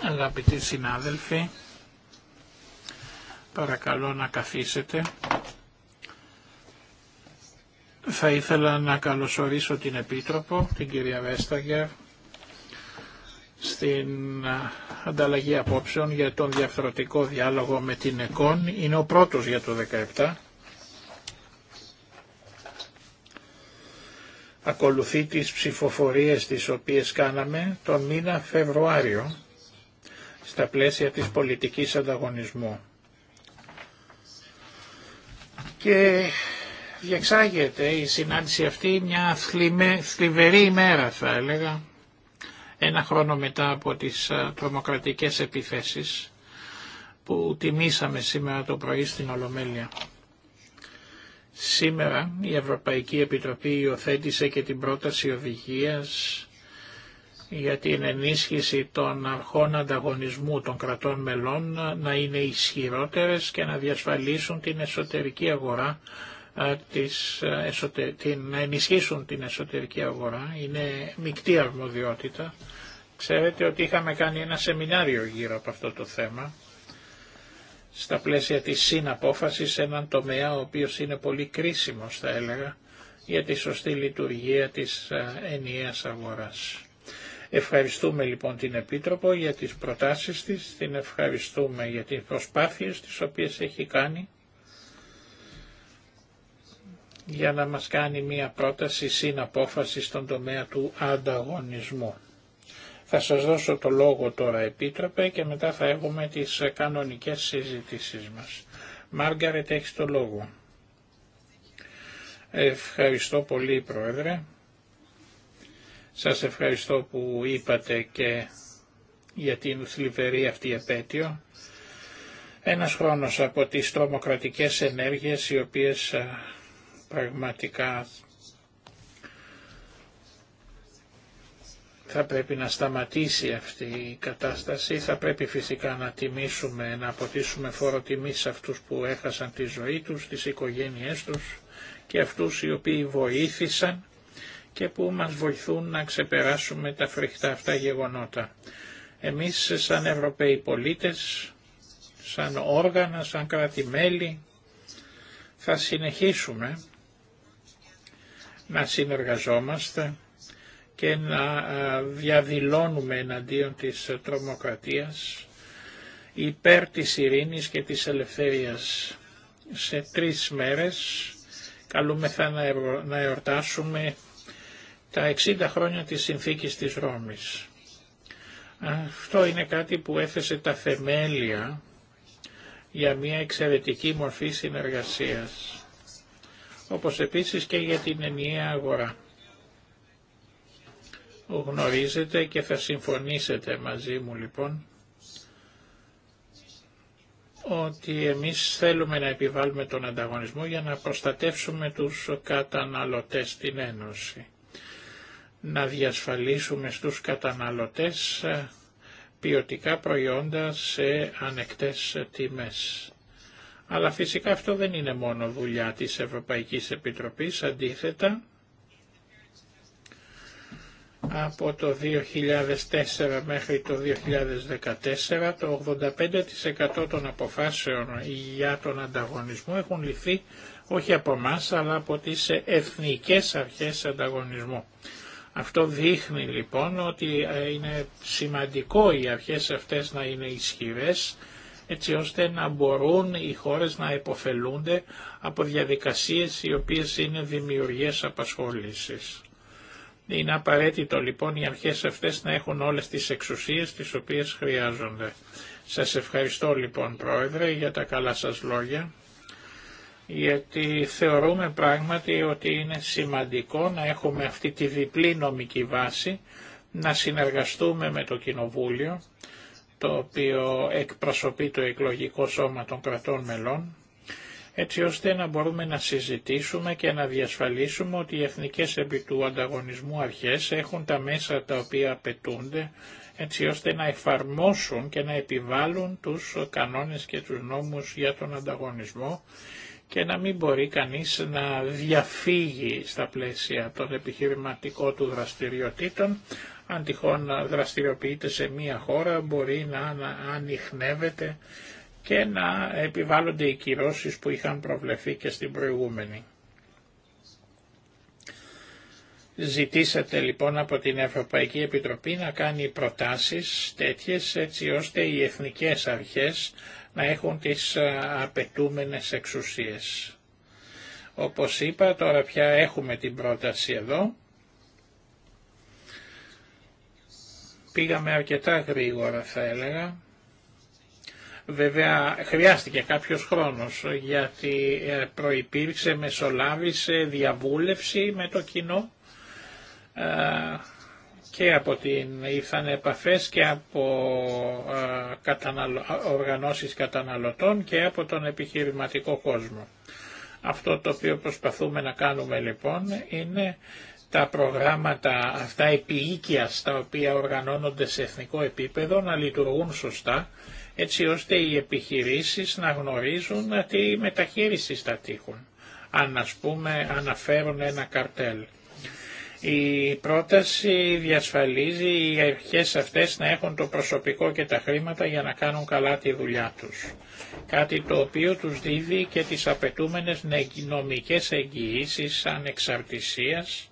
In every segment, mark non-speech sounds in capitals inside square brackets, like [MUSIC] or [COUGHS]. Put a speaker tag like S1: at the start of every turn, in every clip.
S1: Αγαπητοί συνάδελφοι, παρακαλώ να καθίσετε. Θα ήθελα να καλωσορίσω την Επίτροπο, την κυρία Βέσταγερ, στην ανταλλαγή απόψεων για τον διαφθορωτικό διάλογο με την ΕΚΟΝ. Είναι ο πρώτος για το 2017 ακολουθεί τις ψηφοφορίες τις οποίες κάναμε το μήνα Φεβρουάριο στα πλαίσια της πολιτικής ανταγωνισμού. Και διεξάγεται η συνάντηση αυτή μια θλιβερή ημέρα θα έλεγα, ένα χρόνο μετά από τις τρομοκρατικές επιθέσεις που τιμήσαμε σήμερα το πρωί στην Ολομέλεια. Σήμερα η Ευρωπαϊκή Επιτροπή υιοθέτησε και την πρόταση οδηγίας για την ενίσχυση των αρχών ανταγωνισμού των κρατών μελών να είναι ισχυρότερες και να διασφαλίσουν την εσωτερική αγορά της, την, να ενισχύσουν την εσωτερική αγορά. Είναι μεικτή αρμοδιότητα. Ξέρετε ότι είχαμε κάνει ένα σεμινάριο γύρω από αυτό το θέμα στα πλαίσια της συναπόφασης έναν τομέα ο οποίος είναι πολύ κρίσιμος θα έλεγα για τη σωστή λειτουργία της ε, ενιαίας αγοράς. Ευχαριστούμε λοιπόν την Επίτροπο για τις προτάσεις της, την ευχαριστούμε για τις προσπάθειες τις οποίες έχει κάνει για να μας κάνει μία πρόταση συναπόφαση στον τομέα του ανταγωνισμού. Θα σας δώσω το λόγο τώρα επίτροπε και μετά θα έχουμε τις ε, κανονικές συζητήσεις μας. Μάργαρετ έχει το λόγο. Ευχαριστώ πολύ Πρόεδρε. Σας ευχαριστώ που είπατε και για την θλιβερή αυτή επέτειο. Ένας χρόνος από τις τρομοκρατικές ενέργειες οι οποίες ε, πραγματικά θα πρέπει να σταματήσει αυτή η κατάσταση. Θα πρέπει φυσικά να τιμήσουμε, να αποτίσουμε φόρο τιμή σε αυτούς που έχασαν τη ζωή τους, τις οικογένειές τους και αυτούς οι οποίοι βοήθησαν και που μας βοηθούν να ξεπεράσουμε τα φρικτά αυτά γεγονότα. Εμείς σαν Ευρωπαίοι πολίτες, σαν όργανα, σαν κράτη-μέλη, θα συνεχίσουμε να συνεργαζόμαστε και να διαδηλώνουμε εναντίον της τρομοκρατίας υπέρ της ειρήνης και της ελευθερίας. Σε τρεις μέρες καλούμεθα να εορτάσουμε τα 60 χρόνια της συνθήκης της Ρώμης. Αυτό είναι κάτι που έθεσε τα θεμέλια για μια εξαιρετική μορφή συνεργασίας, όπως επίσης και για την ενιαία αγορά γνωρίζετε και θα συμφωνήσετε μαζί μου λοιπόν ότι εμείς θέλουμε να επιβάλλουμε τον ανταγωνισμό για να προστατεύσουμε τους καταναλωτές στην Ένωση. Να διασφαλίσουμε στους καταναλωτές ποιοτικά προϊόντα σε ανεκτές τιμές. Αλλά φυσικά αυτό δεν είναι μόνο δουλειά της Ευρωπαϊκής Επιτροπής, αντίθετα από το 2004 μέχρι το 2014 το 85% των αποφάσεων για τον ανταγωνισμό έχουν ληφθεί όχι από εμά αλλά από τις εθνικές αρχές ανταγωνισμού. Αυτό δείχνει λοιπόν ότι ε, είναι σημαντικό οι αρχές αυτές να είναι ισχυρές έτσι ώστε να μπορούν οι χώρες να υποφελούνται από διαδικασίες οι οποίες είναι δημιουργές απασχόλησης. Είναι απαραίτητο λοιπόν οι αρχές αυτές να έχουν όλες τις εξουσίες τις οποίες χρειάζονται. Σας ευχαριστώ λοιπόν Πρόεδρε για τα καλά σας λόγια γιατί θεωρούμε πράγματι ότι είναι σημαντικό να έχουμε αυτή τη διπλή νομική βάση, να συνεργαστούμε με το Κοινοβούλιο, το οποίο εκπροσωπεί το εκλογικό σώμα των κρατών μελών έτσι ώστε να μπορούμε να συζητήσουμε και να διασφαλίσουμε ότι οι εθνικές επί του ανταγωνισμού αρχές έχουν τα μέσα τα οποία απαιτούνται έτσι ώστε να εφαρμόσουν και να επιβάλλουν τους κανόνες και τους νόμους για τον ανταγωνισμό και να μην μπορεί κανείς να διαφύγει στα πλαίσια των επιχειρηματικών του δραστηριοτήτων. Αν τυχόν δραστηριοποιείται σε μία χώρα μπορεί να ανοιχνεύεται και να επιβάλλονται οι κυρώσεις που είχαν προβλεφθεί και στην προηγούμενη. Ζητήσατε λοιπόν από την Ευρωπαϊκή Επιτροπή να κάνει προτάσεις τέτοιες έτσι ώστε οι εθνικές αρχές να έχουν τις απαιτούμενες εξουσίες. Όπως είπα τώρα πια έχουμε την πρόταση εδώ. Πήγαμε αρκετά γρήγορα θα έλεγα. Βέβαια χρειάστηκε κάποιος χρόνος γιατί ε, προϋπήρξε, μεσολάβησε, διαβούλευση με το κοινό ε, και από την ήρθαν επαφές και από ε, οργανώσεις καταναλωτών και από τον επιχειρηματικό κόσμο. Αυτό το οποίο προσπαθούμε να κάνουμε λοιπόν είναι τα προγράμματα αυτά επί τα οποία οργανώνονται σε εθνικό επίπεδο να λειτουργούν σωστά έτσι ώστε οι επιχειρήσεις να γνωρίζουν τι μεταχείριση θα τύχουν, αν ας πούμε αναφέρουν ένα καρτέλ. Η πρόταση διασφαλίζει οι αρχές αυτές να έχουν το προσωπικό και τα χρήματα για να κάνουν καλά τη δουλειά τους. Κάτι το οποίο τους δίδει και τις απαιτούμενες νομικές εγγυήσεις ανεξαρτησίας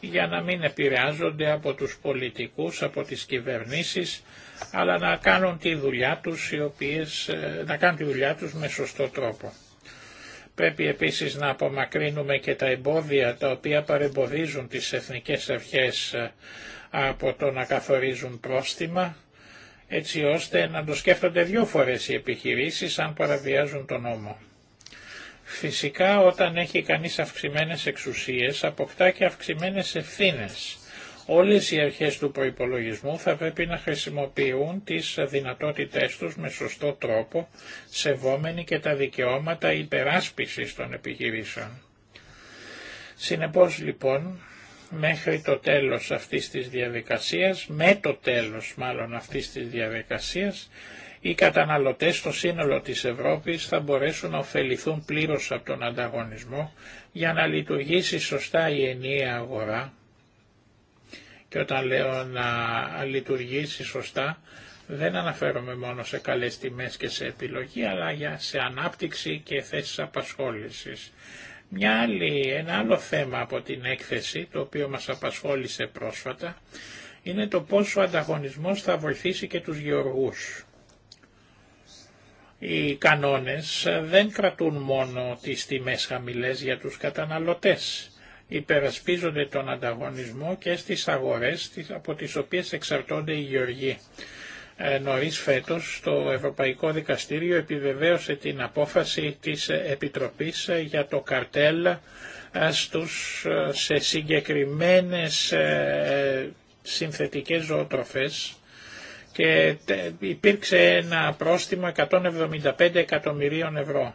S1: για να μην επηρεάζονται από τους πολιτικούς, από τις κυβερνήσεις αλλά να κάνουν τη δουλειά τους, οι οποίες, ε, να κάνουν δουλειά τους με σωστό τρόπο. Πρέπει επίσης να απομακρύνουμε και τα εμπόδια τα οποία παρεμποδίζουν τις εθνικές ευχές ε, από το να καθορίζουν πρόστιμα, έτσι ώστε να το σκέφτονται δύο φορές οι επιχειρήσεις αν παραβιάζουν τον νόμο. Φυσικά όταν έχει κανείς αυξημένες εξουσίες αποκτά και αυξημένες ευθύνες Όλες οι αρχές του προϋπολογισμού θα πρέπει να χρησιμοποιούν τις δυνατότητές τους με σωστό τρόπο, σεβόμενοι και τα δικαιώματα υπεράσπισης των επιχειρήσεων. Συνεπώς λοιπόν, μέχρι το τέλος αυτής της διαδικασίας, με το τέλος μάλλον αυτής της διαδικασίας, οι καταναλωτές στο σύνολο της Ευρώπης θα μπορέσουν να ωφεληθούν πλήρως από τον ανταγωνισμό για να λειτουργήσει σωστά η ενιαία αγορά και όταν λέω να λειτουργήσει σωστά, δεν αναφέρομαι μόνο σε καλές τιμές και σε επιλογή, αλλά για σε ανάπτυξη και θέσεις απασχόλησης.
S2: Μια άλλη,
S1: ένα άλλο θέμα από την έκθεση, το οποίο μας απασχόλησε πρόσφατα, είναι το πόσο ο ανταγωνισμός θα βοηθήσει και τους γεωργούς. Οι κανόνες δεν κρατούν μόνο τις τιμές χαμηλές για τους καταναλωτές υπερασπίζονται τον ανταγωνισμό και στις αγορές από τις οποίες εξαρτώνται οι γεωργοί. Ε, νωρίς φέτος το Ευρωπαϊκό Δικαστήριο επιβεβαίωσε την απόφαση της Επιτροπής ε, για το καρτέλ ε, στους, σε συγκεκριμένες συνθετικές ζωοτροφές και υπήρξε ένα πρόστιμο 175 εκατομμυρίων ευρώ.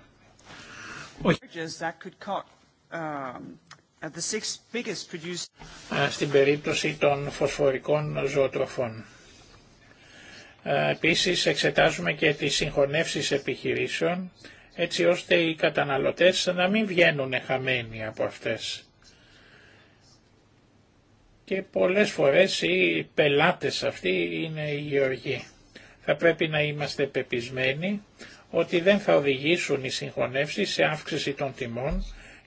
S1: Ε, στην περίπτωση των φωσφορικών ζωοτροφών. Ε, επίσης εξετάζουμε και τις συγχωνεύσεις επιχειρήσεων έτσι ώστε οι καταναλωτές να μην βγαίνουν χαμένοι από αυτές. Και πολλές φορές οι πελάτες αυτοί είναι οι γεωργοί. Θα πρέπει να είμαστε πεπισμένοι ότι δεν θα οδηγήσουν οι συγχωνεύσεις σε αύξηση των τιμών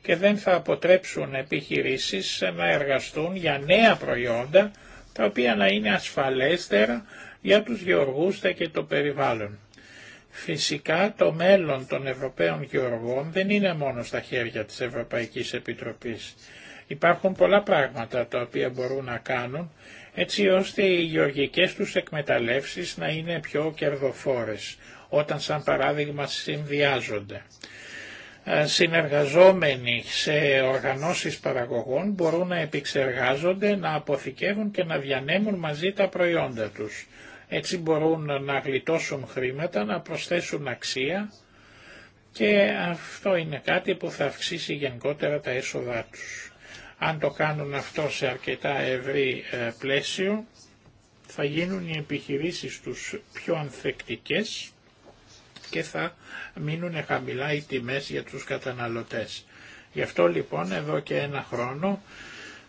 S1: και δεν θα αποτρέψουν επιχειρήσεις να εργαστούν για νέα προϊόντα τα οποία να είναι ασφαλέστερα για τους γεωργούς και το περιβάλλον. Φυσικά το μέλλον των Ευρωπαίων γεωργών δεν είναι μόνο στα χέρια της Ευρωπαϊκής Επιτροπής. Υπάρχουν πολλά πράγματα τα οποία μπορούν να κάνουν έτσι ώστε οι γεωργικές τους εκμεταλλεύσεις να είναι πιο κερδοφόρες όταν σαν παράδειγμα συνδυάζονται. Ε, συνεργαζόμενοι σε οργανώσεις παραγωγών μπορούν να επεξεργάζονται, να αποθηκεύουν και να διανέμουν μαζί τα προϊόντα τους. Έτσι μπορούν να γλιτώσουν χρήματα, να προσθέσουν αξία και αυτό είναι κάτι που θα αυξήσει γενικότερα τα έσοδά τους. Αν το κάνουν αυτό σε αρκετά ευρύ ε, πλαίσιο, θα γίνουν οι επιχειρήσεις τους πιο ανθεκτικές και θα μείνουν χαμηλά οι τιμές για τους καταναλωτές. Γι' αυτό λοιπόν εδώ και ένα χρόνο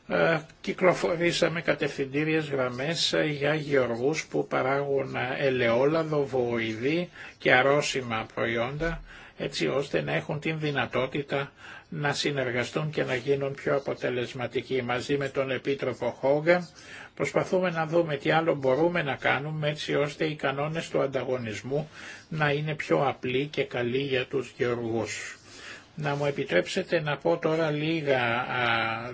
S1: ε, κυκλοφορήσαμε κατευθυντήριες γραμμές ε, για γεωργούς που παράγουν ε, ελαιόλαδο, βοηδή και αρρώσιμα προϊόντα έτσι ώστε να έχουν την δυνατότητα να συνεργαστούν και να γίνουν πιο αποτελεσματικοί. Μαζί με τον Επίτροφο Χόγκαν προσπαθούμε να δούμε τι άλλο μπορούμε να κάνουμε έτσι ώστε οι κανόνες του ανταγωνισμού να είναι πιο απλοί και καλοί για τους γεωργούς. Να μου επιτρέψετε να πω τώρα λίγα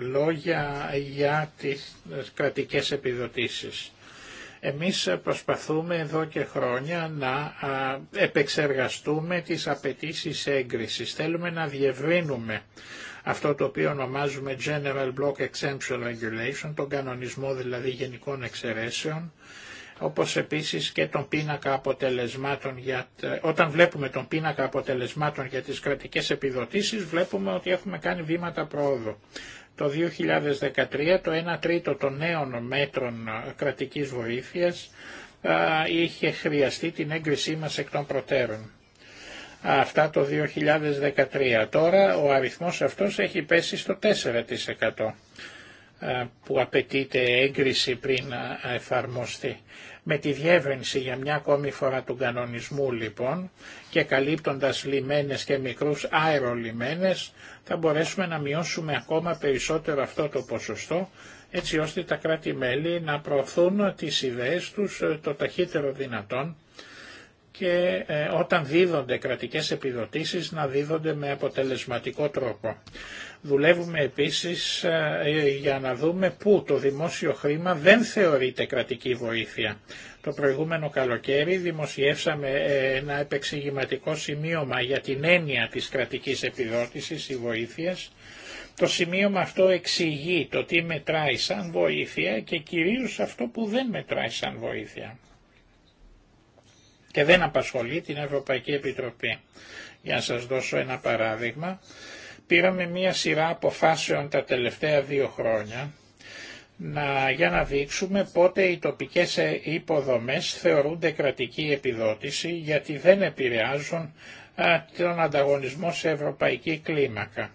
S1: λόγια για τις κρατικές επιδοτήσεις. Εμείς προσπαθούμε εδώ και χρόνια να επεξεργαστούμε τις απαιτήσεις έγκρισης. Θέλουμε να διευρύνουμε αυτό το οποίο ονομάζουμε General Block Exemption Regulation, τον κανονισμό δηλαδή γενικών εξαιρέσεων, όπως επίσης και τον πίνακα αποτελεσμάτων για, όταν βλέπουμε τον πίνακα αποτελεσμάτων για τις κρατικές επιδοτήσεις βλέπουμε ότι έχουμε κάνει βήματα πρόοδου. Το 2013 το 1 τρίτο των νέων μέτρων κρατικής βοήθειας είχε χρειαστεί την έγκρισή μας εκ των προτέρων. Αυτά το 2013. Τώρα ο αριθμός αυτός έχει πέσει στο 4% που απαιτείται έγκριση πριν εφαρμοστεί. Με τη διεύρυνση για μια ακόμη φορά του κανονισμού λοιπόν και καλύπτοντας λιμένες και μικρούς αερολιμένες θα μπορέσουμε να μειώσουμε ακόμα περισσότερο αυτό το ποσοστό έτσι ώστε τα κράτη-μέλη να προωθούν τις ιδέες τους ε, το ταχύτερο δυνατόν και ε, όταν δίδονται κρατικές επιδοτήσεις να δίδονται με αποτελεσματικό τρόπο. Δουλεύουμε επίσης ε, για να δούμε πού το δημόσιο χρήμα δεν θεωρείται κρατική βοήθεια. Το προηγούμενο καλοκαίρι δημοσιεύσαμε ε, ένα επεξηγηματικό σημείωμα για την έννοια της κρατικής επιδότησης ή βοήθειας. Το σημείωμα αυτό εξηγεί το τι μετράει σαν βοήθεια και κυρίως αυτό που δεν μετράει σαν βοήθεια και δεν απασχολεί την Ευρωπαϊκή Επιτροπή. Για να σας δώσω ένα παράδειγμα, πήραμε μία σειρά αποφάσεων τα τελευταία δύο χρόνια να, για να δείξουμε πότε οι τοπικές ε, υποδομές θεωρούνται κρατική επιδότηση γιατί δεν επηρεάζουν τον ανταγωνισμό σε ευρωπαϊκή κλίμακα.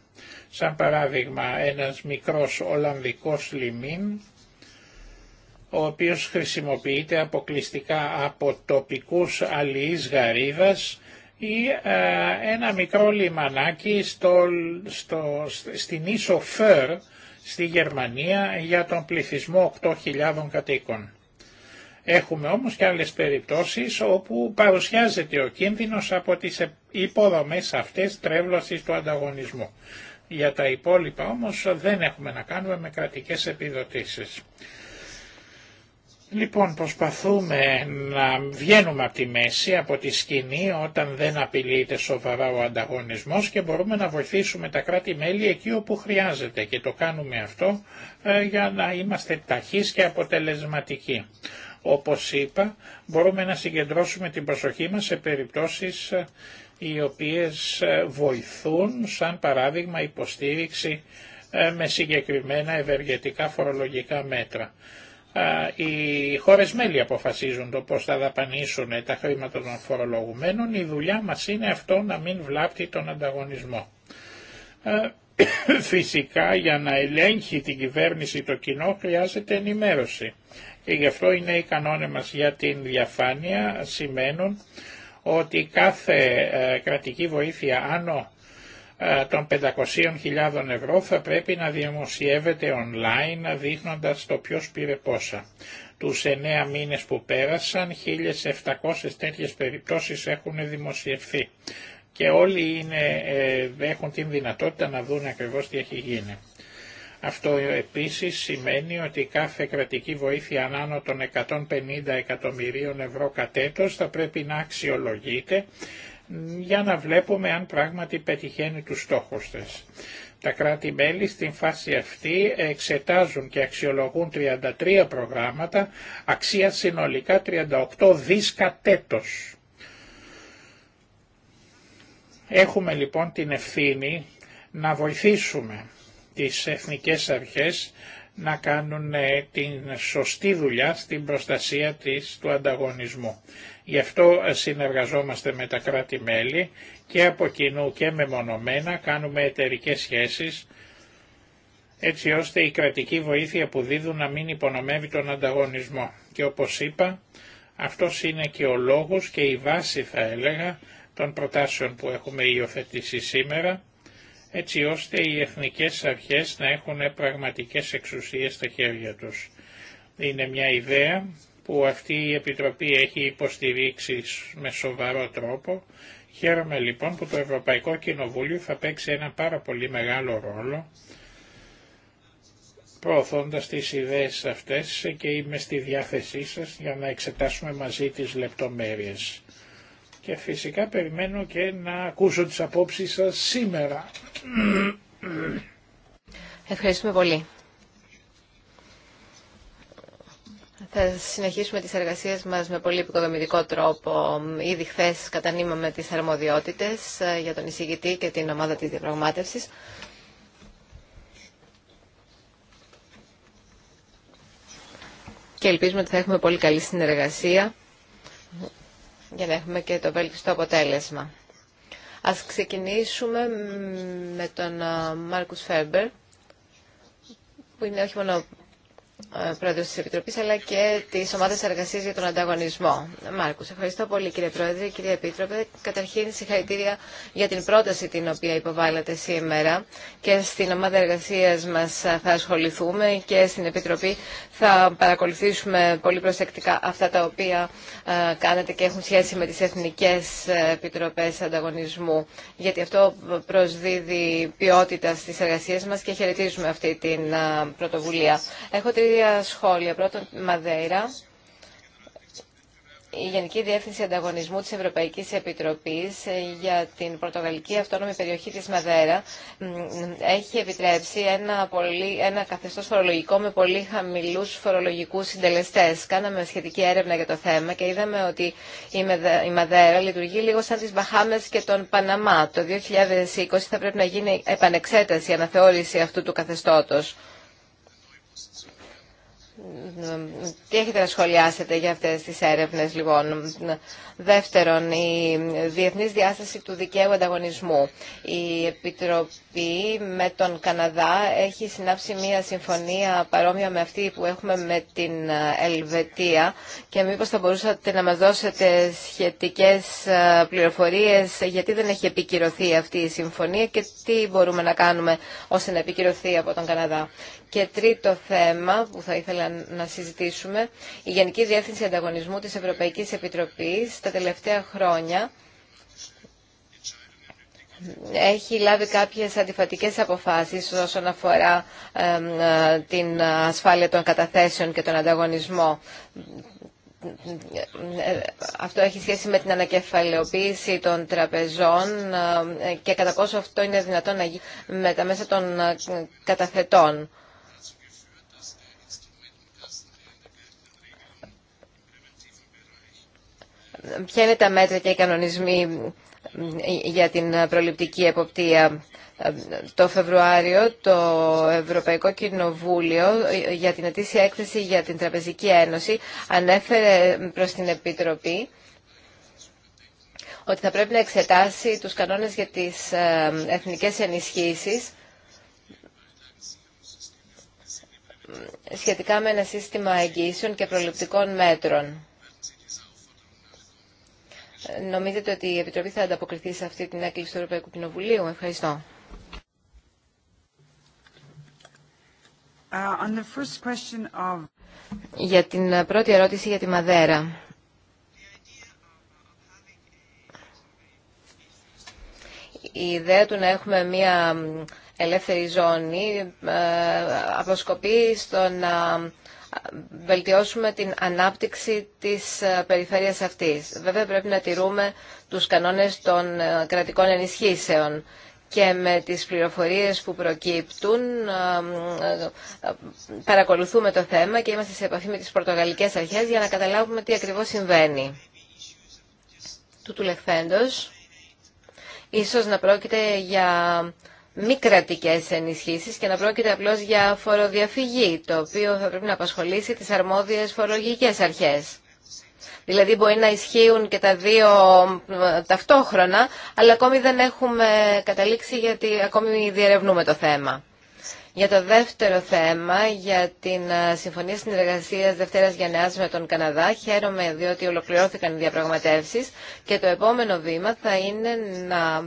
S1: Σαν παράδειγμα ένας μικρός Ολλανδικός λιμίν ο οποίος χρησιμοποιείται αποκλειστικά από τοπικούς αλληλείς γαρίδας ή ε, ένα μικρό λιμανάκι στο, στο, στην ίσο Φερ στη Γερμανία για τον πληθυσμό 8.000 κατοίκων. Έχουμε όμως και άλλες περιπτώσεις όπου παρουσιάζεται ο κίνδυνος από τις υποδομές αυτές τρέβλωσης του ανταγωνισμού. Για τα υπόλοιπα όμως δεν έχουμε να κάνουμε με κρατικές επιδοτήσεις. Λοιπόν, προσπαθούμε να βγαίνουμε από τη μέση, από τη σκηνή, όταν δεν απειλείται σοβαρά ο ανταγωνισμός και μπορούμε να βοηθήσουμε τα κράτη-μέλη εκεί όπου χρειάζεται και το κάνουμε αυτό ε, για να είμαστε ταχείς και αποτελεσματικοί. Όπως είπα, μπορούμε να συγκεντρώσουμε την προσοχή μας σε περιπτώσεις ε, οι οποίες ε, βοηθούν, σαν παράδειγμα υποστήριξη με συγκεκριμένα ευεργετικά φορολογικά μέτρα οι χώρες μέλη αποφασίζουν το πώς θα δαπανίσουν τα χρήματα των φορολογουμένων. Η δουλειά μας είναι αυτό να μην βλάπτει τον ανταγωνισμό. [COUGHS] Φυσικά για να ελέγχει την κυβέρνηση το κοινό χρειάζεται ενημέρωση. Και γι' αυτό είναι οι κανόνες μας για την διαφάνεια σημαίνουν ότι κάθε ε, κρατική βοήθεια άνω των 500.000 ευρώ θα πρέπει να δημοσιεύεται online δείχνοντας το ποιος πήρε πόσα. Τους 9 μήνες που πέρασαν 1.700 τέτοιες περιπτώσεις έχουν δημοσιευθεί και όλοι είναι, ε, έχουν την δυνατότητα να δουν ακριβώς τι έχει γίνει. Αυτό ε, επίσης σημαίνει ότι κάθε κρατική βοήθεια ανάνω των 150 εκατομμυρίων ευρώ κατέτος θα πρέπει να αξιολογείται για να βλέπουμε αν πράγματι πετυχαίνει τους στόχους της. Τα κράτη-μέλη στην φάση αυτή εξετάζουν και αξιολογούν 33 προγράμματα, αξία συνολικά 38 δίσκα κατέτος. Έχουμε λοιπόν την ευθύνη να βοηθήσουμε τις εθνικές αρχές να κάνουν ε, την σωστή δουλειά στην προστασία της του ανταγωνισμού. Γι' αυτό συνεργαζόμαστε με τα κράτη-μέλη και από κοινού και μεμονωμένα κάνουμε εταιρικέ σχέσεις έτσι ώστε η κρατική βοήθεια που δίδουν να μην υπονομεύει τον ανταγωνισμό. Και όπως είπα, αυτό είναι και ο λόγος και η βάση θα έλεγα των προτάσεων που έχουμε υιοθετήσει σήμερα, έτσι ώστε οι εθνικές αρχές να έχουν πραγματικές εξουσίες στα χέρια τους. Είναι μια ιδέα που αυτή η Επιτροπή έχει υποστηρίξει με σοβαρό τρόπο. Χαίρομαι λοιπόν που το Ευρωπαϊκό Κοινοβούλιο θα παίξει ένα πάρα πολύ μεγάλο ρόλο προωθώντας τις ιδέες αυτές και είμαι στη διάθεσή σας για να εξετάσουμε μαζί τις λεπτομέρειες. Και φυσικά περιμένω και να ακούσω τις απόψεις σας σήμερα.
S3: Ευχαριστούμε πολύ. Θα συνεχίσουμε τις εργασίες μας με πολύ επικοδομητικό τρόπο. Ήδη χθε κατανείμαμε τις αρμοδιότητες ε, για τον εισηγητή και την ομάδα της διαπραγμάτευσης. Και ελπίζουμε ότι θα έχουμε πολύ καλή συνεργασία για να έχουμε και το βέλτιστο αποτέλεσμα. Ας ξεκινήσουμε με τον ε, Μάρκους Φέρμπερ, που είναι όχι μόνο ε, Πρόεδρο τη Επιτροπή αλλά και τη Ομάδα Εργασία για τον Ανταγωνισμό. Μάρκο, ευχαριστώ πολύ κύριε Πρόεδρε, κύριε Επίτροπε. Καταρχήν, συγχαρητήρια για την πρόταση την οποία υποβάλλατε σήμερα και στην Ομάδα Εργασία μα θα ασχοληθούμε και στην Επιτροπή θα παρακολουθήσουμε πολύ προσεκτικά αυτά τα οποία ε, κάνετε και έχουν σχέση με τι Εθνικέ Επιτροπέ Ανταγωνισμού, γιατί αυτό προσδίδει ποιότητα στι εργασίε μα και χαιρετίζουμε αυτή την ε, πρωτοβουλία. Έχω Τρία σχόλια. Πρώτον, Μαδέρα, Η Γενική Διεύθυνση Ανταγωνισμού της Ευρωπαϊκής Επιτροπής ε, για την Πορτογαλική Αυτόνομη Περιοχή της Μαδέρα έχει επιτρέψει ένα, πολύ, ένα καθεστώς φορολογικό με πολύ χαμηλούς φορολογικούς συντελεστές. Κάναμε σχετική έρευνα για το θέμα και είδαμε ότι η Μαδέρα λειτουργεί λίγο σαν τις Μπαχάμες και τον Παναμά. Το 2020 θα πρέπει να γίνει επανεξέταση, αναθεώρηση αυτού του καθεστώτος. Τι έχετε να σχολιάσετε για αυτές τις έρευνες, λοιπόν. Δεύτερον, η διεθνής διάσταση του δικαίου ανταγωνισμού. Η Επιτροπή με τον Καναδά έχει συνάψει μία συμφωνία παρόμοια με αυτή που έχουμε με την Ελβετία και μήπως θα μπορούσατε να μας δώσετε σχετικές ε, πληροφορίες γιατί δεν έχει επικυρωθεί αυτή η συμφωνία και τι μπορούμε να κάνουμε ώστε να επικυρωθεί από τον Καναδά. Και τρίτο θέμα που θα ήθελα να συζητήσουμε, η Γενική Διεύθυνση Ανταγωνισμού της Ευρωπαϊκής Επιτροπής τα τελευταία χρόνια έχει λάβει κάποιες αντιφατικές αποφάσεις όσον αφορά την ασφάλεια των καταθέσεων και τον ανταγωνισμό. Αυτό έχει σχέση με την ανακεφαλαιοποίηση των τραπεζών και κατά πόσο αυτό είναι δυνατόν να γίνει με τα μέσα των καταθετών. ποια είναι τα μέτρα και οι κανονισμοί για την προληπτική εποπτεία. Ε, το Φεβρουάριο το Ευρωπαϊκό Κοινοβούλιο ε, για την ετήσια έκθεση για την Τραπεζική Ένωση ανέφερε προς την Επιτροπή ότι θα πρέπει να εξετάσει τους κανόνες για τις ε, εθνικές ενισχύσεις σχετικά με ένα σύστημα εγγύσεων και προληπτικών μέτρων. Νομίζετε ότι η Επιτροπή θα ανταποκριθεί σε αυτή την έκκληση του Ευρωπαϊκού Κοινοβουλίου. Ευχαριστώ. Uh, on the first question of... Για την πρώτη ερώτηση για τη Μαδέρα. Η ιδέα του να έχουμε μία ελεύθερη ζώνη ε, αποσκοπεί στο να βελτιώσουμε την ανάπτυξη της ε, περιφέρειας αυτής. Βέβαια πρέπει να τηρούμε τους κανόνες των ε, κρατικών ενισχύσεων και με τις πληροφορίες που προκύπτουν ε, παρακολουθούμε το θέμα και είμαστε σε επαφή με τις πορτογαλικές αρχές για να καταλάβουμε τι ακριβώς συμβαίνει. Του του λεχθέντος, ίσως να πρόκειται για μη κρατικέ ενισχύσεις και να πρόκειται απλώ για φοροδιαφυγή, το οποίο θα πρέπει να απασχολήσει τις αρμόδιες φορολογικέ αρχές. Δηλαδή μπορεί να ισχύουν και τα δύο ταυτόχρονα, αλλά ακόμη δεν έχουμε καταλήξει γιατί ακόμη διερευνούμε το θέμα. Για το δεύτερο θέμα, για την ε, Συμφωνία Συνεργασίας Δευτέρας Γενεάς με τον Καναδά, χαίρομαι διότι ολοκληρώθηκαν οι διαπραγματεύσεις και το επόμενο βήμα θα είναι να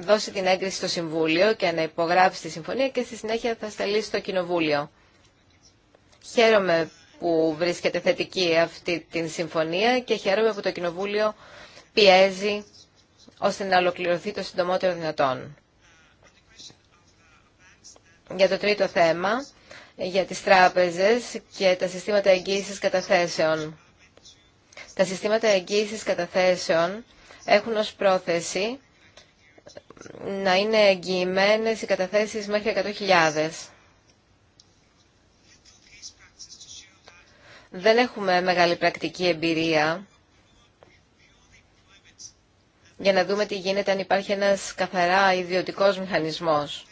S3: δώσει την έγκριση στο Συμβούλιο και να υπογράψει τη Συμφωνία και στη συνέχεια θα σταλεί στο Κοινοβούλιο. Χαίρομαι που βρίσκεται θετική αυτή την συμφωνία και χαίρομαι που το Κοινοβούλιο πιέζει ώστε να ολοκληρωθεί το συντομότερο δυνατόν για το τρίτο θέμα, για τις τράπεζες και τα συστήματα εγγύησης καταθέσεων. Τα συστήματα εγγύησης καταθέσεων έχουν ως πρόθεση να είναι εγγυημένες οι καταθέσεις μέχρι 100.000. Δεν έχουμε μεγάλη πρακτική εμπειρία για να δούμε τι γίνεται αν υπάρχει ένας καθαρά ιδιωτικός μηχανισμός.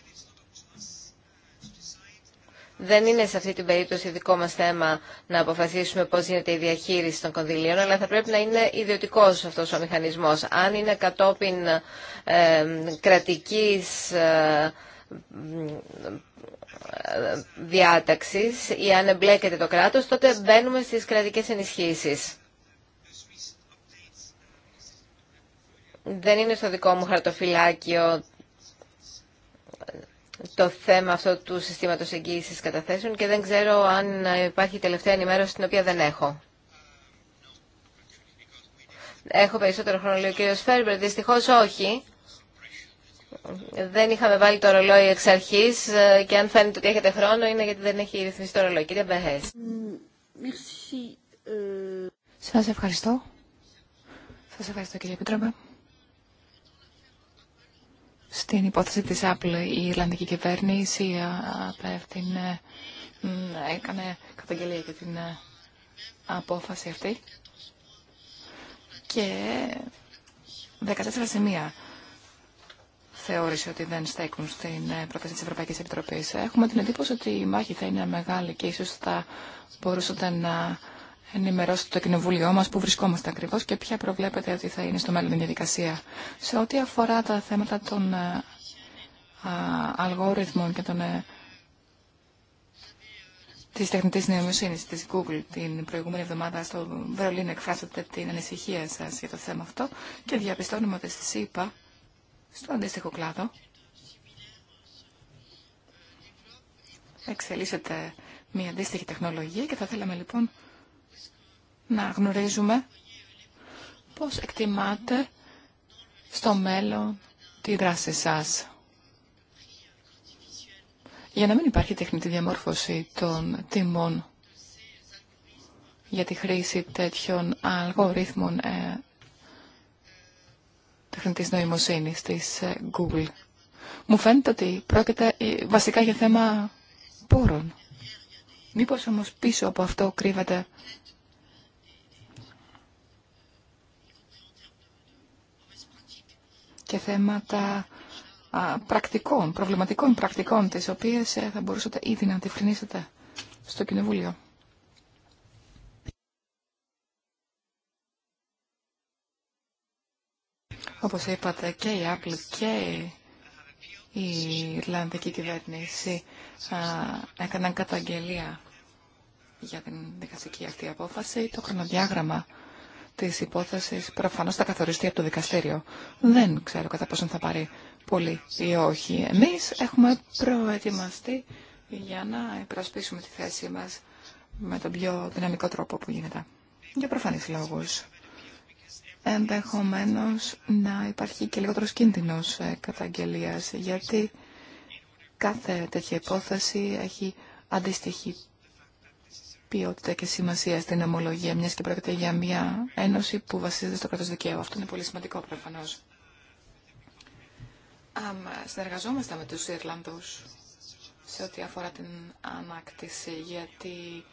S3: Δεν είναι σε αυτή την περίπτωση δικό μας θέμα να αποφασίσουμε πώς γίνεται η διαχείριση των κονδυλίων, αλλά θα πρέπει να είναι ιδιωτικός αυτός ο μηχανισμός. Αν είναι κατόπιν κρατικής διάταξης ή αν εμπλέκεται το κράτος, τότε μπαίνουμε στις κρατικές ενισχύσεις. Δεν είναι στο δικό μου χαρτοφυλάκιο το θέμα αυτό του συστήματος εγγύησης καταθέσεων και δεν ξέρω αν υπάρχει τελευταία ενημέρωση την οποία δεν έχω. Έχω περισσότερο χρόνο, λέει ο κύριος Φέρμπερ. Δυστυχώς όχι. Δεν είχαμε βάλει το ρολόι εξ αρχής και αν φαίνεται ότι έχετε χρόνο είναι γιατί δεν έχει ρυθμίσει το ρολόι. Κύριε Μπεχές.
S2: Ε. Σας ευχαριστώ. Σας ευχαριστώ κύριε στην υπόθεση της Apple η Ιρλανδική κυβέρνηση ε, ε, έκανε καταγγελία για την ε, απόφαση αυτή και 14 σημεία θεώρησε ότι δεν στέκουν στην πρόταση της Ευρωπαϊκής Επιτροπής. Έχουμε την εντύπωση ότι η μάχη θα είναι μεγάλη και ίσως θα μπορούσατε να Ενημερώσετε το κοινοβούλιο μας που βρισκόμαστε ακριβώς και ποια προβλέπετε ότι θα είναι στο μέλλον η διαδικασία. Σε ό,τι αφορά τα θέματα των ε, α, αλγόριθμων και των, α, ε, της τεχνητής νοημοσύνης Google την προηγούμενη εβδομάδα στο Βερολίνο εκφράσατε την ανησυχία σας για το θέμα αυτό και διαπιστώνουμε ότι στη ΣΥΠΑ, στο αντίστοιχο κλάδο, εξελίσσεται μια αντίστοιχη τεχνολογία και θα θέλαμε λοιπόν να γνωρίζουμε πώς εκτιμάτε στο μέλλον τη δράση σας. Για να μην υπάρχει τεχνητή διαμόρφωση των τιμών για τη χρήση τέτοιων αλγορίθμων ε, τεχνητής νοημοσύνης της ε, Google. Μου φαίνεται ότι πρόκειται ε, βασικά για θέμα πόρων. Μήπως όμως πίσω από αυτό κρύβεται και θέματα πρακτικών, προβληματικών πρακτικών, τις οποίες ε, θα μπορούσατε ήδη να αντιφρυνήσετε στο Κοινοβούλιο. Όπως είπατε και η Apple και η Ιρλανδική κυβέρνηση έκαναν καταγγελία για την δικαστική αυτή απόφαση. Το χρονοδιάγραμμα Τη υπόθεση προφανώς θα καθοριστεί από το δικαστήριο. Δεν ξέρω κατά πόσον θα πάρει πολύ ή όχι. Εμείς έχουμε προετοιμαστεί για να υπερασπίσουμε τη θέση μας με τον πιο δυναμικό τρόπο που γίνεται. Για προφανείς λόγους. Ενδεχομένω να υπάρχει και λιγότερο κίνδυνο ε, καταγγελίας, γιατί κάθε τέτοια υπόθεση έχει αντιστοιχεί ποιότητα και σημασία στην ομολογία, μια και πρόκειται για μια ένωση που βασίζεται στο κράτο δικαίου. Αυτό είναι πολύ σημαντικό προφανώ. Συνεργαζόμαστε με του Ιρλανδού σε ό,τι αφορά την ανάκτηση, γιατί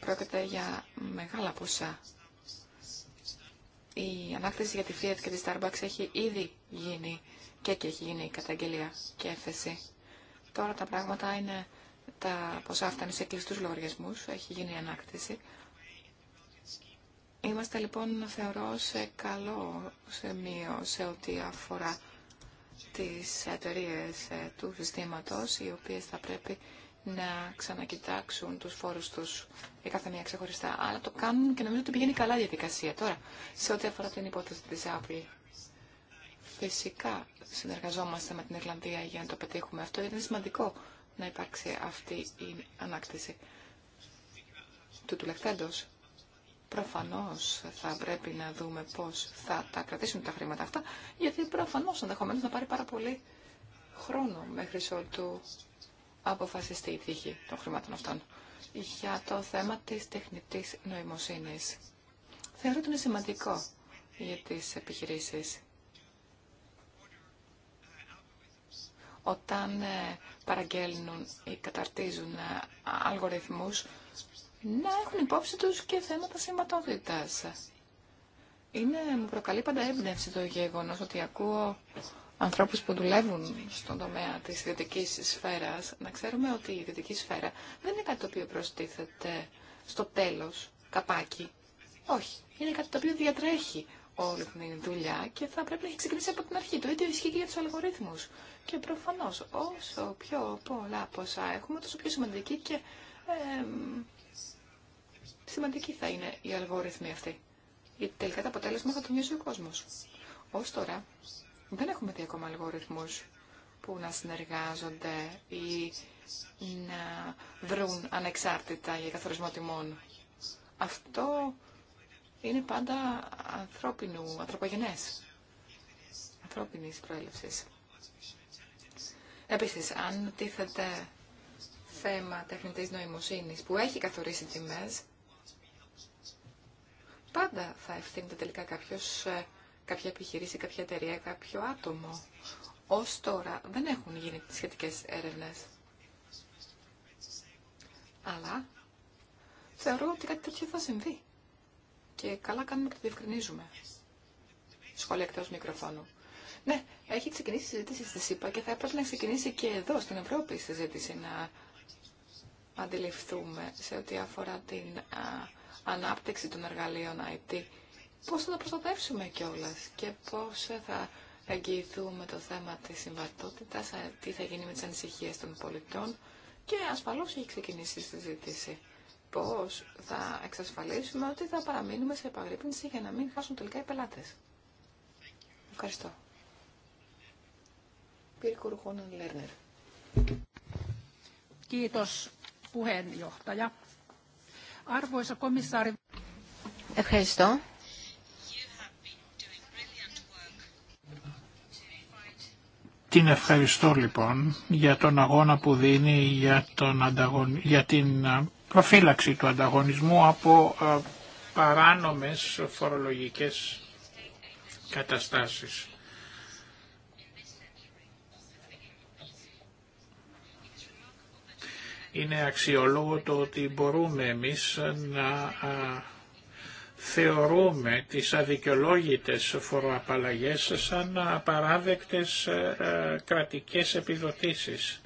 S2: πρόκειται για μεγάλα ποσά. Η ανάκτηση για τη Fiat και τη Starbucks έχει ήδη γίνει και έχει γίνει η καταγγελία και έφεση. Τώρα τα πράγματα είναι τα ποσά αυτά σε κλειστούς λογαριασμούς, έχει γίνει η ανάκτηση. Είμαστε λοιπόν, θεωρώ, σε καλό σημείο σε ό,τι αφορά τις εταιρείε ε, του συστήματος, οι οποίες θα πρέπει να ξανακοιτάξουν τους φόρους τους για κάθε μία ξεχωριστά. Αλλά το κάνουν και νομίζω ότι πηγαίνει καλά η διαδικασία τώρα. Σε ό,τι αφορά την υπόθεση της Apple, φυσικά συνεργαζόμαστε με την Ιρλανδία για να το πετύχουμε αυτό, είναι σημαντικό να υπάρξει αυτή η ανάκτηση του τουλεχθέντος. Προφανώς θα πρέπει να δούμε πώς θα τα κρατήσουν τα χρήματα αυτά, γιατί προφανώς ενδεχομένω να πάρει πάρα πολύ χρόνο μέχρι ότου αποφασιστεί η τύχη των χρημάτων αυτών. Για το θέμα της τεχνητής νοημοσύνης. Θεωρώ ότι είναι σημαντικό για τις επιχειρήσεις όταν ε, παραγγέλνουν ή καταρτίζουν ε, αλγοριθμούς να έχουν υπόψη τους και θέματα σηματότητας. Είναι, μου προκαλεί πάντα έμπνευση το γεγονός ότι ακούω ανθρώπους που δουλεύουν στον τομέα της ιδιωτικής σφαίρας να ξέρουμε ότι η ιδιωτική σφαίρα δεν είναι κάτι το οποίο προστίθεται στο τέλος, καπάκι. Όχι, είναι κάτι το οποίο διατρέχει όλη την δουλειά και θα πρέπει να έχει ξεκινήσει από την αρχή. Το ίδιο ισχύει και για του αλγορίθμου. Και προφανώ όσο πιο πολλά ποσά έχουμε, τόσο πιο σημαντική και ε, σημαντική θα είναι η αλγορίθμη αυτή. Γιατί τελικά το αποτέλεσμα θα το νιώσει ο κόσμο. Ω τώρα δεν έχουμε δει ακόμα αλγοριθμού που να συνεργάζονται ή να βρουν ανεξάρτητα για καθορισμό τιμών. Αυτό είναι πάντα ανθρώπινου, ανθρωπογενές, ανθρώπινης προέλευσης. Επίσης, αν τίθεται θέμα τεχνητής νοημοσύνης που έχει καθορίσει τιμές, πάντα θα ευθύνεται τελικά κάποιος, ε, κάποια επιχειρήση, κάποια εταιρεία, κάποιο άτομο. Ως τώρα δεν έχουν γίνει σχετικές έρευνες. Αλλά θεωρώ ότι κάτι τέτοιο θα συμβεί. Και καλά κάνουμε και το διευκρινίζουμε. Σχόλια εκτό μικροφώνου. Ναι, έχει ξεκινήσει η συζήτηση στη ΣΥΠΑ και θα έπρεπε να ξεκινήσει και εδώ, στην Ευρώπη, η συζήτηση να αντιληφθούμε σε ό,τι αφορά την ανάπτυξη των εργαλείων IT. Πώς θα τα προστατεύσουμε κιόλα και πώς θα εγγυηθούμε το θέμα της συμβατότητας, τι θα γίνει με τις ανησυχίες των πολιτών και ασφαλώς έχει ξεκινήσει η συζήτηση πώς θα εξασφαλίσουμε ότι θα παραμείνουμε σε επαγρύπνηση για να μην χάσουν τελικά οι πελάτες. Ευχαριστώ. Λέρνερ. κομισάρι.
S3: Ευχαριστώ.
S1: Την ευχαριστώ λοιπόν για τον αγώνα που δίνει για, τον ανταγων... για την προφύλαξη του ανταγωνισμού από ε, παράνομες φορολογικές καταστάσεις. Είναι αξιολόγο το ότι μπορούμε εμείς να ε, θεωρούμε τις αδικαιολόγητες φοροαπαλλαγές σαν απαράδεκτες ε, κρατικές επιδοτήσεις.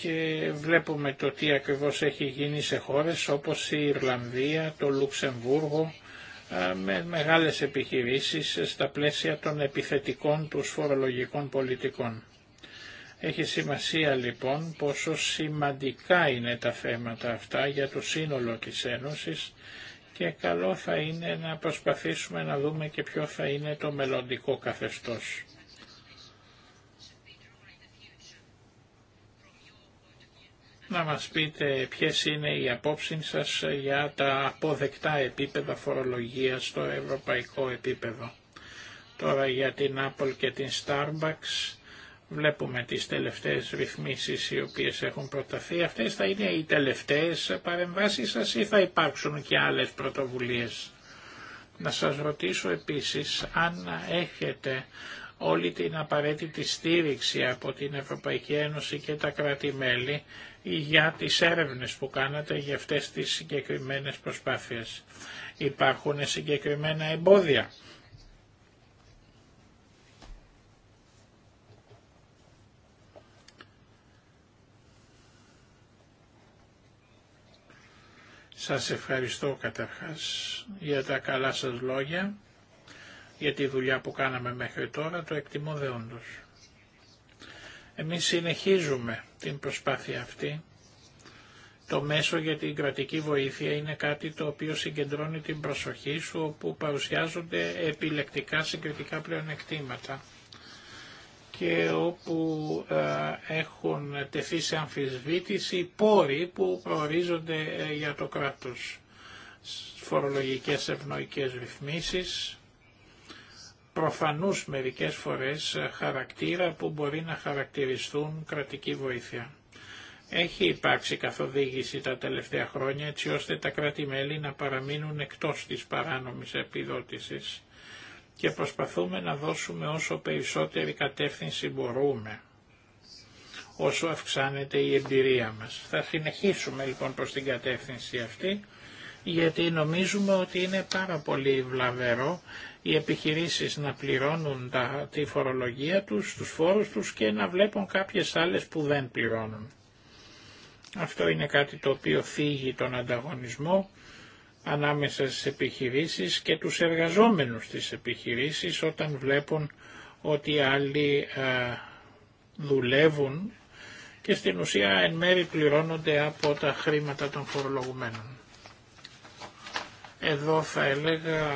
S1: και βλέπουμε το τι ακριβώς έχει γίνει σε χώρες όπως η Ιρλανδία, το Λουξεμβούργο, με μεγάλες επιχειρήσεις στα πλαίσια των επιθετικών τους φορολογικών πολιτικών. Έχει σημασία λοιπόν πόσο σημαντικά είναι τα θέματα αυτά για το σύνολο της Ένωσης και καλό θα είναι να προσπαθήσουμε να δούμε και ποιο θα είναι το μελλοντικό καθεστώς. να μας πείτε ποιες είναι οι απόψεις σας για τα αποδεκτά επίπεδα φορολογίας στο ευρωπαϊκό επίπεδο. Τώρα για την Apple και την Starbucks βλέπουμε τις τελευταίες ρυθμίσεις οι οποίες έχουν προταθεί. Αυτές θα είναι οι τελευταίες παρεμβάσεις σας ή θα υπάρξουν και άλλες πρωτοβουλίες. Να σας ρωτήσω επίσης αν έχετε όλη την απαραίτητη στήριξη από την Ευρωπαϊκή Ένωση και τα κράτη-μέλη για τις έρευνες που κάνατε για αυτές τις συγκεκριμένες προσπάθειες. Υπάρχουν συγκεκριμένα εμπόδια. Σας ευχαριστώ καταρχάς για τα καλά σας λόγια, για τη δουλειά που κάναμε μέχρι τώρα, το εκτιμώ δεόντως. Εμείς συνεχίζουμε την προσπάθεια αυτή. Το μέσο για την κρατική βοήθεια είναι κάτι το οποίο συγκεντρώνει την προσοχή σου όπου παρουσιάζονται επιλεκτικά συγκριτικά πλεονεκτήματα και όπου ε, έχουν τεθεί σε αμφισβήτηση πόροι που προορίζονται ε, για το κράτος. Φορολογικές ευνοϊκές ρυθμίσεις, προφανούς μερικές φορές ε, χαρακτήρα που μπορεί να χαρακτηριστούν κρατική βοήθεια. Έχει υπάρξει καθοδήγηση τα τελευταία χρόνια έτσι ώστε τα κράτη-μέλη να παραμείνουν εκτός της παράνομης επιδότησης και προσπαθούμε να δώσουμε όσο περισσότερη κατεύθυνση μπορούμε, όσο αυξάνεται η εμπειρία μας. Θα συνεχίσουμε λοιπόν προς την κατεύθυνση αυτή, γιατί νομίζουμε ότι είναι πάρα πολύ βλαβερό οι επιχειρήσεις να πληρώνουν τη φορολογία τους, τους φόρους τους και να βλέπουν κάποιες άλλες που δεν πληρώνουν. Αυτό είναι κάτι το οποίο φύγει τον ανταγωνισμό ανάμεσα στις επιχειρήσεις και τους εργαζόμενους της επιχειρήσεις όταν βλέπουν ότι άλλοι δουλεύουν και στην ουσία εν μέρη πληρώνονται από τα χρήματα των φορολογουμένων. Εδώ θα έλεγα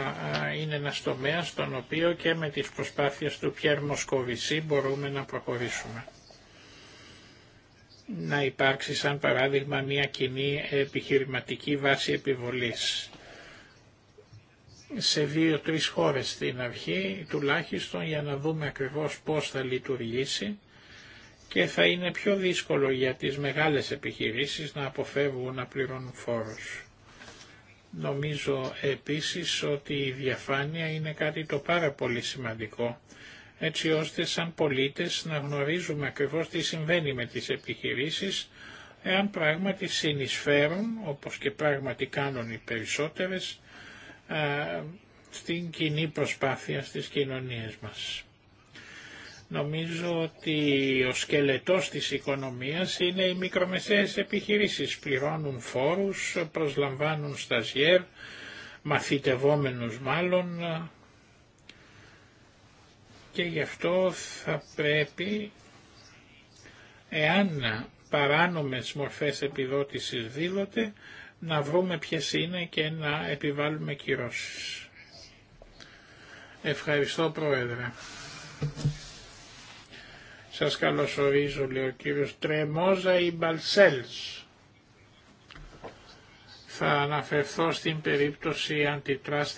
S1: είναι ένας τομέας στον οποίο και με τις προσπάθειες του Πιέρ Μοσκοβισή μπορούμε να προχωρήσουμε. Να υπάρξει σαν παράδειγμα μια κοινή επιχειρηματική βάση επιβολής. Σε δύο-τρεις χώρες στην αρχή τουλάχιστον για να δούμε ακριβώς πώς θα λειτουργήσει και θα είναι πιο δύσκολο για τις μεγάλες επιχειρήσεις να αποφεύγουν να πληρώνουν φόρους. Νομίζω επίσης ότι η διαφάνεια είναι κάτι το πάρα πολύ σημαντικό, έτσι ώστε σαν πολίτες να γνωρίζουμε ακριβώς τι συμβαίνει με τις επιχειρήσεις, εάν πράγματι συνεισφέρουν, όπως και πράγματι κάνουν οι περισσότερες, στην κοινή προσπάθεια στις κοινωνίες μας. Νομίζω ότι ο σκελετός της οικονομίας είναι οι μικρομεσαίες επιχειρήσεις. Πληρώνουν φόρους, προσλαμβάνουν σταζιέρ, μαθητευόμενους μάλλον και γι' αυτό θα πρέπει εάν παράνομες μορφές επιδότησης δίδονται, να βρούμε ποιες είναι και να επιβάλλουμε κυρώσεις. Ευχαριστώ Πρόεδρε. Σας καλωσορίζω, λέει ο κύριος Τρεμόζα ή Μπαλσέλς. Θα αναφερθώ στην περίπτωση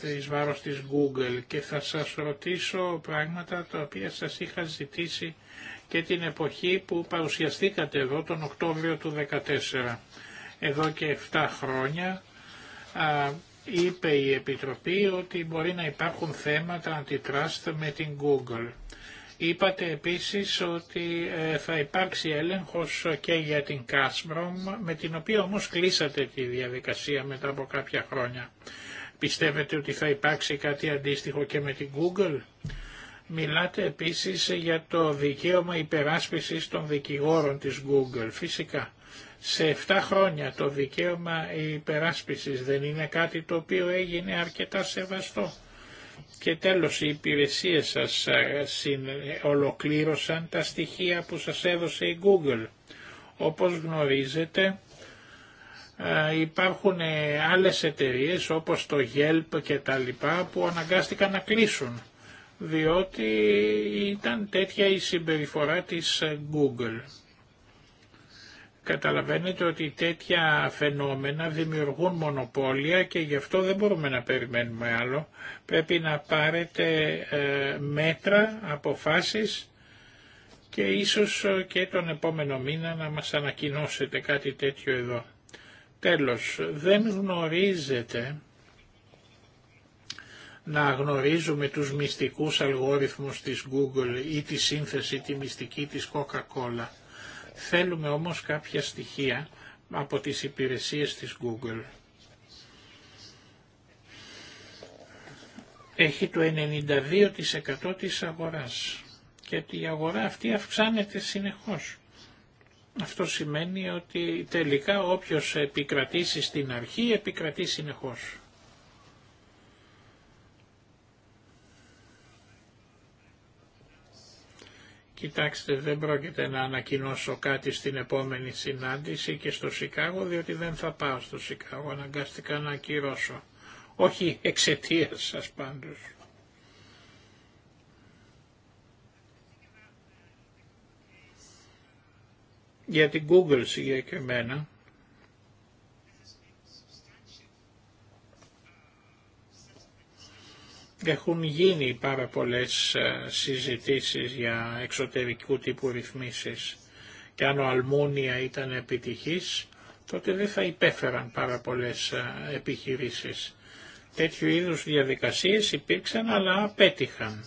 S1: της βάρος της Google και θα σας ρωτήσω πράγματα τα οποία σας είχα ζητήσει και την εποχή που παρουσιαστήκατε εδώ τον Οκτώβριο του 2014. Εδώ και 7 χρόνια είπε η Επιτροπή ότι μπορεί να υπάρχουν θέματα αντιτράστ με την Google. Είπατε επίσης ότι ε, θα υπάρξει έλεγχος και για την Κάσμπρομ, με την οποία όμως κλείσατε τη διαδικασία μετά από κάποια χρόνια. Πιστεύετε ότι θα υπάρξει κάτι αντίστοιχο και με την Google. Μιλάτε επίσης για το δικαίωμα υπεράσπισης των δικηγόρων της Google. Φυσικά, σε 7 χρόνια το δικαίωμα υπεράσπισης δεν είναι κάτι το οποίο έγινε αρκετά σεβαστό. Και τέλος οι υπηρεσίες σας ε, ε, ολοκλήρωσαν τα στοιχεία που σας έδωσε η Google. Όπως γνωρίζετε ε, υπάρχουν άλλες εταιρείες όπως το Yelp και τα λοιπά που αναγκάστηκαν να κλείσουν διότι ήταν τέτοια η συμπεριφορά της Google. Καταλαβαίνετε ότι τέτοια φαινόμενα δημιουργούν μονοπόλια και γι' αυτό δεν μπορούμε να περιμένουμε άλλο. Πρέπει να πάρετε ε, μέτρα, αποφάσεις και ίσως ε, και τον επόμενο μήνα να μας ανακοινώσετε κάτι τέτοιο εδώ. Τέλος, δεν γνωρίζετε να γνωρίζουμε τους μυστικούς αλγόριθμους της Google ή τη σύνθεση τη μυστική της Coca-Cola. Θέλουμε όμως κάποια στοιχεία από τις υπηρεσίες της Google. Έχει το 92% της αγοράς και η αγορά αυτή αυξάνεται συνεχώς. Αυτό σημαίνει ότι τελικά όποιος επικρατήσει στην αρχή επικρατεί συνεχώς. Κοιτάξτε, δεν πρόκειται να ανακοινώσω κάτι στην επόμενη συνάντηση και στο Σικάγο, διότι δεν θα πάω στο Σικάγο, αναγκάστηκα να ακυρώσω. Όχι εξαιτία σας πάντως. Για την Google συγκεκριμένα, Έχουν γίνει πάρα πολλές ε, συζητήσεις για εξωτερικού τύπου ρυθμίσεις και αν ο Αλμούνια ήταν επιτυχής, τότε δεν θα υπέφεραν πάρα πολλές ε, επιχειρήσεις. Τέτοιου είδους διαδικασίες υπήρξαν αλλά απέτυχαν.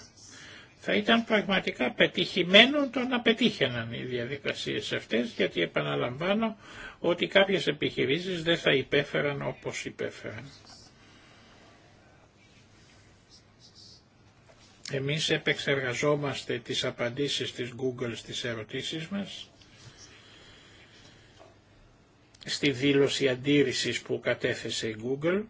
S1: Θα ήταν πραγματικά πετυχημένο το να πετύχαιναν οι διαδικασίες αυτές, γιατί επαναλαμβάνω ότι κάποιες επιχειρήσεις δεν θα υπέφεραν όπως υπέφεραν. Εμείς επεξεργαζόμαστε τις απαντήσεις της Google στις ερωτήσεις μας, στη δήλωση αντίρρησης που κατέθεσε η Google,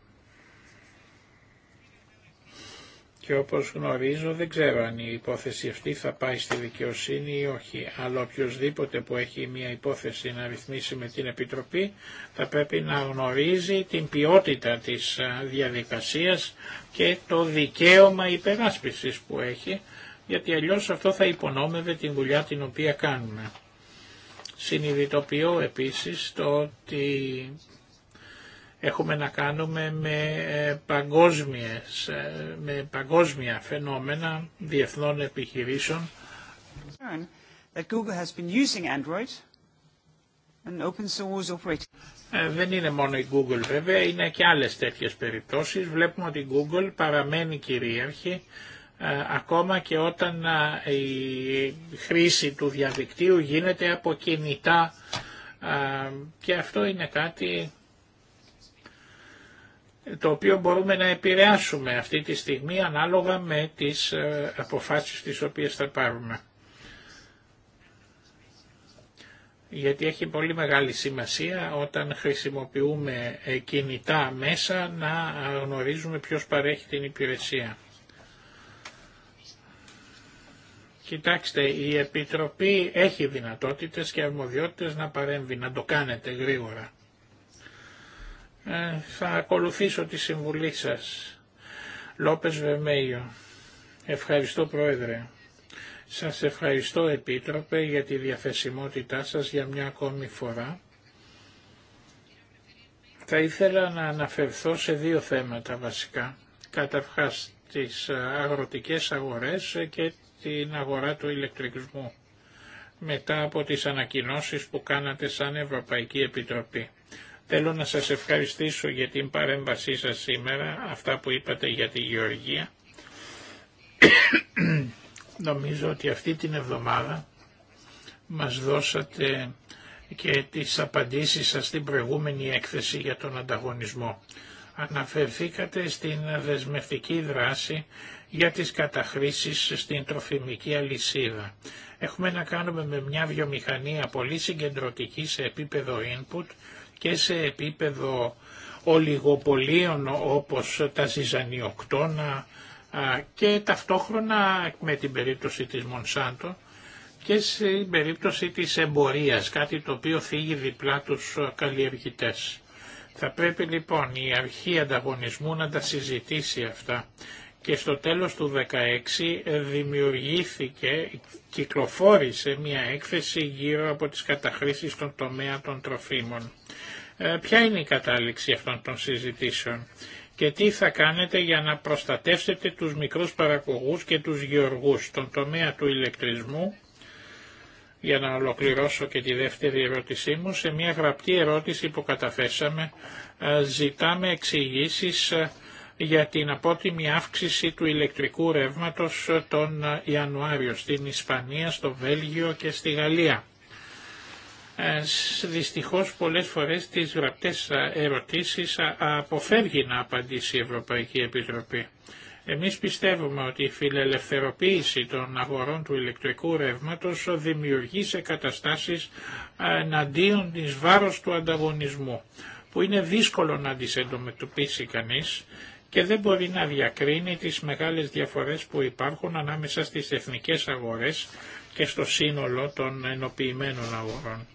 S1: Και όπως γνωρίζω δεν ξέρω αν η υπόθεση αυτή θα πάει στη δικαιοσύνη ή όχι, αλλά οποιοδήποτε που έχει μια υπόθεση να ρυθμίσει με την Επιτροπή θα πρέπει να γνωρίζει την ποιότητα της διαδικασίας και το δικαίωμα υπεράσπισης που έχει, γιατί αλλιώς αυτό θα υπονόμευε την δουλειά την οποία κάνουμε. Συνειδητοποιώ επίσης το ότι Έχουμε να κάνουμε με, ε, παγκόσμιες, ε, με παγκόσμια φαινόμενα διεθνών επιχειρήσεων. Ε, δεν είναι μόνο η Google βέβαια, είναι και άλλες τέτοιες περιπτώσεις. Βλέπουμε ότι η Google παραμένει κυρίαρχη ακόμα και όταν η χρήση του διαδικτύου γίνεται από κινητά και αυτό είναι κάτι το οποίο μπορούμε να επηρεάσουμε αυτή τη στιγμή ανάλογα με τις ε, αποφάσεις τις οποίες θα πάρουμε. Γιατί έχει πολύ μεγάλη σημασία όταν χρησιμοποιούμε ε, κινητά μέσα να ε, γνωρίζουμε ποιος παρέχει την υπηρεσία. Κοιτάξτε, η Επιτροπή έχει δυνατότητες και αρμοδιότητες να παρέμβει, να το κάνετε γρήγορα. Ε, θα ακολουθήσω τη συμβουλή σας. Λόπες Βεμέιο. Ευχαριστώ Πρόεδρε. Σας ευχαριστώ Επίτροπε για τη διαθεσιμότητά σας για μια ακόμη φορά. Θα ήθελα να αναφερθώ σε δύο θέματα βασικά. Καταρχάς τις αγροτικές αγορές και την αγορά του ηλεκτρισμού μετά από τις ανακοινώσεις που κάνατε σαν Ευρωπαϊκή Επιτροπή. Θέλω να σας ευχαριστήσω για την παρέμβασή σας σήμερα, αυτά που είπατε για τη Γεωργία. Νομίζω ότι αυτή την εβδομάδα μας δώσατε και τις απαντήσεις σας στην προηγούμενη έκθεση για τον ανταγωνισμό. Αναφερθήκατε στην δεσμευτική δράση για τις καταχρήσεις στην τροφιμική αλυσίδα. Έχουμε να κάνουμε με μια βιομηχανία πολύ συγκεντρωτική σε επίπεδο input και σε επίπεδο ολιγοπολίων όπως τα ζυζανιοκτώνα και ταυτόχρονα με την περίπτωση της Μονσάντο και στην περίπτωση της εμπορίας, κάτι το οποίο φύγει διπλά τους καλλιεργητές. Θα πρέπει λοιπόν η αρχή ανταγωνισμού να τα συζητήσει αυτά και στο τέλος του 2016 δημιουργήθηκε, κυκλοφόρησε μια έκθεση γύρω από τις καταχρήσεις των τομέα των τροφίμων. Ε, ποια είναι η κατάληξη αυτών των συζητήσεων και τι θα κάνετε για να προστατεύσετε τους μικρούς παραγωγούς και τους γεωργούς στον τομέα του ηλεκτρισμού για να ολοκληρώσω και τη δεύτερη ερώτησή μου, σε μια γραπτή ερώτηση που καταφέσαμε ε, ζητάμε εξηγήσει ε, για την απότιμη αύξηση του ηλεκτρικού ρεύματος τον Ιανουάριο στην Ισπανία, στο Βέλγιο και στη Γαλλία δυστυχώς πολλές φορές τις γραπτές ερωτήσεις αποφεύγει να απαντήσει η Ευρωπαϊκή Επιτροπή. Εμείς πιστεύουμε ότι η φιλελευθεροποίηση των αγορών του ηλεκτρικού ρεύματος δημιουργεί σε καταστάσεις εναντίον της βάρος του ανταγωνισμού, που είναι δύσκολο να τις εντομετωπίσει κανείς και δεν μπορεί να διακρίνει τις μεγάλες διαφορές που υπάρχουν ανάμεσα στις εθνικές αγορές και στο σύνολο των ενοποιημένων αγορών.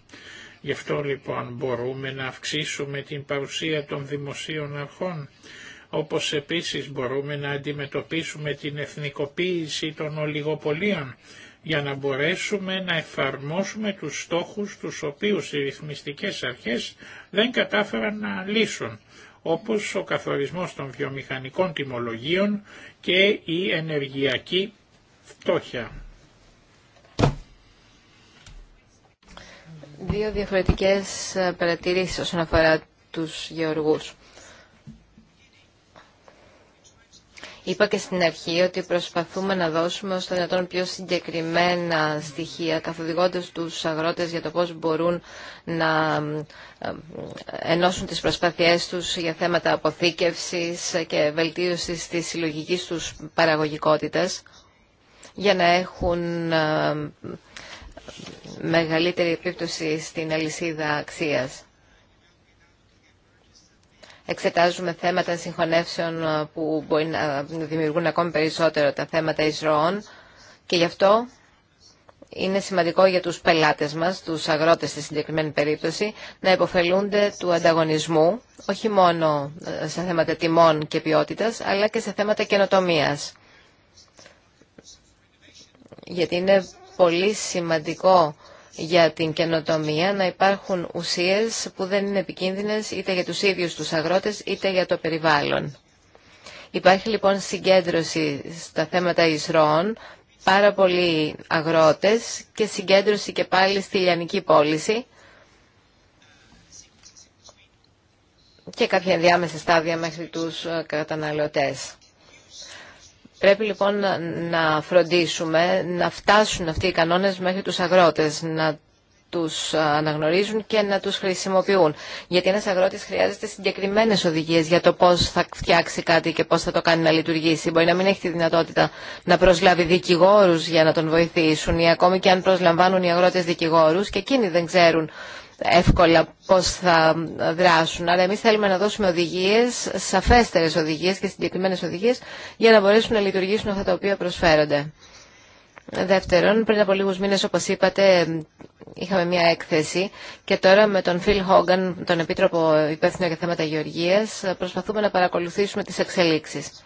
S1: Γι' αυτό λοιπόν μπορούμε να αυξήσουμε την παρουσία των δημοσίων αρχών, όπως επίσης μπορούμε να αντιμετωπίσουμε την εθνικοποίηση των ολιγοπολίων, για να μπορέσουμε να εφαρμόσουμε τους στόχους τους οποίους οι ρυθμιστικές αρχές δεν κατάφεραν να λύσουν, όπως ο καθορισμός των βιομηχανικών τιμολογίων και η ενεργειακή φτώχεια.
S3: Δύο διαφορετικές ε, παρατηρήσεις όσον αφορά τους γεωργούς. Είπα και στην αρχή ότι προσπαθούμε να δώσουμε ως το δυνατόν πιο συγκεκριμένα στοιχεία, καθοδηγώντας τους αγρότες για το πώς μπορούν να ε, ενώσουν τις προσπάθειές τους για θέματα αποθήκευσης και βελτίωσης της συλλογικής τους παραγωγικότητας, για να έχουν ε, μεγαλύτερη επίπτωση στην αλυσίδα αξίας. Εξετάζουμε θέματα συγχωνεύσεων που μπορεί να δημιουργούν ακόμη περισσότερο τα θέματα εισρώων και γι' αυτό είναι σημαντικό για τους πελάτες μας, τους αγρότες στη συγκεκριμένη περίπτωση, να υποφελούνται του ανταγωνισμού, όχι μόνο ε, σε θέματα τιμών και ποιότητας, αλλά και σε θέματα καινοτομίας. Γιατί είναι πολύ σημαντικό για την καινοτομία να υπάρχουν ουσίες που δεν είναι επικίνδυνες είτε για τους ίδιους τους αγρότες είτε για το περιβάλλον. Υπάρχει λοιπόν συγκέντρωση στα θέματα εισρώων, πάρα πολλοί αγρότες και συγκέντρωση και πάλι στη λιανική πώληση και κάποια ενδιάμεσα στάδια μέχρι τους ε, καταναλωτές. Πρέπει λοιπόν να φροντίσουμε να φτάσουν αυτοί οι κανόνες μέχρι τους αγρότες, να τους αναγνωρίζουν και να τους χρησιμοποιούν. Γιατί ένας αγρότης χρειάζεται συγκεκριμένες οδηγίες για το πώς θα φτιάξει κάτι και πώς θα το κάνει να λειτουργήσει. Μπορεί να μην έχει τη δυνατότητα να προσλάβει δικηγόρους για να τον βοηθήσουν ή ακόμη και αν προσλαμβάνουν οι αγρότες δικηγόρους και εκείνοι δεν ξέρουν εύκολα πώς θα δράσουν. Αλλά εμείς θέλουμε να δώσουμε οδηγίες, σαφέστερες οδηγίες και συγκεκριμένες οδηγίες για να μπορέσουν να λειτουργήσουν αυτά τα οποία προσφέρονται. Δεύτερον, πριν από λίγους μήνες, όπως είπατε, είχαμε μια έκθεση και τώρα με τον Φιλ Χόγκαν, τον Επίτροπο Υπεύθυνο για Θέματα Γεωργίας, προσπαθούμε να παρακολουθήσουμε τις εξελίξεις.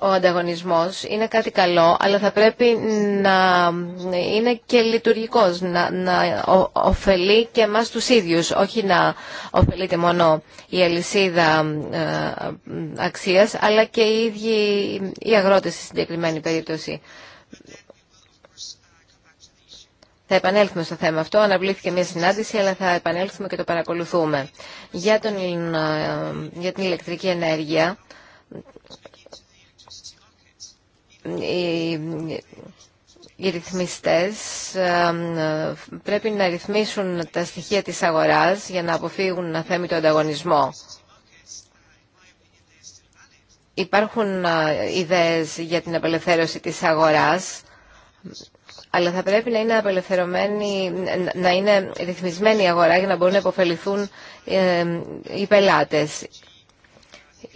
S3: ο ανταγωνισμός είναι κάτι καλό, αλλά θα πρέπει να είναι και λειτουργικός, να, να ωφελεί και εμάς τους ίδιους, όχι να ωφελείται μόνο η αλυσίδα ε, αξίας, αλλά και οι ίδιοι οι αγρότες στη συγκεκριμένη περίπτωση. Θα επανέλθουμε στο θέμα αυτό. Αναβλήθηκε μια συνάντηση, αλλά θα επανέλθουμε και το παρακολουθούμε. Για, τον, ε, για την ηλεκτρική ενέργεια, οι ρυθμιστές πρέπει να ρυθμίσουν τα στοιχεία της αγοράς για να αποφύγουν να θέμει το ανταγωνισμό. Υπάρχουν ιδέες για την απελευθέρωση της αγοράς, αλλά θα πρέπει να είναι απελευθερωμένη, να είναι ρυθμισμένη η αγορά για να μπορούν να υποφεληθούν οι πελάτες.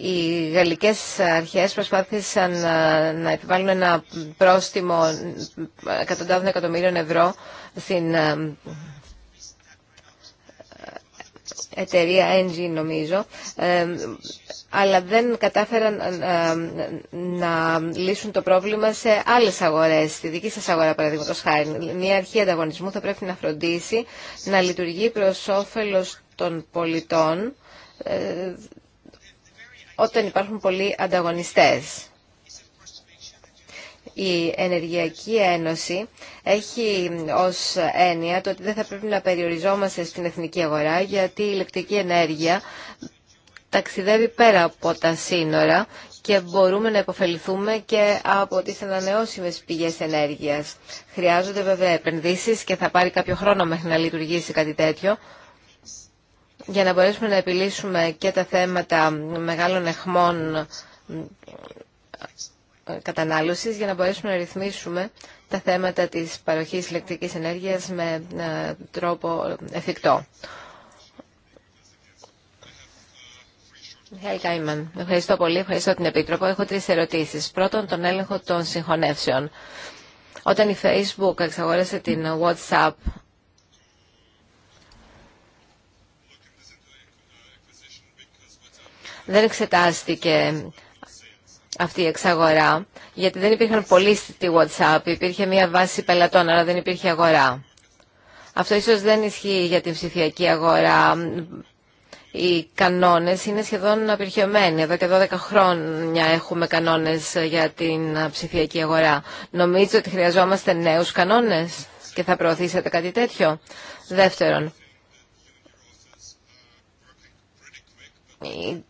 S3: Οι γαλλικές αρχές προσπάθησαν ε, να επιβάλλουν ένα πρόστιμο εκατοντάδων εκατομμύριων ευρώ στην ε, ε, εταιρεία NG νομίζω, αλλά δεν κατάφεραν να λύσουν το πρόβλημα σε άλλες αγορές, στη δική σας αγορά παραδείγματος χάρη. Μια αρχή ανταγωνισμού θα πρέπει να φροντίσει να λειτουργεί προς όφελος των πολιτών όταν υπάρχουν πολλοί ανταγωνιστές. Η Ενεργειακή Ένωση έχει ως έννοια το ότι δεν θα πρέπει να περιοριζόμαστε στην εθνική αγορά γιατί η ηλεκτρική ενέργεια ταξιδεύει πέρα από τα σύνορα και μπορούμε να υποφεληθούμε και από τις ανανεώσιμες πηγές ενέργειας. Χρειάζονται βέβαια επενδύσεις και θα πάρει κάποιο χρόνο μέχρι να λειτουργήσει κάτι τέτοιο, για να μπορέσουμε να επιλύσουμε και τα θέματα μεγάλων εχμών ε, κατανάλωσης, για να μπορέσουμε να ρυθμίσουμε τα θέματα της παροχής ηλεκτρικής ενέργειας με ε, τρόπο ε, εφικτό. Μιχαήλ ευχαριστώ πολύ, ευχαριστώ την Επίτροπο. Έχω τρεις ερωτήσεις. Πρώτον, τον έλεγχο των συγχωνεύσεων. Όταν η Facebook εξαγόρασε την WhatsApp, δεν εξετάστηκε αυτή η εξαγορά, γιατί δεν υπήρχαν πολλοί στη WhatsApp, υπήρχε μια βάση πελατών, αλλά δεν υπήρχε αγορά. Αυτό ίσως δεν ισχύει για την ψηφιακή αγορά. Οι κανόνες είναι σχεδόν απειρχαιωμένοι. Εδώ και 12 χρόνια έχουμε κανόνες για την ψηφιακή αγορά. Νομίζω ότι χρειαζόμαστε νέους κανόνες και θα προωθήσετε κάτι τέτοιο. Δεύτερον,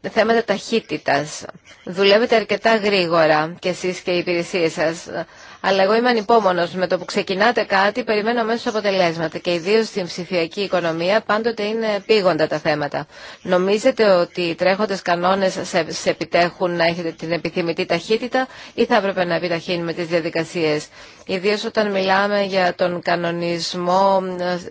S3: Ε, θέματα ταχύτητας. Δουλεύετε αρκετά γρήγορα και εσείς και οι υπηρεσίες σας. Αλλά εγώ είμαι ανυπόμονο. Με το που ξεκινάτε κάτι, περιμένω αμέσω αποτελέσματα. Και ιδίω στην ψηφιακή οικονομία, πάντοτε είναι πήγοντα τα θέματα. Νομίζετε ότι οι τρέχοντε κανόνε σε επιτέχουν να έχετε την επιθυμητή ταχύτητα ή θα έπρεπε να επιταχύνουμε τι διαδικασίε. Ιδίω όταν μιλάμε για τον κανονισμό,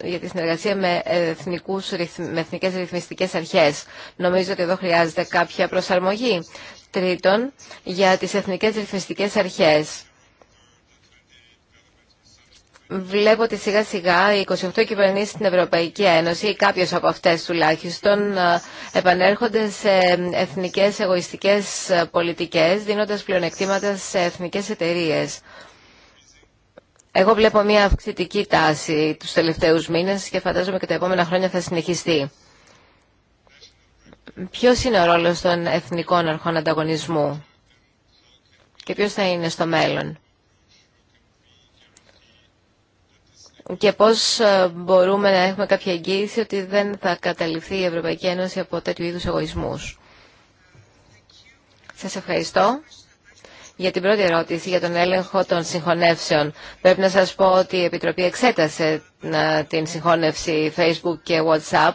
S3: ε, για τη συνεργασία με, εθνικέ ρυθμιστικέ αρχέ. ρυθμιστικές αρχές. Νομίζω ότι εδώ χρειάζεται κάποια προσαρμογή. Τρίτον, για τις εθνικές ρυθμιστικές αρχές. Βλέπω ότι σιγά σιγά οι 28 κυβερνήσει στην Ευρωπαϊκή Ένωση ή κάποιε από αυτέ τουλάχιστον ε, επανέρχονται σε εθνικές εγωιστικές πολιτικές δίνοντα πλεονεκτήματα σε εθνικές εταιρείε. Εγώ βλέπω μια αυξητική τάση του τελευταίους μήνες και φαντάζομαι και τα επόμενα χρόνια θα συνεχιστεί. Ποιο είναι ο ρόλο των εθνικών αρχών ανταγωνισμού και ποιο θα είναι στο μέλλον. και πώς ε, μπορούμε να έχουμε κάποια εγγύηση ότι δεν θα καταληφθεί η Ευρωπαϊκή Ένωση από τέτοιου είδους εγωισμούς. Σας ευχαριστώ. Για την πρώτη ερώτηση, για τον έλεγχο των συγχωνεύσεων, πρέπει να σας πω ότι η Επιτροπή εξέτασε ε, την συγχώνευση Facebook και WhatsApp,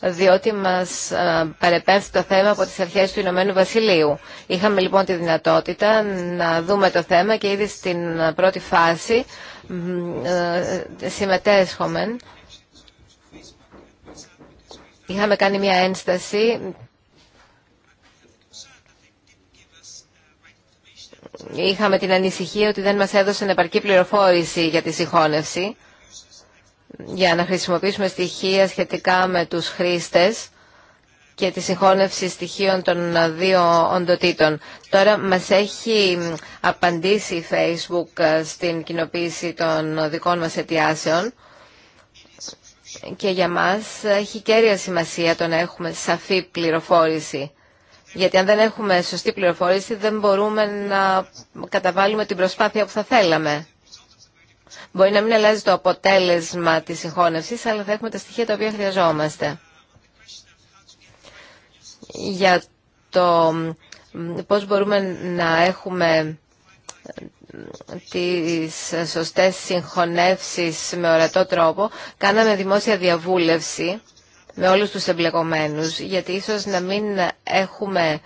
S3: διότι μας ε, παρεπέμφθη το θέμα από τις αρχές του Ηνωμένου Βασιλείου. Είχαμε λοιπόν τη δυνατότητα να δούμε το θέμα και ήδη στην πρώτη φάση ε, συμμετέσχομεν. Είχαμε κάνει μια ένσταση είχαμε την ανησυχία ότι δεν μας έδωσαν επαρκή πληροφόρηση για τη συγχώνευση για να χρησιμοποιήσουμε στοιχεία σχετικά με τους χρήστες και τη συγχώνευση στοιχείων των δύο οντοτήτων. Τώρα μας έχει απαντήσει η Facebook ε, στην κοινοποίηση των δικών μας αιτιάσεων και για μας έχει κέρια σημασία το να έχουμε σαφή πληροφόρηση. Γιατί αν δεν έχουμε σωστή πληροφόρηση δεν μπορούμε να καταβάλουμε την προσπάθεια που θα θέλαμε. Μπορεί να μην αλλάζει το αποτέλεσμα της συγχώνευσης, αλλά θα έχουμε τα στοιχεία τα οποία χρειαζόμαστε για το πώς μπορούμε να έχουμε τις σωστές συγχωνεύσεις με ορατό τρόπο, κάναμε δημόσια διαβούλευση με όλους τους εμπλεκομένους, γιατί ίσως να μην έχουμε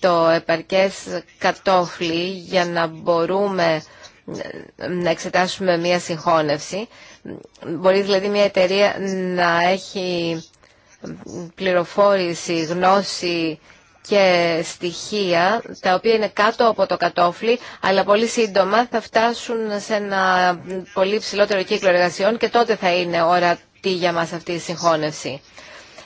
S3: το επαρκές κατόφλι για να μπορούμε να εξετάσουμε μία συγχώνευση. Μπορεί δηλαδή μια εταιρεία να έχει πληροφόρηση, γνώση και στοιχεία τα οποία είναι κάτω από το κατόφλι αλλά πολύ σύντομα θα φτάσουν σε ένα πολύ ψηλότερο κύκλο εργασιών και τότε θα είναι ώρα τι για μας αυτή η συγχώνευση.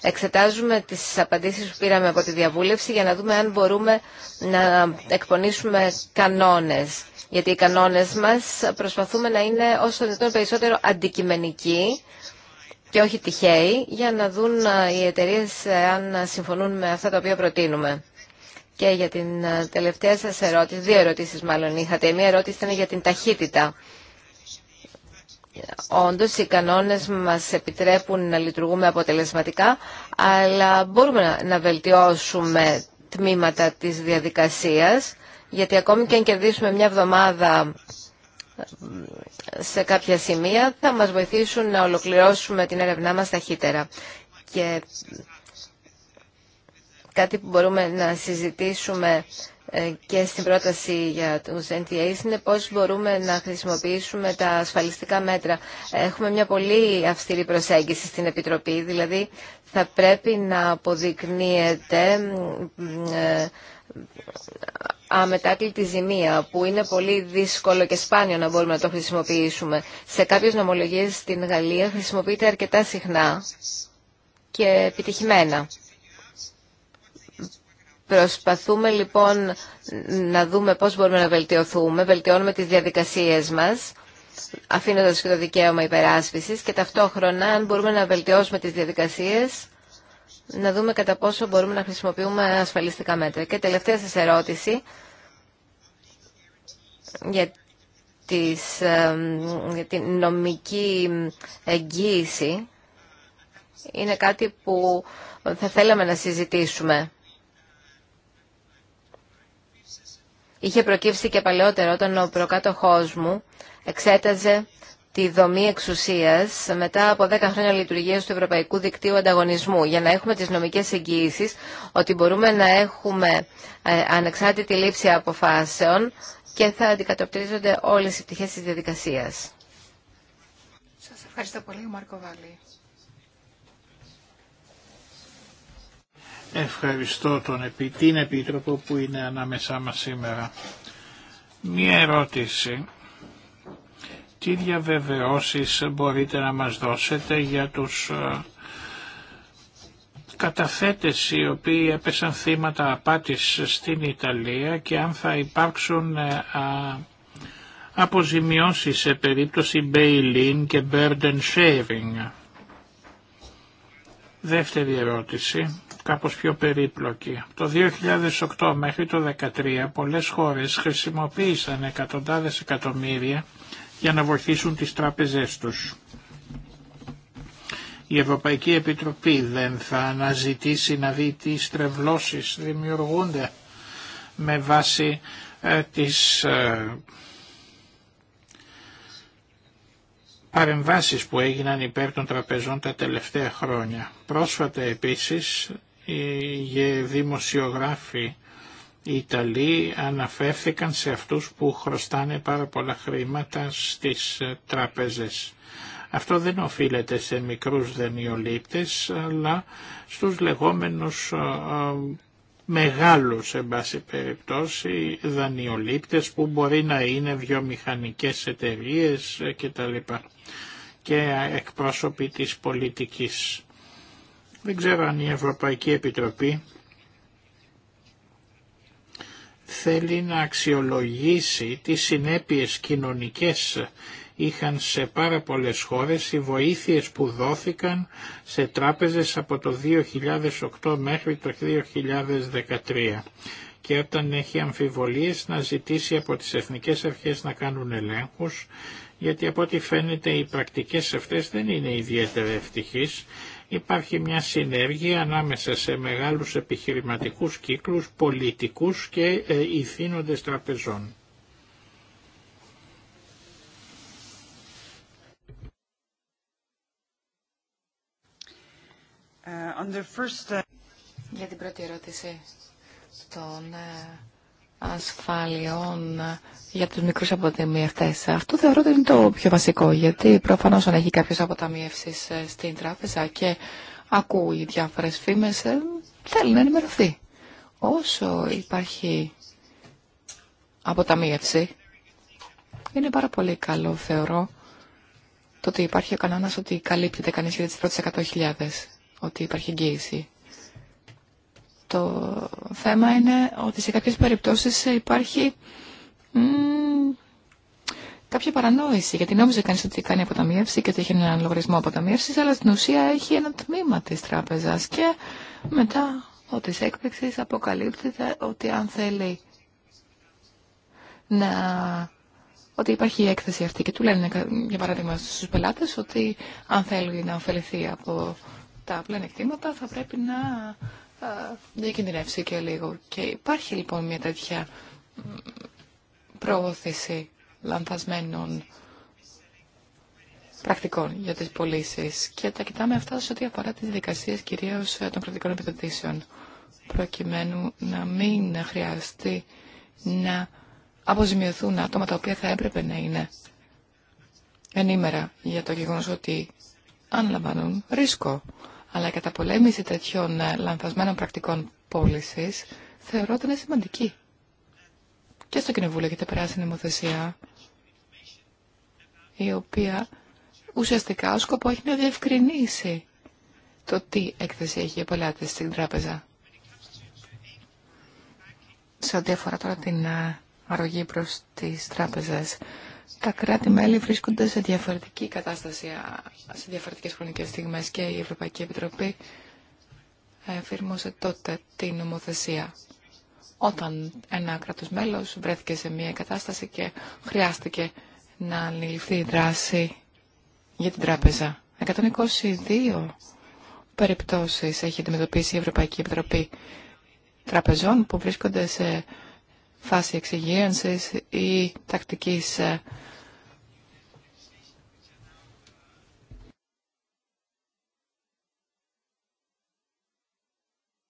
S3: Εξετάζουμε τις απαντήσεις που πήραμε από τη διαβούλευση για να δούμε αν μπορούμε να εκπονήσουμε κανόνες. Γιατί οι κανόνες μας προσπαθούμε να είναι όσο δυνατόν περισσότερο αντικειμενικοί και όχι τυχαίοι για να δουν ε, οι εταιρείε ε, αν συμφωνούν με αυτά τα οποία προτείνουμε. Και για την ε, τελευταία σα ερώτηση, δύο ερωτήσεις μάλλον είχατε. μία ερώτηση ήταν για την ταχύτητα. Όντω οι κανόνε μας επιτρέπουν να λειτουργούμε αποτελεσματικά, αλλά μπορούμε να βελτιώσουμε τμήματα της διαδικασίας, γιατί ακόμη και αν κερδίσουμε μια εβδομάδα σε κάποια σημεία θα μας βοηθήσουν να ολοκληρώσουμε την έρευνά μας ταχύτερα. Και κάτι που μπορούμε να συζητήσουμε ε, και στην πρόταση για τους NTAs είναι πώς μπορούμε να χρησιμοποιήσουμε τα ασφαλιστικά μέτρα. Έχουμε μια πολύ αυστηρή προσέγγιση στην Επιτροπή, δηλαδή θα πρέπει να αποδεικνύεται ε, αμετάκλητη ζημία που είναι πολύ δύσκολο και σπάνιο να μπορούμε να το χρησιμοποιήσουμε. Σε κάποιες νομολογίες στην Γαλλία χρησιμοποιείται αρκετά συχνά και επιτυχημένα. Προσπαθούμε λοιπόν να δούμε πώς μπορούμε να βελτιωθούμε, βελτιώνουμε τις διαδικασίες μας, αφήνοντας και το δικαίωμα υπεράσπισης και ταυτόχρονα αν μπορούμε να βελτιώσουμε τις διαδικασίες, να δούμε κατά πόσο μπορούμε να χρησιμοποιούμε ασφαλιστικά μέτρα. Και τελευταία σας ερώτηση για, τις, για την νομική εγγύηση είναι κάτι που θα θέλαμε να συζητήσουμε. Είχε προκύψει και παλαιότερο όταν ο προκάτοχός μου εξέταζε τη δομή εξουσίας μετά από 10 χρόνια λειτουργίας του Ευρωπαϊκού Δικτύου Ανταγωνισμού για να έχουμε τις νομικές εγγύησεις ότι μπορούμε να έχουμε ε, ανεξάρτητη λήψη αποφάσεων και θα αντικατοπτρίζονται όλες οι πτυχές της διαδικασίας.
S2: Σας ευχαριστώ πολύ, Μάρκο Βάλλη.
S1: Ευχαριστώ τον, την Επίτροπο που είναι ανάμεσά μας σήμερα. Μία ερώτηση τι διαβεβαιώσεις μπορείτε να μας δώσετε για τους ε, καταθέτες οι οποίοι έπεσαν θύματα απάτης στην Ιταλία και αν θα υπάρξουν ε, αποζημιώσεις σε περίπτωση bail-in και burden sharing. Δεύτερη ερώτηση, κάπως πιο περίπλοκη. Το 2008 μέχρι το 2013 πολλές χώρες χρησιμοποίησαν εκατοντάδες εκατομμύρια για να βοηθήσουν τις τράπεζές τους. Η Ευρωπαϊκή Επιτροπή δεν θα αναζητήσει να δει τι στρεβλώσεις δημιουργούνται με βάση ε, τις ε, παρεμβάσεις που έγιναν υπέρ των τραπεζών τα τελευταία χρόνια. Πρόσφατα επίσης οι δημοσιογράφοι οι Ιταλοί αναφέρθηκαν σε αυτούς που χρωστάνε πάρα πολλά χρήματα στις ε, τράπεζες. Αυτό δεν οφείλεται σε μικρούς δανειολήπτες, αλλά στους λεγόμενους ε, ε, μεγάλους, εν πάση περιπτώσει, δανειολήπτες που μπορεί να είναι βιομηχανικές εταιρείες κτλ. και εκπρόσωποι της πολιτικής. Δεν ξέρω αν η Ευρωπαϊκή Επιτροπή θέλει να αξιολογήσει τι συνέπειες κοινωνικές είχαν σε πάρα πολλές χώρες οι βοήθειες που δόθηκαν σε τράπεζες από το 2008 μέχρι το 2013 και όταν έχει αμφιβολίες να ζητήσει από τις εθνικές αρχές να κάνουν ελέγχους γιατί από ό,τι φαίνεται οι πρακτικές αυτές δεν είναι ιδιαίτερα ευτυχείς Υπάρχει μια συνέργεια ανάμεσα σε μεγάλους επιχειρηματικούς κύκλους, πολιτικούς και ε, ηθήνοντες τραπεζών. Uh,
S2: Για την πρώτη ερώτηση των ασφαλείων για τους μικρούς αποταμιευτές. Αυτό θεωρώ ότι είναι το πιο βασικό, γιατί προφανώς αν έχει κάποιος αποταμιεύσεις ε, στην τράπεζα και ακούει διάφορες φήμες, ε, θέλει να ενημερωθεί. Όσο υπάρχει αποταμίευση, είναι πάρα πολύ καλό, θεωρώ, το ότι υπάρχει ο κανόνας ότι καλύπτεται κανείς για τις πρώτες 100.000, ότι υπάρχει εγγύηση. Το θέμα είναι ότι σε κάποιες περιπτώσεις υπάρχει μ, κάποια παρανόηση, γιατί νόμιζε κανείς ότι κάνει αποταμίευση και ότι έχει έναν λογαριασμό αποταμίευσης, αλλά στην ουσία έχει ένα τμήμα της τράπεζας και μετά ότι της έκπληξη αποκαλύπτεται ότι αν θέλει να... Ότι υπάρχει η έκθεση αυτή και του λένε, για παράδειγμα, στους πελάτες ότι αν θέλει να ωφεληθεί από τα πλέον θα πρέπει να διακινδυνεύσει και λίγο. Και υπάρχει λοιπόν μια τέτοια προώθηση λανθασμένων πρακτικών για τις πωλήσει. Και τα κοιτάμε αυτά σε ό,τι αφορά τις δικασίες κυρίως ε, των κρατικών επιδοτήσεων προκειμένου να μην χρειαστεί να αποζημιωθούν άτομα τα οποία θα έπρεπε να είναι ενήμερα για το γεγονός ότι αναλαμβάνουν ρίσκο αλλά η καταπολέμηση τέτοιων ε, λανθασμένων πρακτικών πώληση θεωρώ ότι είναι σημαντική. Και στο Κοινοβούλιο έχετε περάσει νομοθεσία η οποία ουσιαστικά ο σκοπό έχει να διευκρινίσει το τι έκθεση έχει ο πελάτη στην τράπεζα. Σε ό,τι αφορά τώρα την ε, αρρωγή προς τις τράπεζες, τα κράτη-μέλη βρίσκονται σε διαφορετική κατάσταση, σε διαφορετικές χρονικές στιγμές και η Ευρωπαϊκή Επιτροπή εφήρμοσε τότε την νομοθεσία. Όταν ένα κράτος μέλος βρέθηκε σε μια κατάσταση και χρειάστηκε να ληφθεί η δράση για την τράπεζα. 122 περιπτώσεις έχει αντιμετωπίσει η Ευρωπαϊκή Επιτροπή τραπεζών που βρίσκονται σε φάση εξυγίανσης ή τακτικής ε,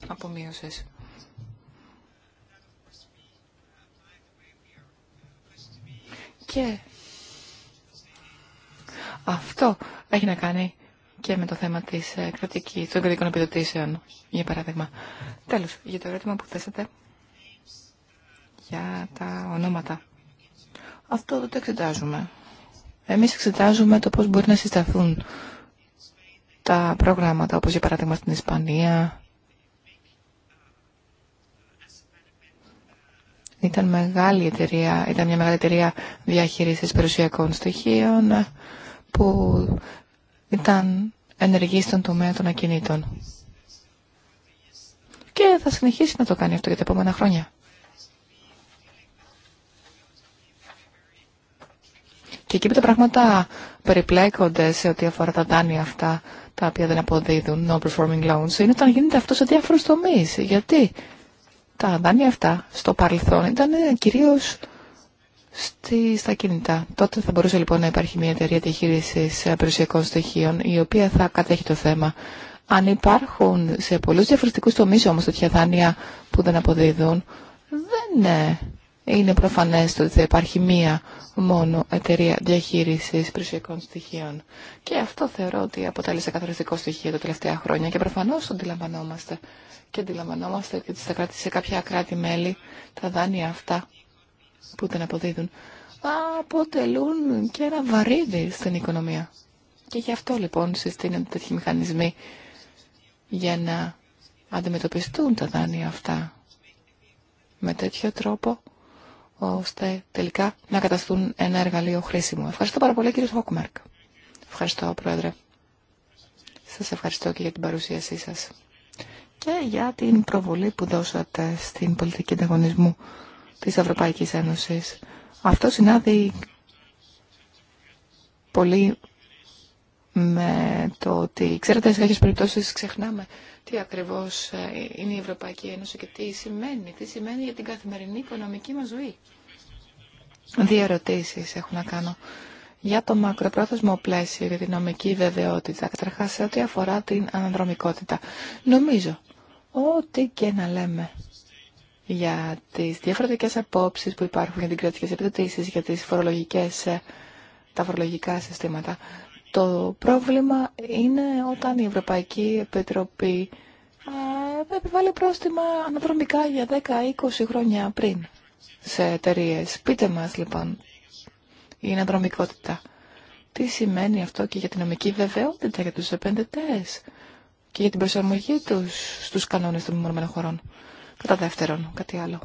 S2: απομείωσης. Και αυτό έχει να κάνει και με το θέμα της ε, κρατικής, των κρατικών επιδοτήσεων, για παράδειγμα. Τέλος, για το ερώτημα που θέσατε για τα ονόματα. Αυτό δεν το εξετάζουμε. Εμείς εξετάζουμε το πώς μπορεί να συσταθούν τα προγράμματα, όπως για παράδειγμα στην Ισπανία. Ήταν, μεγάλη εταιρεία, ήταν μια μεγάλη εταιρεία διαχείρισης περιουσιακών στοιχείων που ήταν ενεργή στον τομέα των ακινήτων. Και θα συνεχίσει να το κάνει αυτό για τα επόμενα χρόνια. Και εκεί που τα πράγματα περιπλέκονται σε ό,τι αφορά τα δάνεια αυτά, τα οποία δεν αποδιδουν no non-performing loans, είναι όταν γίνεται αυτό σε διάφορου τομεί. Γιατί τα δάνεια αυτά στο παρελθόν ήταν κυρίω στη, στα κινητά. Τότε θα μπορούσε λοιπόν να υπάρχει μια εταιρεία διαχείριση περιουσιακών στοιχείων, η οποία θα κατέχει το θέμα. Αν υπάρχουν σε πολλούς διαφορετικούς τομείς όμως τέτοια δάνεια που δεν αποδίδουν, δεν είναι είναι προφανές ότι θα υπάρχει μία μόνο εταιρεία διαχείρισης πλησιακών στοιχείων. Και αυτό θεωρώ ότι αποτέλεσε καθοριστικό στοιχείο τα τελευταία χρόνια και προφανώς το αντιλαμβανόμαστε. Και αντιλαμβανόμαστε ότι θα κρατήσει κάποια κράτη-μέλη τα δάνεια αυτά που δεν αποδίδουν. Αποτελούν και ένα βαρύδι στην οικονομία. Και γι' αυτό λοιπόν συστήνονται τέτοιοι μηχανισμοί για να αντιμετωπιστούν τα δάνεια αυτά. Με τέτοιο τρόπο ώστε τελικά να καταστούν ένα εργαλείο χρήσιμο. Ευχαριστώ πάρα πολύ κύριε Χόκμαρκ. Ευχαριστώ Πρόεδρε. Σας ευχαριστώ και για την παρουσίασή σας και για την προβολή που δώσατε στην πολιτική ανταγωνισμού της Ευρωπαϊκής Ένωσης. Αυτό συνάδει πολύ με το ότι, ξέρετε, σε κάποιες περιπτώσεις ξεχνάμε τι ακριβώς ε, είναι η Ευρωπαϊκή Ένωση και τι σημαίνει, τι σημαίνει για την καθημερινή οικονομική μας ζωή. Δύο ερωτήσει έχω να κάνω. Για το μακροπρόθεσμο πλαίσιο για την νομική βεβαιότητα, καταρχάς σε ό,τι αφορά την αναδρομικότητα. Νομίζω ό,τι και να λέμε για τις διαφορετικές απόψεις που υπάρχουν για την κρατική επιδοτήσεις, για τις φορολογικές, ε, τα φορολογικά συστήματα. Το πρόβλημα είναι όταν η Ευρωπαϊκή Επιτροπή ε, επιβάλλει πρόστιμα αναδρομικά για 10-20 χρόνια πριν σε εταιρείε. Πείτε μας λοιπόν η αναδρομικότητα. Τι σημαίνει αυτό και για την νομική βεβαιότητα για τους επενδυτές και για την προσαρμογή τους στους κανόνες των μεμονωμένων χωρών. Κατά δεύτερον, κάτι άλλο.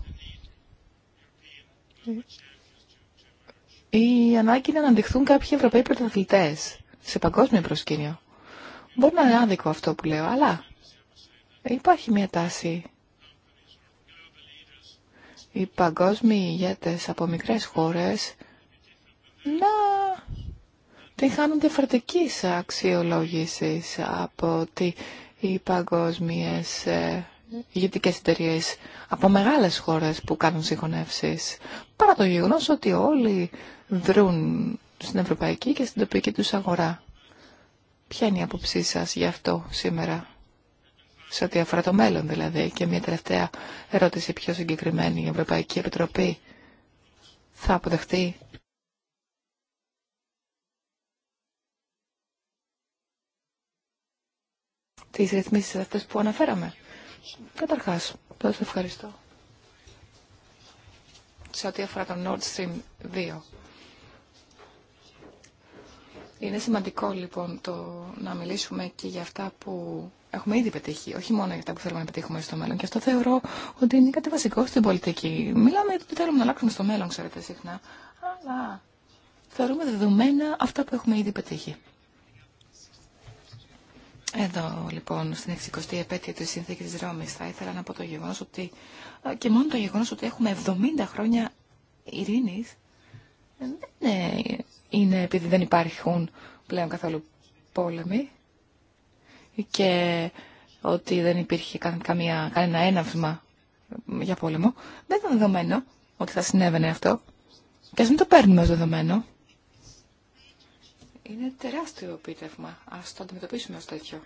S2: Η ανάγκη είναι να αναδειχθούν κάποιοι Ευρωπαίοι πρωταθλητές σε παγκόσμιο προσκήνιο. Μπορεί να είναι άδικο αυτό που λέω, αλλά υπάρχει μια τάση. Οι παγκόσμιοι ηγέτες από μικρές χώρες να την χάνουν διαφορετική αξιολόγηση από ότι οι παγκόσμιες ε, ηγετικές εταιρείε από μεγάλες χώρες που κάνουν συγχωνεύσεις. Παρά το γεγονός ότι όλοι δρούν στην ευρωπαϊκή και στην τοπική τους αγορά. Ποια είναι η άποψή σας γι' αυτό σήμερα, σε ό,τι αφορά το μέλλον δηλαδή. Και μια τελευταία ερώτηση πιο συγκεκριμένη. Η Ευρωπαϊκή Επιτροπή θα αποδεχτεί τις ρυθμίσεις αυτές που αναφέραμε. Καταρχάς, σας ευχαριστώ. Σε ό,τι αφορά το Nord Stream 2. Είναι σημαντικό λοιπόν το να μιλήσουμε και για αυτά που έχουμε ήδη πετύχει, όχι μόνο για αυτά που θέλουμε να πετύχουμε στο μέλλον. Και αυτό θεωρώ ότι είναι κάτι βασικό στην πολιτική. Μιλάμε ότι θέλουμε να αλλάξουμε στο μέλλον, ξέρετε συχνά. Αλλά θεωρούμε δεδομένα αυτά που έχουμε ήδη πετύχει. Εδώ λοιπόν στην 60η επέτειο της Συνθήκη της Ρώμης θα ήθελα να πω το γεγονό ότι και μόνο το γεγονό ότι έχουμε 70 χρόνια ειρήνη ε, δεν είναι επειδή δεν υπάρχουν πλέον καθόλου πόλεμοι και ότι δεν υπήρχε καμία, κανένα έναυσμα για πόλεμο. Δεν ήταν δεδομένο ότι θα συνέβαινε αυτό. Και ας μην το παίρνουμε ως δεδομένο. Είναι τεράστιο επίτευγμα. Ας το αντιμετωπίσουμε ως τέτοιο.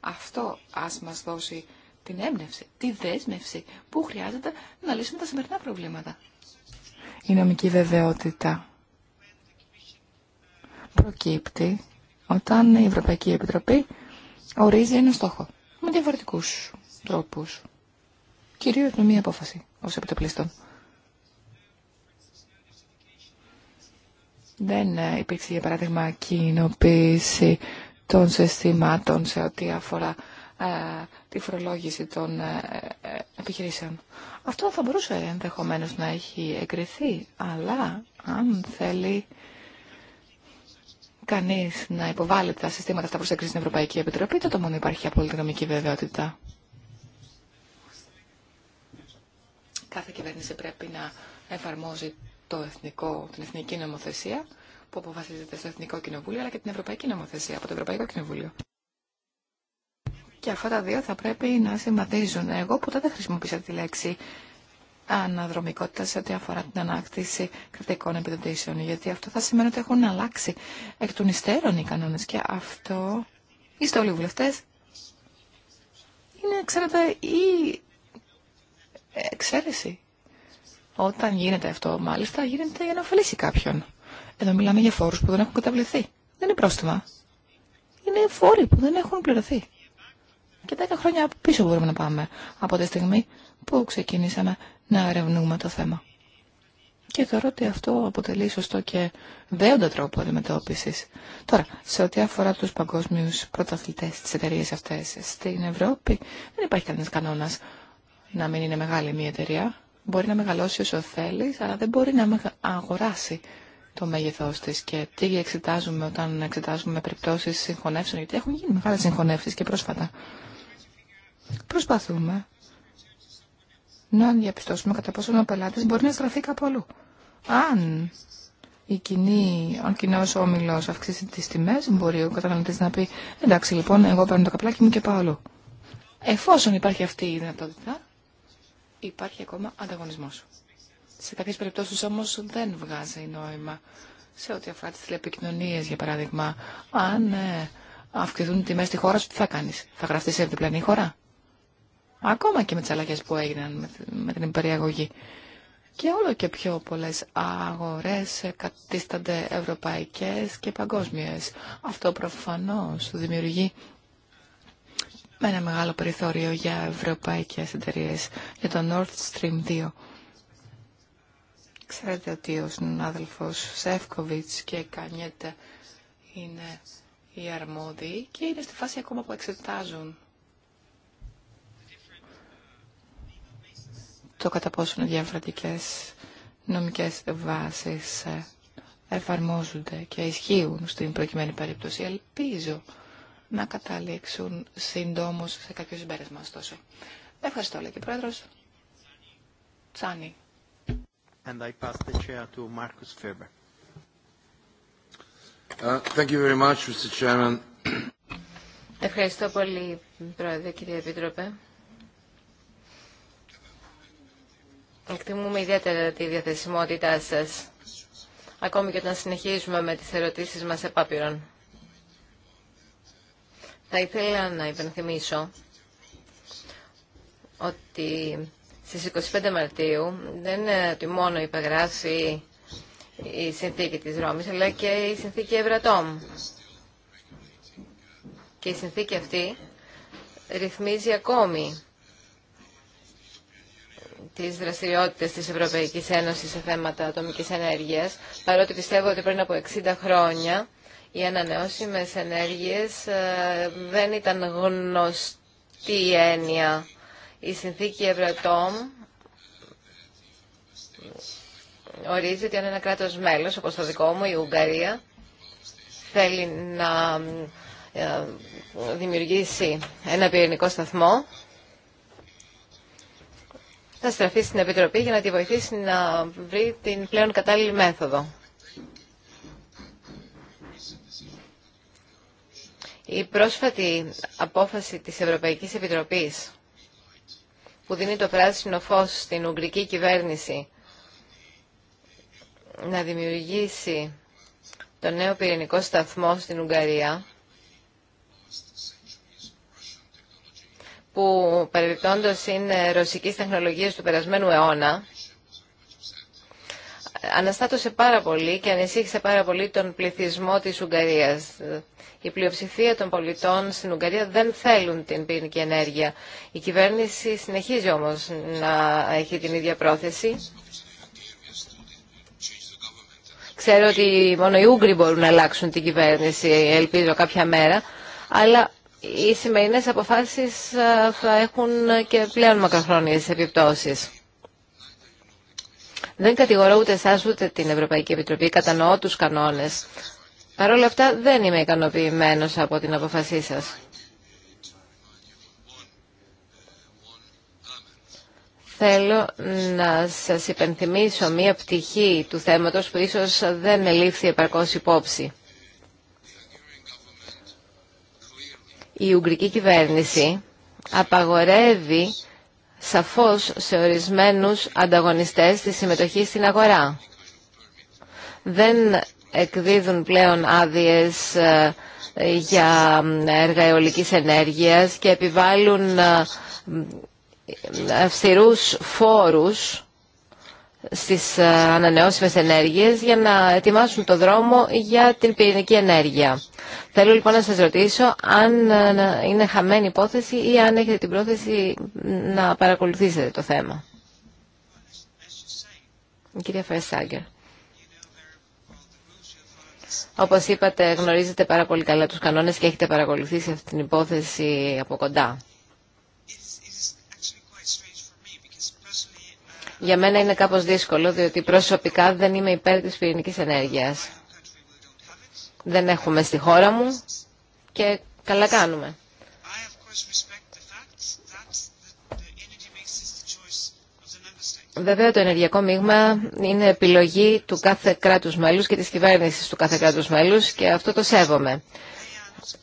S2: Αυτό ας μας δώσει την έμπνευση, τη δέσμευση που χρειάζεται να λύσουμε τα σημερινά προβλήματα. Η νομική βεβαιότητα προκύπτει όταν η Ευρωπαϊκή Επιτροπή ορίζει ένα στόχο με διαφορετικού τρόπου. Κυρίω με μία απόφαση ως επιτοπλίστων. Δεν ε, υπήρξε, για παράδειγμα, κοινοποίηση των συστημάτων σε ό,τι αφορά ε, τη φορολόγηση των ε, επιχειρήσεων. Αυτό θα μπορούσε ενδεχομένως να έχει εγκριθεί, αλλά αν θέλει κανεί να υποβάλλει τα συστήματα αυτά προς έγκριση στην Ευρωπαϊκή Επιτροπή, τότε μόνο υπάρχει απόλυτη νομική βεβαιότητα. Κάθε κυβέρνηση πρέπει να εφαρμόζει το εθνικό, την εθνική νομοθεσία που αποφασίζεται στο Εθνικό Κοινοβούλιο, αλλά και την Ευρωπαϊκή Νομοθεσία από το Ευρωπαϊκό Κοινοβούλιο. Και αυτά τα δύο θα πρέπει να συμβαδίζουν. Εγώ ποτέ δεν χρησιμοποίησα τη λέξη αναδρομικότητα σε ό,τι αφορά την ανάκτηση κρατικών επιδοτήσεων. Γιατί αυτό θα σημαίνει ότι έχουν αλλάξει εκ των υστέρων οι κανόνε και αυτό είστε όλοι βουλευτέ. Είναι, ξέρετε, η εξαίρεση. Όταν γίνεται αυτό, μάλιστα, γίνεται για να ωφελήσει κάποιον. Εδώ μιλάμε για φόρου που δεν έχουν καταβληθεί. Δεν είναι πρόστιμα. Είναι φόροι που δεν έχουν πληρωθεί. Και 10 χρόνια πίσω μπορούμε να πάμε από τη στιγμή που ξεκινήσαμε να ερευνούμε το θέμα. Και θεωρώ ότι αυτό αποτελεί σωστό και δέοντα τρόπο αντιμετώπιση. Τώρα, σε ό,τι αφορά του παγκόσμιου πρωταθλητέ τη εταιρεία αυτέ στην Ευρώπη, δεν υπάρχει κανένα κανόνα να μην είναι μεγάλη μια εταιρεία. Μπορεί να μεγαλώσει όσο θέλει, αλλά δεν μπορεί να αγοράσει το μέγεθό τη. Και τι εξετάζουμε όταν εξετάζουμε περιπτώσει συγχωνεύσεων, γιατί έχουν γίνει μεγάλε συγχωνεύσει και πρόσφατα. Προσπαθούμε να διαπιστώσουμε κατά πόσο ο πελάτη μπορεί να στραφεί κάπου αλλού. Αν η κοινή, ο κοινό όμιλο αυξήσει τι τιμέ, μπορεί ο καταναλωτή να πει εντάξει λοιπόν, εγώ παίρνω το καπλάκι μου και πάω αλλού. Εφόσον υπάρχει αυτή η δυνατότητα, υπάρχει ακόμα ανταγωνισμό. Σε κάποιε περιπτώσει όμω δεν βγάζει νόημα. Σε ό,τι αφορά τι τηλεπικοινωνίε, για παράδειγμα, αν ε, αυξηθούν οι τιμέ στη χώρα σου, τι θα κάνει, θα γραφτεί σε διπλανή χώρα. Ακόμα και με τις αλλαγές που έγιναν με την υπεριαγωγή. Και όλο και πιο πολλές αγορές κατίστανται ευρωπαϊκές και παγκόσμιες. Αυτό προφανώς δημιουργεί με ένα μεγάλο περιθώριο για ευρωπαϊκές εταιρείε για το Nord Stream 2. Ξέρετε ότι ο συνάδελφος Σεύκοβιτς και Κανιέτα είναι οι αρμόδιοι και είναι στη φάση ακόμα που εξετάζουν το κατά πόσο διαφορετικές νομικές βάσεις ε, εφαρμόζονται και ισχύουν στην προκειμένη περίπτωση. Ελπίζω να καταλήξουν συντόμως σε κάποιο συμπέρασμα, ωστόσο. Ευχαριστώ, λέει και πρόεδρος. Τσάνι.
S1: And I pass the chair to
S3: Uh, thank you very much, Mr. Chairman. Ευχαριστώ πολύ, Πρόεδρε, κύριε Επίτροπε. Εκτιμούμε ιδιαίτερα τη διαθεσιμότητά σας, ακόμη και όταν συνεχίζουμε με τις ερωτήσεις μας επάπειρον. Θα ήθελα να υπενθυμίσω ότι στις 25 Μαρτίου δεν είναι ότι μόνο υπεγράφει η συνθήκη της Ρώμης, αλλά και η συνθήκη Ευρατόμ. Και η συνθήκη αυτή ρυθμίζει ακόμη τις δραστηριότητες της Ευρωπαϊκής Ένωσης σε θέματα ατομική ενέργειας, παρότι πιστεύω ότι πριν από 60 χρόνια οι ανανεώσιμες ενέργειες ε, δεν ήταν γνωστή έννοια. Η συνθήκη Ευρωτόμ ορίζει ότι αν ένα κράτος μέλος, όπως το δικό μου, η Ουγγαρία, θέλει να ε, δημιουργήσει ένα πυρηνικό σταθμό, θα στραφεί στην Επιτροπή για να τη βοηθήσει να βρει την πλέον κατάλληλη μέθοδο. Η πρόσφατη απόφαση της Ευρωπαϊκής Επιτροπής που δίνει το πράσινο φως στην Ουγγρική κυβέρνηση να δημιουργήσει το νέο πυρηνικό σταθμό στην Ουγγαρία που παρελθόντος είναι ρωσικής τεχνολογίας του περασμένου αιώνα, αναστάτωσε πάρα πολύ και ανησύχησε πάρα πολύ τον πληθυσμό της Ουγγαρίας. Η πλειοψηφία των πολιτών στην Ουγγαρία δεν θέλουν την πυρηνική ενέργεια. Η κυβέρνηση συνεχίζει όμως να έχει την ίδια πρόθεση. Ξέρω ότι μόνο οι Ούγγροι μπορούν να αλλάξουν την κυβέρνηση, ελπίζω κάποια μέρα, αλλά οι σημερινές αποφάσεις ε, θα έχουν και πλέον μακροχρόνιες επιπτώσεις. Δεν κατηγορώ ούτε εσά ούτε την Ευρωπαϊκή Επιτροπή. Κατανοώ τους κανόνες. Παρ' όλα αυτά δεν είμαι ικανοποιημένος από την αποφασή σας. Θέλω να σας υπενθυμίσω μία πτυχή του θέματος που ίσως δεν ελήφθη επαρκώς υπόψη. η Ουγγρική κυβέρνηση απαγορεύει σαφώς σε ορισμένους ανταγωνιστές τη συμμετοχή στην αγορά. Δεν εκδίδουν πλέον άδειες ε, για ε, έργα αιωλικής ενέργειας και επιβάλλουν ε, αυστηρούς φόρους στις ε, ανανεώσιμες ενέργειες για να ετοιμάσουν το δρόμο για την πυρηνική ενέργεια. Θέλω λοιπόν να σας ρωτήσω αν ε, είναι χαμένη υπόθεση ή αν έχετε την πρόθεση να παρακολουθήσετε το θέμα. Η κυρία Φερσάγκερ. Όπως είπατε γνωρίζετε πάρα πολύ καλά τους κανόνες και έχετε παρακολουθήσει αυτή την προθεση να παρακολουθησετε το θεμα κυρια φερσαγκερ από κοντά. Για μένα είναι κάπως δύσκολο, διότι προσωπικά δεν είμαι υπέρ της πυρηνικής ενέργειας. Δεν έχουμε στη χώρα μου και καλά κάνουμε. Βέβαια το ενεργειακό μείγμα είναι επιλογή του κάθε κράτους μέλους και της κυβέρνησης του κάθε κράτους μέλους και αυτό το σέβομαι.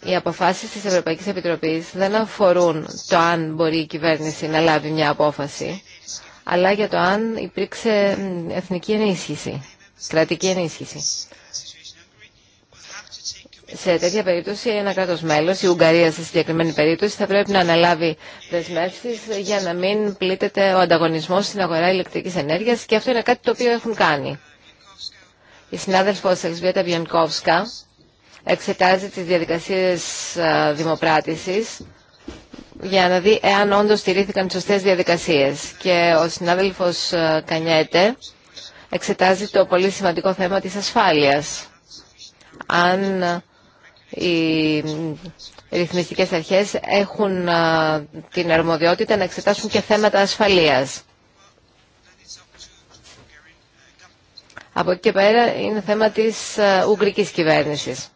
S3: Οι αποφάσεις της Ευρωπαϊκής Επιτροπής δεν αφορούν το αν μπορεί η κυβέρνηση να λάβει μια απόφαση αλλά για το αν υπήρξε εθνική ενίσχυση, κρατική ενίσχυση. Σε τέτοια περίπτωση ένα κράτο μέλο, η Ουγγαρία σε συγκεκριμένη περίπτωση, θα πρέπει να αναλάβει δεσμεύσει για να μην πλήττεται ο ανταγωνισμός στην αγορά ηλεκτρικής ενέργειας και αυτό είναι κάτι το οποίο έχουν κάνει. Η συνάδελφος Εξβιέτα Βιανκόφσκα εξετάζει τι διαδικασίε δημοπράτηση για να δει εάν όντως στηρίθηκαν σωστέ διαδικασίες. Και ο συνάδελφος ε, Κανιέτε εξετάζει το πολύ σημαντικό θέμα της ασφάλειας. Αν ε, οι ε, ρυθμιστικές αρχές έχουν την αρμοδιότητα να εξετάσουν και θέματα ασφαλείας. Από εκεί και πέρα είναι θέμα της Ουγγρικής κυβέρνησης.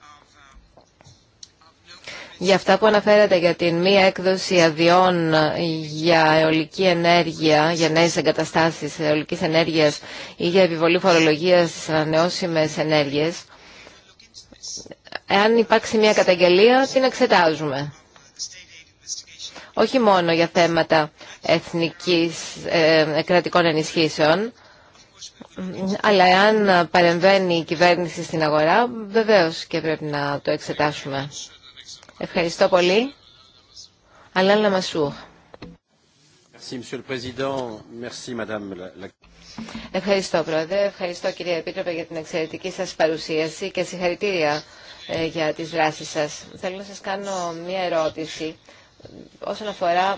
S3: Για αυτά που αναφέρατε για την μία έκδοση αδειών για αιωλική ενέργεια, για νέες εγκαταστάσεις αιωλικής ενέργειας ή για επιβολή φορολογίας στις ανανεώσιμες ενέργειες, εάν υπάρξει μία καταγγελία, την εξετάζουμε. Όχι μόνο για θέματα εθνικής ε, κρατικών ενισχύσεων, αλλά εάν παρεμβαίνει η για επιβολη φορολογιας στι ανανεωσιμε ενεργειες εαν υπαρξει μια καταγγελια την εξεταζουμε οχι μονο για θεματα εθνικης κρατικων ενισχυσεων αλλα εαν παρεμβαινει η κυβερνηση στην αγορά, βεβαίως και πρέπει να το εξετάσουμε. Ευχαριστώ πολύ. αλλά Μασού. Ευχαριστώ, Πρόεδρε. Ευχαριστώ, κυρία Επίτροπε, για την εξαιρετική σας παρουσίαση και συγχαρητήρια ε, για τι δράσει σας. Θέλω να σας κάνω μία ερώτηση ε, όσον αφορά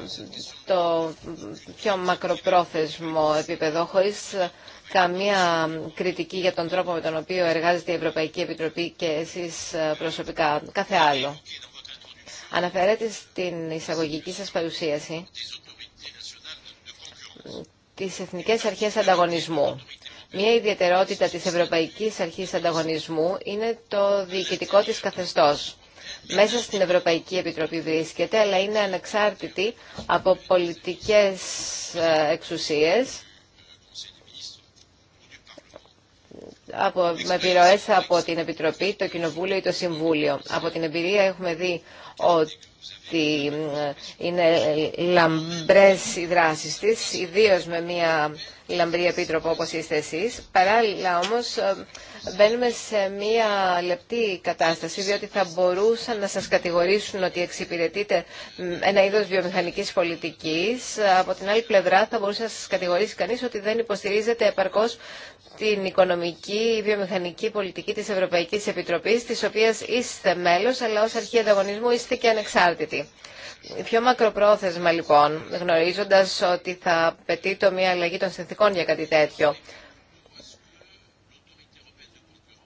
S3: το πιο μακροπρόθεσμο επίπεδο, χωρίς ε, καμία κριτική για τον τρόπο με τον οποίο εργάζεται η Ευρωπαϊκή Επιτροπή και εσείς προσωπικά, κάθε άλλο. Αναφέρατε στην εισαγωγική σας παρουσίαση τις Εθνικές Αρχές Ανταγωνισμού. Μία ιδιαιτερότητα της Ευρωπαϊκής Αρχής Ανταγωνισμού είναι το διοικητικό της καθεστώς. Μέσα στην Ευρωπαϊκή Επιτροπή βρίσκεται, αλλά είναι ανεξάρτητη από πολιτικές ε, εξουσίες από, με επιρροές από την Επιτροπή, το Κοινοβούλιο ή το Συμβούλιο. Από την εμπειρία έχουμε δει ότι ε, είναι λαμπρές οι δράσεις της, ιδίως με μια λαμπρή επίτροπο όπως είστε εσείς. Παράλληλα όμως ε, μπαίνουμε σε μια λεπτή κατάσταση, διότι θα μπορούσαν να σας κατηγορήσουν ότι εξυπηρετείτε ε, ένα είδος βιομηχανικής πολιτικής. Από την άλλη πλευρά θα μπορούσε να σας κατηγορήσει κανείς ότι δεν υποστηρίζετε επαρκώς την οικονομική βιομηχανική πολιτική της Ευρωπαϊκής Επιτροπής, της οποίας είστε μέλος, αλλά ως αρχή ανταγωνισμού είστε και ανεξάρτητοι. Πιο μακροπρόθεσμα λοιπόν, γνωρίζοντας ότι θα απαιτεί το μία αλλαγή των συνθήκων για κάτι τέτοιο.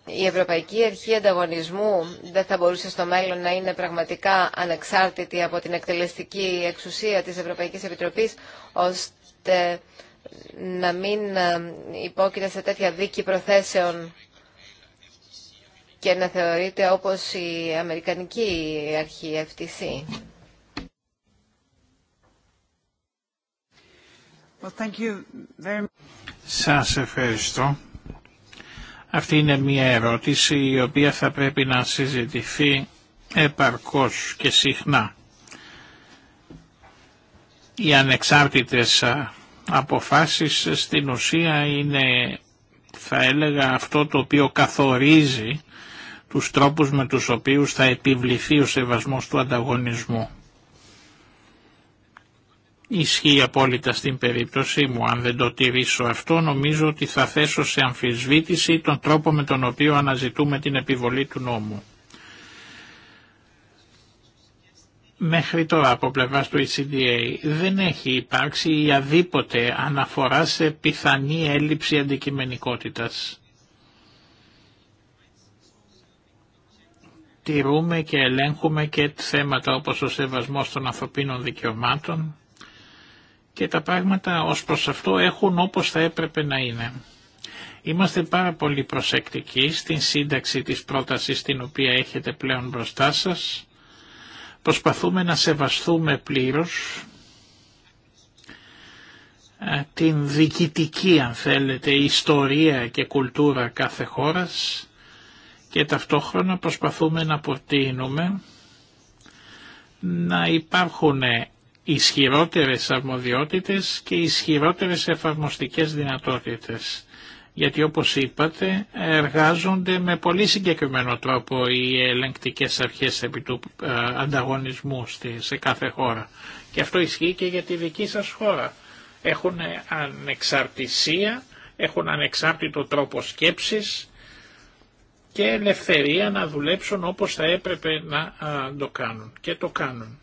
S3: Η Ευρωπαϊκή Αρχή Ανταγωνισμού δεν θα μπορούσε στο μέλλον να είναι πραγματικά ανεξάρτητη από την εκτελεστική εξουσία της Ευρωπαϊκής Επιτροπής, ώστε να μην ε, υπόκειται σε τέτοια δίκη προθέσεων και να θεωρείται όπως η Αμερικανική Αρχή FTC.
S1: Well, Σας ευχαριστώ. Αυτή είναι μια ερώτηση η οποία θα πρέπει να συζητηθεί επαρκώς και συχνά. Οι ανεξάρτητες αποφάσεις στην ουσία είναι θα έλεγα αυτό το οποίο καθορίζει τους τρόπους με τους οποίους θα επιβληθεί ο σεβασμός του ανταγωνισμού. Ισχύει απόλυτα στην περίπτωσή μου. Αν δεν το τηρήσω αυτό νομίζω ότι θα θέσω σε αμφισβήτηση τον τρόπο με τον οποίο αναζητούμε την επιβολή του νόμου. Μέχρι τώρα από πλευρά του ECDA δεν έχει υπάρξει η αδίποτε αναφορά σε πιθανή έλλειψη αντικειμενικότητας. Τηρούμε και ελέγχουμε και θέματα όπως ο σεβασμός των ανθρωπίνων δικαιωμάτων και τα πράγματα ως προς αυτό έχουν όπως θα έπρεπε να είναι. Είμαστε πάρα πολύ προσεκτικοί στην σύνταξη της πρότασης την οποία έχετε πλέον μπροστά σας Προσπαθούμε να σεβαστούμε πλήρως ε, την διοικητική αν θέλετε ιστορία και κουλτούρα κάθε χώρας και ταυτόχρονα προσπαθούμε να προτείνουμε να υπάρχουν ισχυρότερες αρμοδιότητες και ισχυρότερες εφαρμοστικές δυνατότητες γιατί όπως είπατε εργάζονται με πολύ συγκεκριμένο τρόπο οι ελεγκτικές αρχές επί του ε, ανταγωνισμού σε κάθε χώρα. Και αυτό ισχύει και για τη δική σας χώρα. Έχουν ανεξαρτησία, έχουν ανεξάρτητο τρόπο σκέψης και ελευθερία να δουλέψουν όπως θα έπρεπε να ε, το κάνουν και το κάνουν.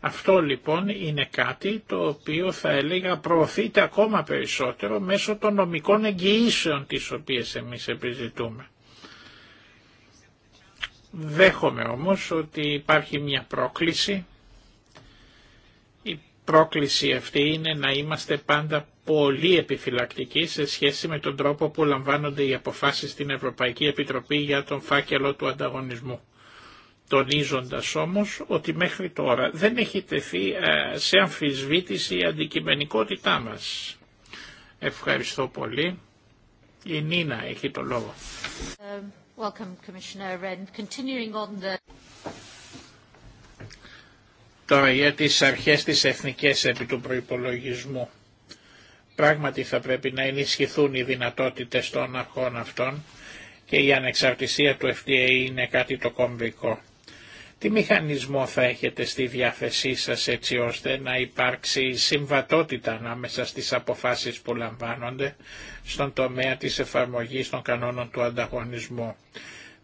S1: Αυτό λοιπόν είναι κάτι το οποίο θα έλεγα προωθείται ακόμα περισσότερο μέσω των νομικών εγγυήσεων τις οποίες εμείς επιζητούμε. Δέχομαι όμως ότι υπάρχει μια πρόκληση. Η πρόκληση αυτή είναι να είμαστε πάντα πολύ επιφυλακτικοί σε σχέση με τον τρόπο που λαμβάνονται οι αποφάσεις στην Ευρωπαϊκή Επιτροπή για τον φάκελο του ανταγωνισμού τονίζοντας όμως ότι μέχρι τώρα δεν έχει τεθεί ε, σε αμφισβήτηση η αντικειμενικότητά μας. Ευχαριστώ πολύ. Η Νίνα έχει το λόγο. Um, τώρα για τις αρχές της εθνικής επί του προϋπολογισμού. Πράγματι θα πρέπει να ενισχυθούν οι δυνατότητες των αρχών αυτών και η ανεξαρτησία του FDA είναι κάτι το κομβικό. Τι μηχανισμό θα έχετε στη διάθεσή σας έτσι ώστε να υπάρξει συμβατότητα ανάμεσα στις αποφάσεις που λαμβάνονται στον τομέα της εφαρμογής των κανόνων του ανταγωνισμού.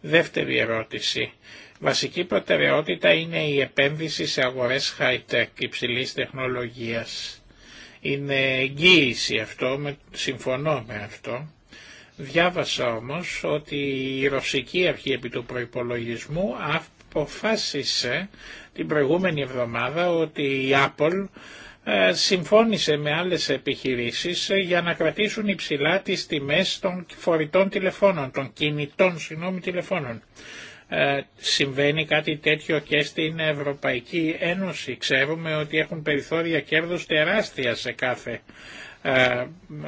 S1: Δεύτερη ερώτηση. Βασική προτεραιότητα είναι η επένδυση σε αγορές high-tech υψηλής τεχνολογίας. Είναι εγγύηση αυτό, με, συμφωνώ με αυτό. Διάβασα όμως ότι η Ρωσική Αρχή επί του προϋπολογισμού αποφάσισε την προηγούμενη εβδομάδα ότι η Apple ε, συμφώνησε με άλλες επιχειρήσεις ε, για να κρατήσουν υψηλά τις τιμές των φορητών τηλεφώνων, των κινητών συγγνώμη τηλεφώνων. Ε, συμβαίνει κάτι τέτοιο και στην Ευρωπαϊκή Ένωση. Ξέρουμε ότι έχουν περιθώρια κέρδους τεράστια σε κάθε ε,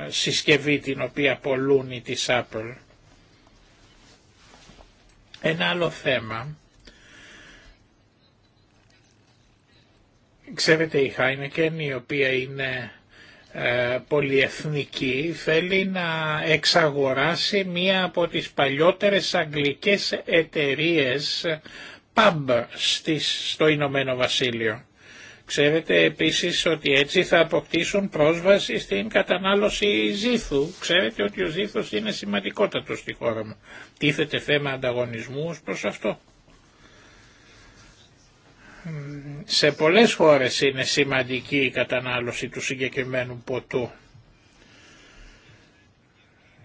S1: συσκευή την οποία πολλούν οι της Apple. Ένα άλλο θέμα Ξέρετε η Χάινεκεν η οποία είναι ε, πολυεθνική θέλει να εξαγοράσει μία από τις παλιότερες αγγλικές εταιρείες pub στις, στο Ηνωμένο Βασίλειο. Ξέρετε επίσης ότι έτσι θα αποκτήσουν πρόσβαση στην κατανάλωση ζήθου. Ξέρετε ότι ο ζήθος είναι σημαντικότατο στη χώρα μου. Τίθεται θέμα ανταγωνισμού προς αυτό σε πολλές χώρες είναι σημαντική η κατανάλωση του συγκεκριμένου ποτού.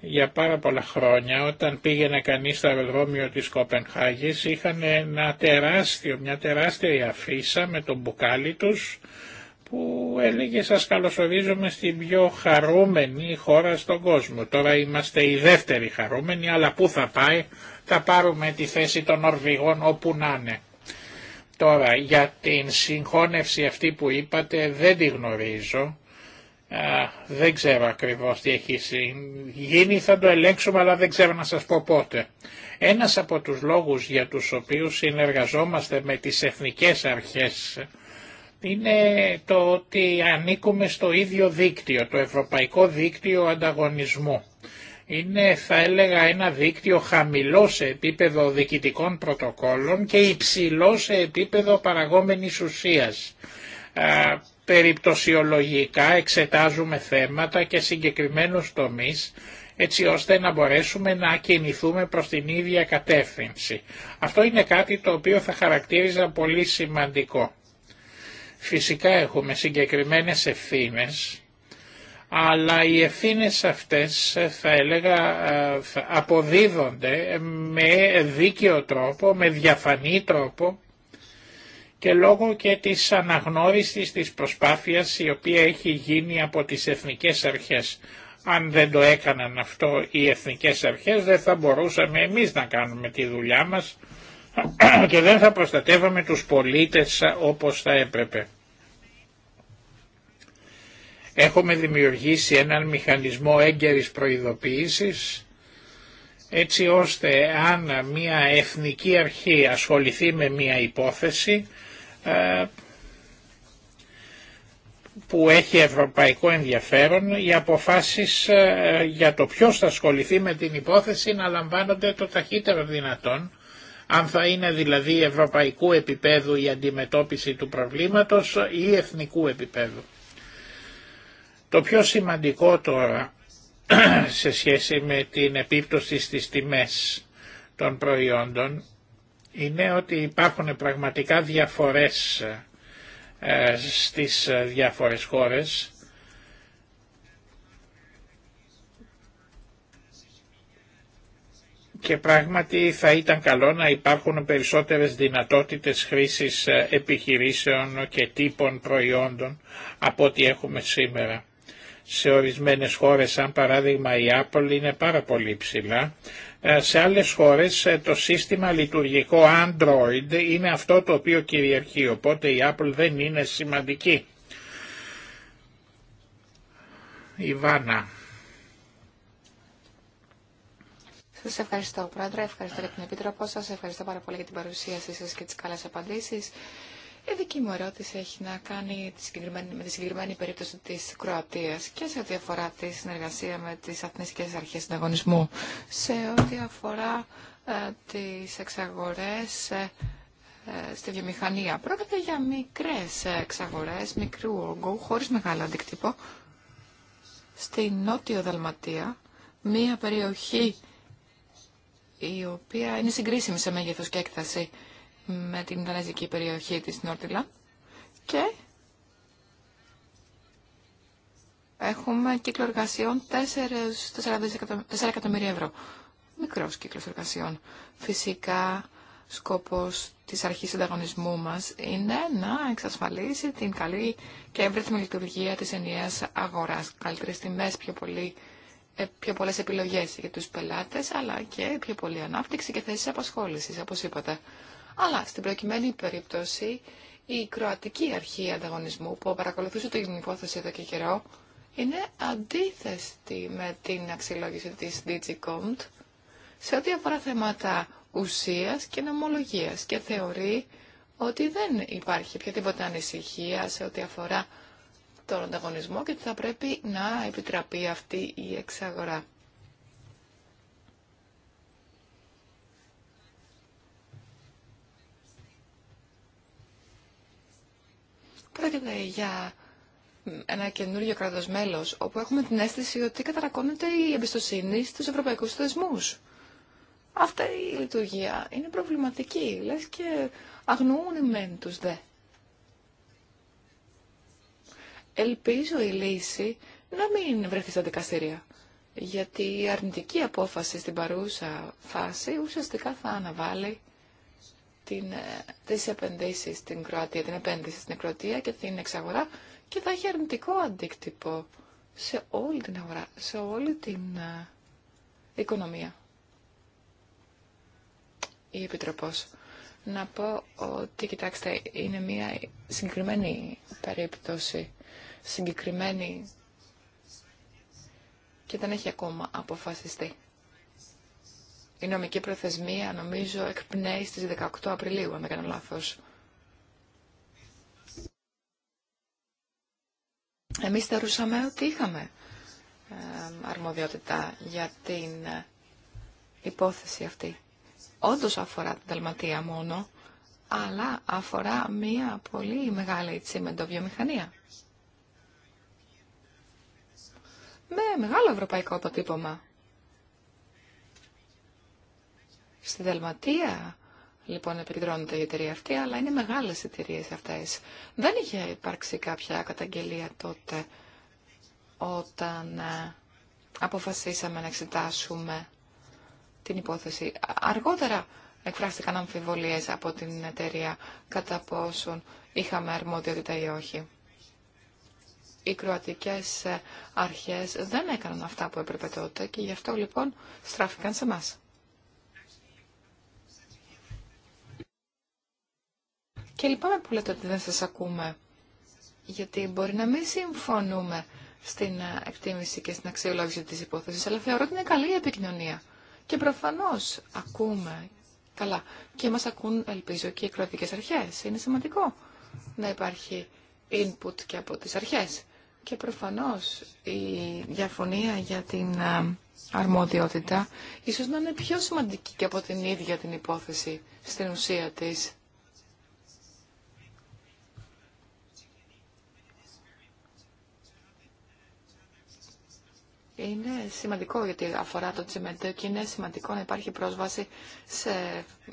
S1: Για πάρα πολλά χρόνια όταν πήγαινε κανείς στο αεροδρόμιο της Κοπενχάγης είχαν ένα τεράστιο, μια τεράστια αφίσα με τον μπουκάλι τους που έλεγε σας καλωσορίζουμε στην πιο χαρούμενη χώρα στον κόσμο. Τώρα είμαστε η δεύτερη χαρούμενη αλλά πού θα πάει θα πάρουμε τη θέση των Ορβηγών όπου να είναι. Τώρα για την συγχώνευση αυτή που είπατε δεν τη γνωρίζω. Δεν ξέρω ακριβώς τι έχει γίνει, θα το ελέγξουμε αλλά δεν ξέρω να σας πω πότε. Ένας από τους λόγους για τους οποίους συνεργαζόμαστε με τις εθνικές αρχές είναι το ότι ανήκουμε στο ίδιο δίκτυο, το Ευρωπαϊκό Δίκτυο Ανταγωνισμού είναι θα έλεγα ένα δίκτυο χαμηλό σε επίπεδο διοικητικών πρωτοκόλων και υψηλό σε επίπεδο παραγόμενης ουσίας. Α, περιπτωσιολογικά εξετάζουμε θέματα και συγκεκριμένους τομείς έτσι ώστε να μπορέσουμε να κινηθούμε προς την ίδια κατεύθυνση. Αυτό είναι κάτι το οποίο θα χαρακτήριζα πολύ σημαντικό. Φυσικά έχουμε συγκεκριμένες ευθύνες αλλά οι ευθύνες αυτές ε, θα έλεγα ε, αποδίδονται με δίκαιο τρόπο, με διαφανή τρόπο και λόγω και της αναγνώρισης της προσπάθειας η οποία έχει γίνει από τις εθνικές αρχές. Αν δεν το έκαναν αυτό οι εθνικές αρχές δεν θα μπορούσαμε εμείς να κάνουμε τη δουλειά μας και δεν θα προστατεύαμε τους πολίτες όπως θα έπρεπε. Έχουμε δημιουργήσει έναν μηχανισμό έγκαιρης προειδοποίησης έτσι ώστε αν μια εθνική αρχή ασχοληθεί με μια υπόθεση ε, που έχει ευρωπαϊκό ενδιαφέρον οι αποφάσεις ε, για το ποιος θα ασχοληθεί με την υπόθεση να λαμβάνονται το ταχύτερο δυνατόν αν θα είναι δηλαδή ευρωπαϊκού επίπεδου η αντιμετώπιση του προβλήματος ή εθνικού επίπεδου. Το πιο σημαντικό τώρα [CLEARS THROAT] σε σχέση με την επίπτωση στις τιμές των προϊόντων είναι ότι υπάρχουν πραγματικά διαφορές ε, στις διάφορες χώρες και πράγματι θα ήταν καλό να υπάρχουν περισσότερες δυνατότητες χρήσης ε, επιχειρήσεων και τύπων προϊόντων από ό,τι έχουμε σήμερα σε ορισμένες χώρες, σαν παράδειγμα η Apple, είναι πάρα πολύ ψηλά. Ε, σε άλλες χώρες ε, το σύστημα λειτουργικό Android είναι αυτό το οποίο κυριαρχεί, οπότε η Apple δεν είναι σημαντική. Ιβάνα.
S2: Σας ευχαριστώ, Πρόεδρε. Ευχαριστώ για την Επίτροπο σας Ευχαριστώ πάρα πολύ για την παρουσίασή σα και τι καλές απαντήσει. Η ε, δική μου ερώτηση έχει να κάνει με τη συγκεκριμένη περίπτωση της Κροατίας και σε ό,τι αφορά τη συνεργασία με τις αθνιστικές αρχές συνταγωνισμού, σε ό,τι αφορά ε, τις εξαγορές ε, ε, στη βιομηχανία. Πρόκειται για μικρές εξαγορέ, μικρού όγκου, χωρί μεγάλο αντικτύπο, στη Νότιο Δαλματία, μία περιοχή η οποία είναι συγκρίσιμη σε μέγεθος και έκταση με την Ιντανέζικη περιοχή της Νόρτιλα και έχουμε κύκλο εργασιών 4, εκατομμύρια ευρώ. Μικρός κύκλος εργασιών. Φυσικά, σκόπος της αρχής ανταγωνισμού μας είναι να εξασφαλίσει την καλή και εύρυθμη λειτουργία της ενιαίας αγοράς. Καλύτερες τιμές, πιο, πολύ, ε, πιο πολλές επιλογές για τους πελάτες, αλλά και πιο πολλή ανάπτυξη και θέσεις απασχόλησης, όπως είπατε. Αλλά στην προκειμένη περίπτωση η Κροατική Αρχή Ανταγωνισμού που παρακολουθούσε την υπόθεση εδώ και καιρό είναι αντίθεστη με την αξιολόγηση της Digicomt σε ό,τι αφορά θέματα ουσίας και νομολογίας και θεωρεί ότι δεν υπάρχει οποιαδήποτε ανησυχία σε ό,τι αφορά τον ανταγωνισμό και ότι θα πρέπει να επιτραπεί αυτή η εξαγορά. Πρόκειται για ένα καινούριο κράτο μέλο, όπου έχουμε την αίσθηση ότι καταρακώνεται η εμπιστοσύνη στου ευρωπαϊκού θεσμού. Αυτή η λειτουργία είναι προβληματική, λες και αγνοούν μεν τους δε. Ελπίζω η λύση να μην βρεθεί στα δικαστήρια, γιατί η αρνητική απόφαση στην παρούσα φάση ουσιαστικά θα αναβάλει την, ε, τις επενδύσεις στην Κροατία, την επένδυση στην Κροατία και την εξαγορά και θα έχει αρνητικό αντίκτυπο σε όλη την αγορά, σε όλη την ε, οικονομία. Η Επιτροπός. Να πω ότι, κοιτάξτε, είναι μια συγκεκριμένη περίπτωση, συγκεκριμένη και δεν έχει ακόμα αποφασιστεί. Η νομική προθεσμία νομίζω εκπνέει στις 18 Απριλίου, αν δεν κάνω λάθος. Εμείς θεωρούσαμε ότι είχαμε ε, αρμοδιότητα για την ε, υπόθεση αυτή. Όντως αφορά την Δαλματία μόνο, αλλά αφορά μία πολύ μεγάλη τσιμεντοβιομηχανία. Με μεγάλο ευρωπαϊκό αποτύπωμα. Στη Δαλματία λοιπόν επικεντρώνεται η εταιρεία αυτή, αλλά είναι μεγάλες εταιρείε αυτές. Δεν είχε υπάρξει κάποια καταγγελία τότε όταν ε, αποφασίσαμε να εξετάσουμε την υπόθεση. Αργότερα εκφράστηκαν αμφιβολίες από την εταιρεία κατά πόσον είχαμε αρμοδιότητα ή όχι. Οι κροατικές ε, αρχές δεν έκαναν αυτά που έπρεπε τότε και γι' αυτό λοιπόν στράφηκαν σε μας. Και λυπάμαι που λέτε ότι δεν σας ακούμε, γιατί μπορεί να μην συμφωνούμε στην εκτίμηση και στην αξιολόγηση της υπόθεσης, αλλά θεωρώ ότι είναι καλή η επικοινωνία. Και προφανώς ακούμε καλά και μας ακούν, ελπίζω, και οι κρατικές αρχές. Είναι σημαντικό να υπάρχει input και από τις αρχές. Και προφανώς η διαφωνία για την αρμοδιότητα ίσως να είναι πιο σημαντική και από την ίδια την υπόθεση στην ουσία της. είναι σημαντικό γιατί αφορά το τσιμέντο και είναι σημαντικό να υπάρχει πρόσβαση σε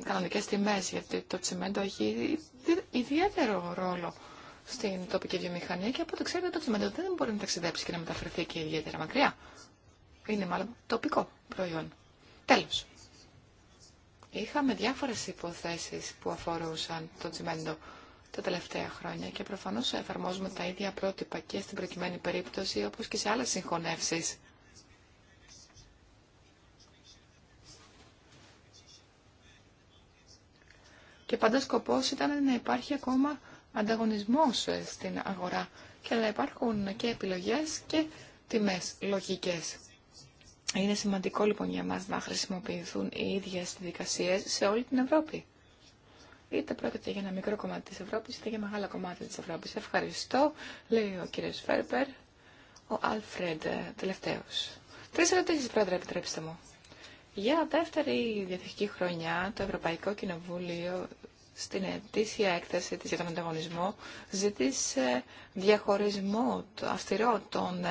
S2: κανονικές τιμές γιατί το τσιμέντο έχει ιδιαίτερο ρόλο στην τοπική βιομηχανία και από ό,τι ξέρετε το τσιμέντο δεν μπορεί να ταξιδέψει και να μεταφερθεί και ιδιαίτερα μακριά. Είναι μάλλον τοπικό προϊόν. Τέλος. Είχαμε διάφορες υποθέσεις που αφορούσαν το τσιμέντο τα τελευταία χρόνια και προφανώς εφαρμόζουμε τα ίδια πρότυπα και στην προκειμένη περίπτωση όπως και σε άλλες συγχωνεύσεις Και πάντα σκοπός ήταν να υπάρχει ακόμα ανταγωνισμό ε, στην αγορά και να υπάρχουν και επιλογές και τιμέ λογικές. Είναι σημαντικό λοιπόν για μας να χρησιμοποιηθούν οι ίδιες δικασίες σε όλη την Ευρώπη. Είτε πρόκειται για ένα μικρό κομμάτι της Ευρώπης, είτε για μεγάλα κομμάτια της Ευρώπης. Ευχαριστώ, λέει ο κύριο Φέρπερ, ο Αλφρέντ ε, τελευταίο. Τρει ερωτήσει, πρόεδρε, επιτρέψτε μου. Για δεύτερη διαθεσική χρονιά, το Ευρωπαϊκό Κοινοβούλιο στην ετήσια έκθεση της για τον ανταγωνισμό ζήτησε διαχωρισμό αυστηρό των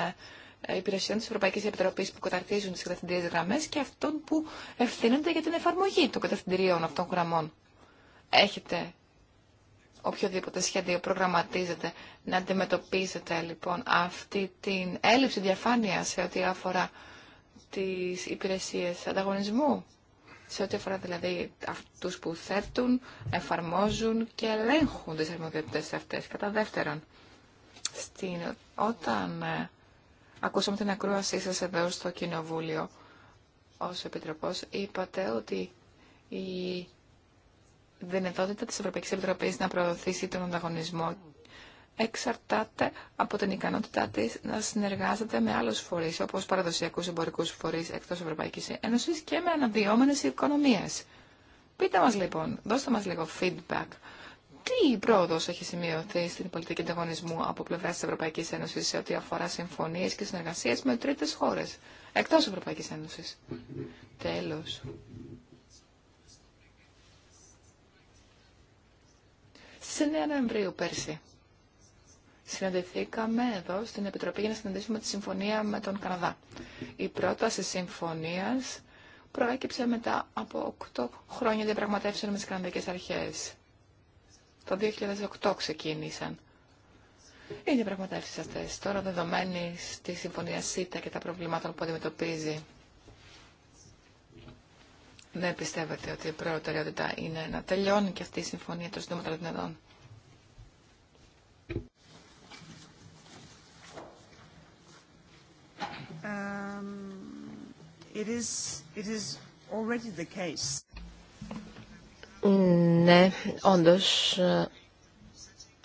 S2: ε, υπηρεσιών της Ευρωπαϊκής Επιτροπής που καταρτίζουν τις κατευθυντήριες γραμμές και αυτών που ευθύνονται για την εφαρμογή των κατευθυντηρίων αυτών γραμμών. Έχετε οποιοδήποτε σχέδιο προγραμματίζετε να αντιμετωπίσετε λοιπόν αυτή την έλλειψη διαφάνεια σε ό,τι αφορά τις υπηρεσίες ανταγωνισμού, σε ό,τι αφορά δηλαδή αυτούς που θέτουν, εφαρμόζουν και ελέγχουν τις αρμοδιότητες αυτές. Κατά δεύτερον, στην, όταν ε, ακούσαμε την ακρόασή σας εδώ στο Κοινοβούλιο, ως Επιτροπός, είπατε ότι η δυνατότητα της Ευρωπαϊκής Επιτροπής να προωθήσει τον ανταγωνισμό εξαρτάται από την ικανότητά τη να συνεργάζεται με άλλου φορείς, όπως παραδοσιακούς εμπορικούς φορείς εκτός Ευρωπαϊκής Ένωσης και με αναδυόμενες οικονομίες. Πείτε μα λοιπόν, δώστε μα λίγο feedback. Τι πρόοδο έχει σημειωθεί στην πολιτική ανταγωνισμού από πλευρά τη Ευρωπαϊκή Ένωση σε ό,τι αφορά συμφωνίε και συνεργασίε με τρίτε χώρε εκτό Ευρωπαϊκή Ένωση. Τέλο. Στι 9 Νοεμβρίου πέρσι συναντηθήκαμε εδώ στην Επιτροπή για να συναντήσουμε τη συμφωνία με τον Καναδά. Η πρόταση συμφωνίας προέκυψε μετά από 8 χρόνια διαπραγματεύσεων με τις Καναδικές Αρχές. Το 2008 ξεκίνησαν. Οι διαπραγματεύσει αυτέ τώρα δεδομένη τη συμφωνία ΣΥΤΑ και τα προβλήματα που αντιμετωπίζει. Δεν πιστεύετε ότι η προτεραιότητα είναι να τελειώνει και αυτή η συμφωνία των συντομότερων δυνατών.
S1: Um,
S3: ναι, όντως ε,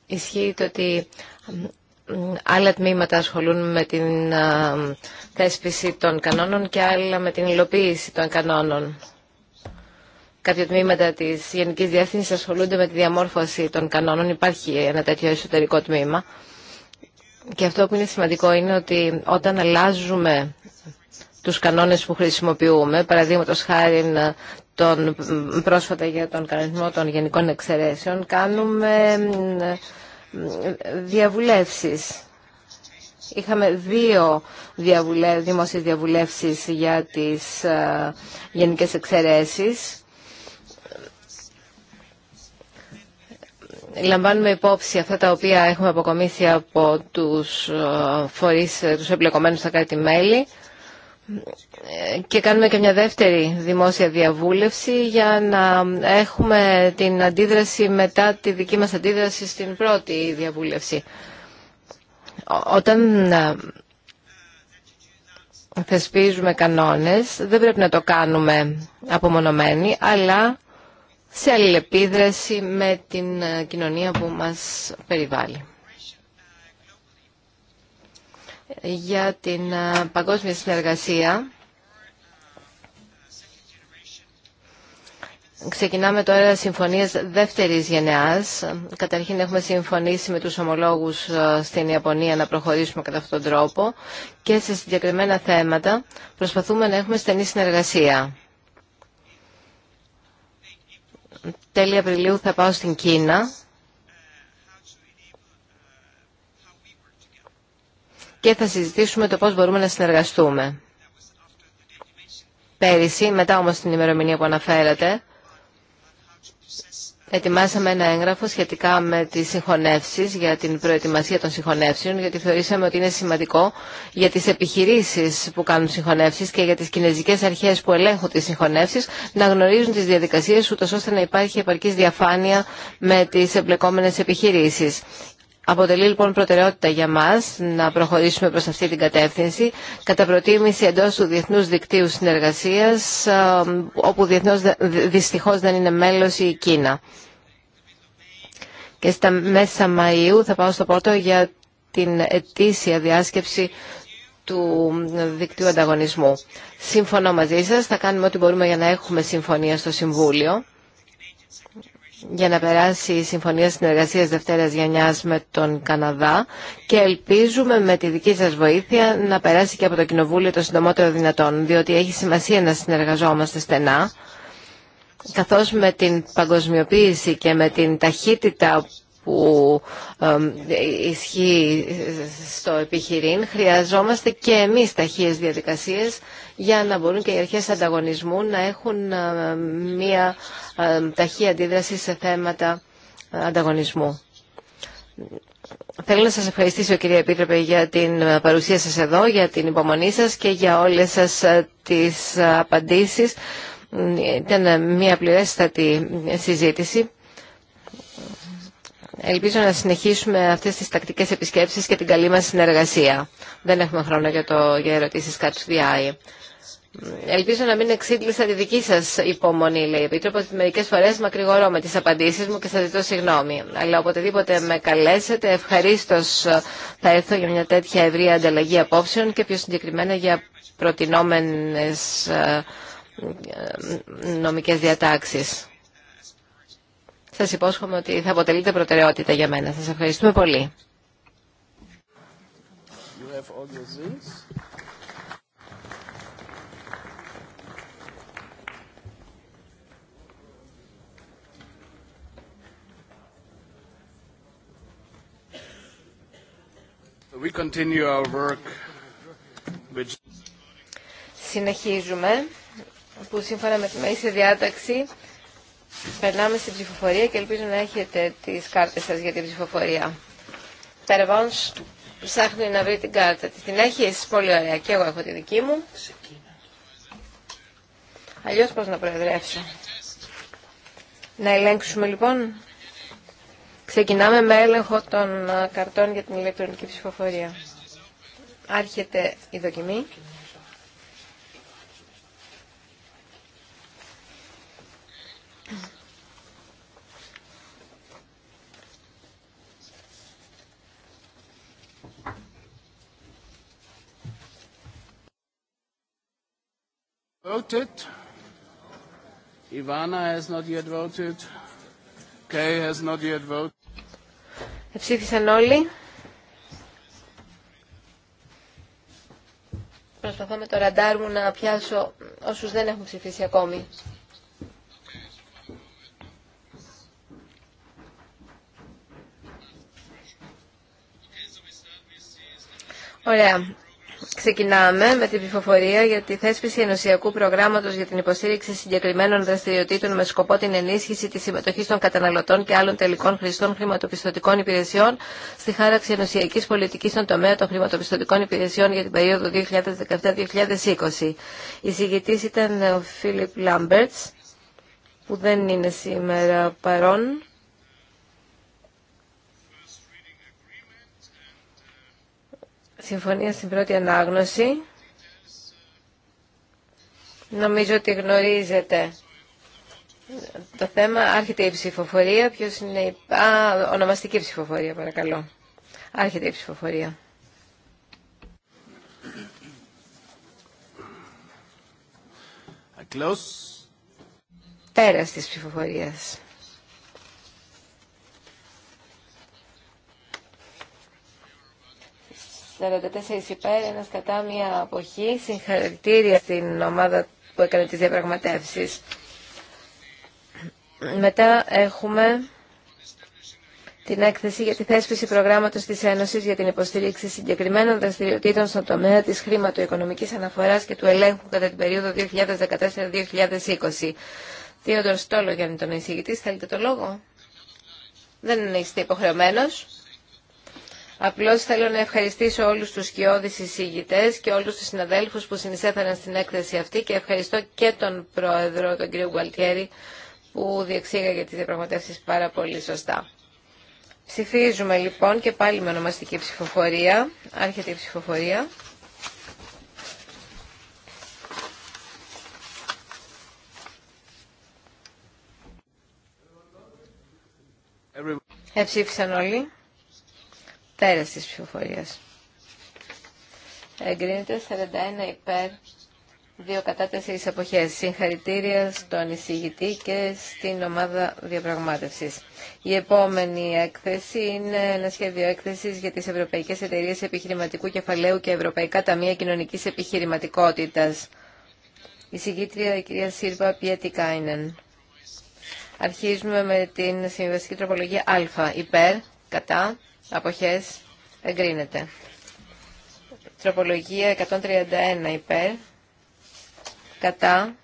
S3: ισχύει το ότι άλλα τμήματα ασχολούν με την ε, θέσπιση των κανόνων και άλλα με την υλοποίηση των κανόνων. Κάποια τμήματα της Γενικής Διεύθυνσης ασχολούνται με τη διαμόρφωση των κανόνων. Υπάρχει ένα τέτοιο εσωτερικό τμήμα. Και αυτό που είναι σημαντικό είναι ότι όταν αλλάζουμε τους κανόνες που χρησιμοποιούμε, παραδείγματος χάρη τον, πρόσφατα για τον κανονισμό των γενικών εξαιρέσεων, κάνουμε διαβουλεύσεις. Είχαμε δύο δημόσιες διαβουλεύσεις για τις ε, γενικές εξαιρέσεις λαμβάνουμε υπόψη αυτά τα οποία έχουμε αποκομίσει από τους ε, φορείς, ε, τους εμπλεκομένους στα κράτη-μέλη και κάνουμε και μια δεύτερη δημόσια διαβούλευση για να έχουμε την αντίδραση μετά τη δική μας αντίδραση στην πρώτη διαβούλευση. Όταν ε, θεσπίζουμε κανόνες δεν πρέπει να το κάνουμε απομονωμένοι αλλά σε αλληλεπίδραση με την ε, κοινωνία που μας περιβάλλει. Για την ε, παγκόσμια συνεργασία Ξεκινάμε τώρα συμφωνίες δεύτερης γενεάς. Καταρχήν έχουμε συμφωνήσει με τους ομολόγους ε, στην Ιαπωνία να προχωρήσουμε κατά αυτόν τον τρόπο και σε συγκεκριμένα θέματα προσπαθούμε να έχουμε στενή συνεργασία τέλη Απριλίου θα πάω στην Κίνα και θα συζητήσουμε το πώς μπορούμε να συνεργαστούμε. Πέρυσι, μετά όμως την ημερομηνία που αναφέρατε, Ετοιμάσαμε ένα έγγραφο σχετικά με τις συγχωνεύσει, για την προετοιμασία των συγχωνεύσεων, γιατί θεωρήσαμε ότι είναι σημαντικό για τις επιχειρήσεις που κάνουν συγχωνεύσει και για τις κινεζικέ αρχές που ελέγχουν τις συγχωνεύσει, να γνωρίζουν τις διαδικασίες, ούτως ώστε να υπάρχει επαρκής διαφάνεια με τι εμπλεκόμενε επιχειρήσει. Αποτελεί λοιπόν προτεραιότητα για μας να προχωρήσουμε προς αυτή την κατεύθυνση κατά προτίμηση εντό του Διεθνούς Δικτύου συνεργασία, ε, όπου διεθνώς δυστυχώς δεν είναι μέλο η Κίνα. Και στα μέσα Μαΐου θα πάω στο Πόρτο για την ετήσια διάσκεψη του δικτύου ανταγωνισμού. Σύμφωνο μαζί σας, θα κάνουμε ό,τι μπορούμε για να έχουμε συμφωνία στο Συμβούλιο για να περάσει η Συμφωνία Συνεργασίας Δευτέρας Γενιάς με τον Καναδά και ελπίζουμε με τη δική σας βοήθεια να περάσει και από το Κοινοβούλιο το συντομότερο δυνατόν, διότι έχει σημασία να συνεργαζόμαστε στενά, καθώς με την παγκοσμιοποίηση και με την ταχύτητα που ισχύει στο επιχειρήν, χρειαζόμαστε και εμείς ταχείες διαδικασίες για να μπορούν και οι αρχές ανταγωνισμού να έχουν μία ταχεία αντίδραση σε θέματα ανταγωνισμού. Θέλω να σας ευχαριστήσω κυρία Επίτροπε για την παρουσία σας εδώ, για την υπομονή σας και για όλες σας ε, τις ε, απαντήσεις. Ήταν μια πληρέστατη ε, συζήτηση ελπίζω να συνεχίσουμε αυτές τις τακτικές επισκέψεις και την καλή μας συνεργασία. Δεν έχουμε χρόνο για, το, για ερωτήσεις κάτω στη Ελπίζω να μην εξήγησα τη δική σα υπομονή, λέει η Επίτροπο. Μερικέ φορέ μακρηγορώ με τι απαντήσει μου και σα ζητώ συγγνώμη. Αλλά οποτεδήποτε με καλέσετε, ευχαρίστω θα έρθω για μια τέτοια ευρία ανταλλαγή απόψεων και πιο συγκεκριμένα για προτινόμενε ε, ε, νομικέ διατάξει σας υπόσχομαι ότι θα αποτελείτε προτεραιότητα για μένα. Σας ευχαριστούμε πολύ. Συνεχίζουμε που σύμφωνα με τη μέση διάταξη Περνάμε στην ψηφοφορία και ελπίζω να έχετε τις κάρτες σας για την ψηφοφορία. Τα ψάχνει να βρει την κάρτα της. Την έχει πολύ ωραία και εγώ έχω τη δική μου. Αλλιώς πώς να προεδρεύσω. Να ελέγξουμε λοιπόν. Ξεκινάμε με έλεγχο των καρτών για την ηλεκτρονική ψηφοφορία. Άρχεται η δοκιμή.
S1: Voted. Ivana has not yet voted. Kay has not yet voted.
S3: Εψήφισαν όλοι. Προσπαθώ με το ραντάρ μου να πιάσω όσους δεν έχουν ψηφίσει ακόμη. Ωραία. Ξεκινάμε με την πληροφορία για τη θέσπιση ενωσιακού προγράμματο για την υποστήριξη συγκεκριμένων δραστηριοτήτων με σκοπό την ενίσχυση τη συμμετοχή των καταναλωτών και άλλων τελικών χρηστών χρηματοπιστωτικών υπηρεσιών στη χάραξη ενωσιακή πολιτική στον τομέα των χρηματοπιστωτικών υπηρεσιών για την περίοδο 2017-2020. Η συγκητή ήταν ο Φίλιπ Λάμπερτ, που δεν είναι σήμερα παρόν. συμφωνία στην πρώτη ανάγνωση. Νομίζω ότι γνωρίζετε το θέμα. Άρχεται η ψηφοφορία. Ποιος είναι η... Α, ονομαστική ψηφοφορία, παρακαλώ. Άρχεται η ψηφοφορία.
S1: Close.
S3: τη της ψηφοφορίας. 44 υπέρ, ένας κατά μία αποχή. Συγχαρητήρια στην ομάδα που έκανε τις διαπραγματεύσεις. Μετά έχουμε την έκθεση για τη θέσπιση προγράμματος της Ένωσης για την υποστήριξη συγκεκριμένων δραστηριοτήτων στον τομέα της χρηματοοικονομικής αναφοράς και του ελέγχου κατά την περίοδο 2014-2020. Θείοντος Στόλογιαν, τον εισηγητή. θέλετε το λόγο. Δεν είστε υποχρεωμένος. Απλώς θέλω να ευχαριστήσω όλους τους σκιώδεις εισηγητές και όλους τους συναδέλφους που συνεισέφεραν στην έκθεση αυτή και ευχαριστώ και τον πρόεδρο, τον κύριο Γκουαλτιέρη, που διεξήγαγε τις διαπραγματεύσει πάρα πολύ σωστά. Ψηφίζουμε λοιπόν και πάλι με ονομαστική ψηφοφορία. Άρχεται η ψηφοφορία. Εψήφισαν όλοι. Τέρας της ψηφοφορίας. Εγκρίνεται 41 υπέρ, 2 κατά 4 εποχές. Συγχαρητήρια στον εισηγητή και στην ομάδα διαπραγμάτευσης. Η επόμενη έκθεση είναι ένα σχέδιο έκθεση για τις Ευρωπαϊκές Εταιρείε Επιχειρηματικού Κεφαλαίου και Ευρωπαϊκά Ταμεία Κοινωνική Επιχειρηματικότητας. Η συγκήτρια η κυρία Σύρβα Πιέτη Κάινεν. Αρχίζουμε με την συμβιβαστική τροπολογία Α. Υπέρ, κατά, αποχές εγκρίνεται. Τροπολογία 131 υπέρ, κατά,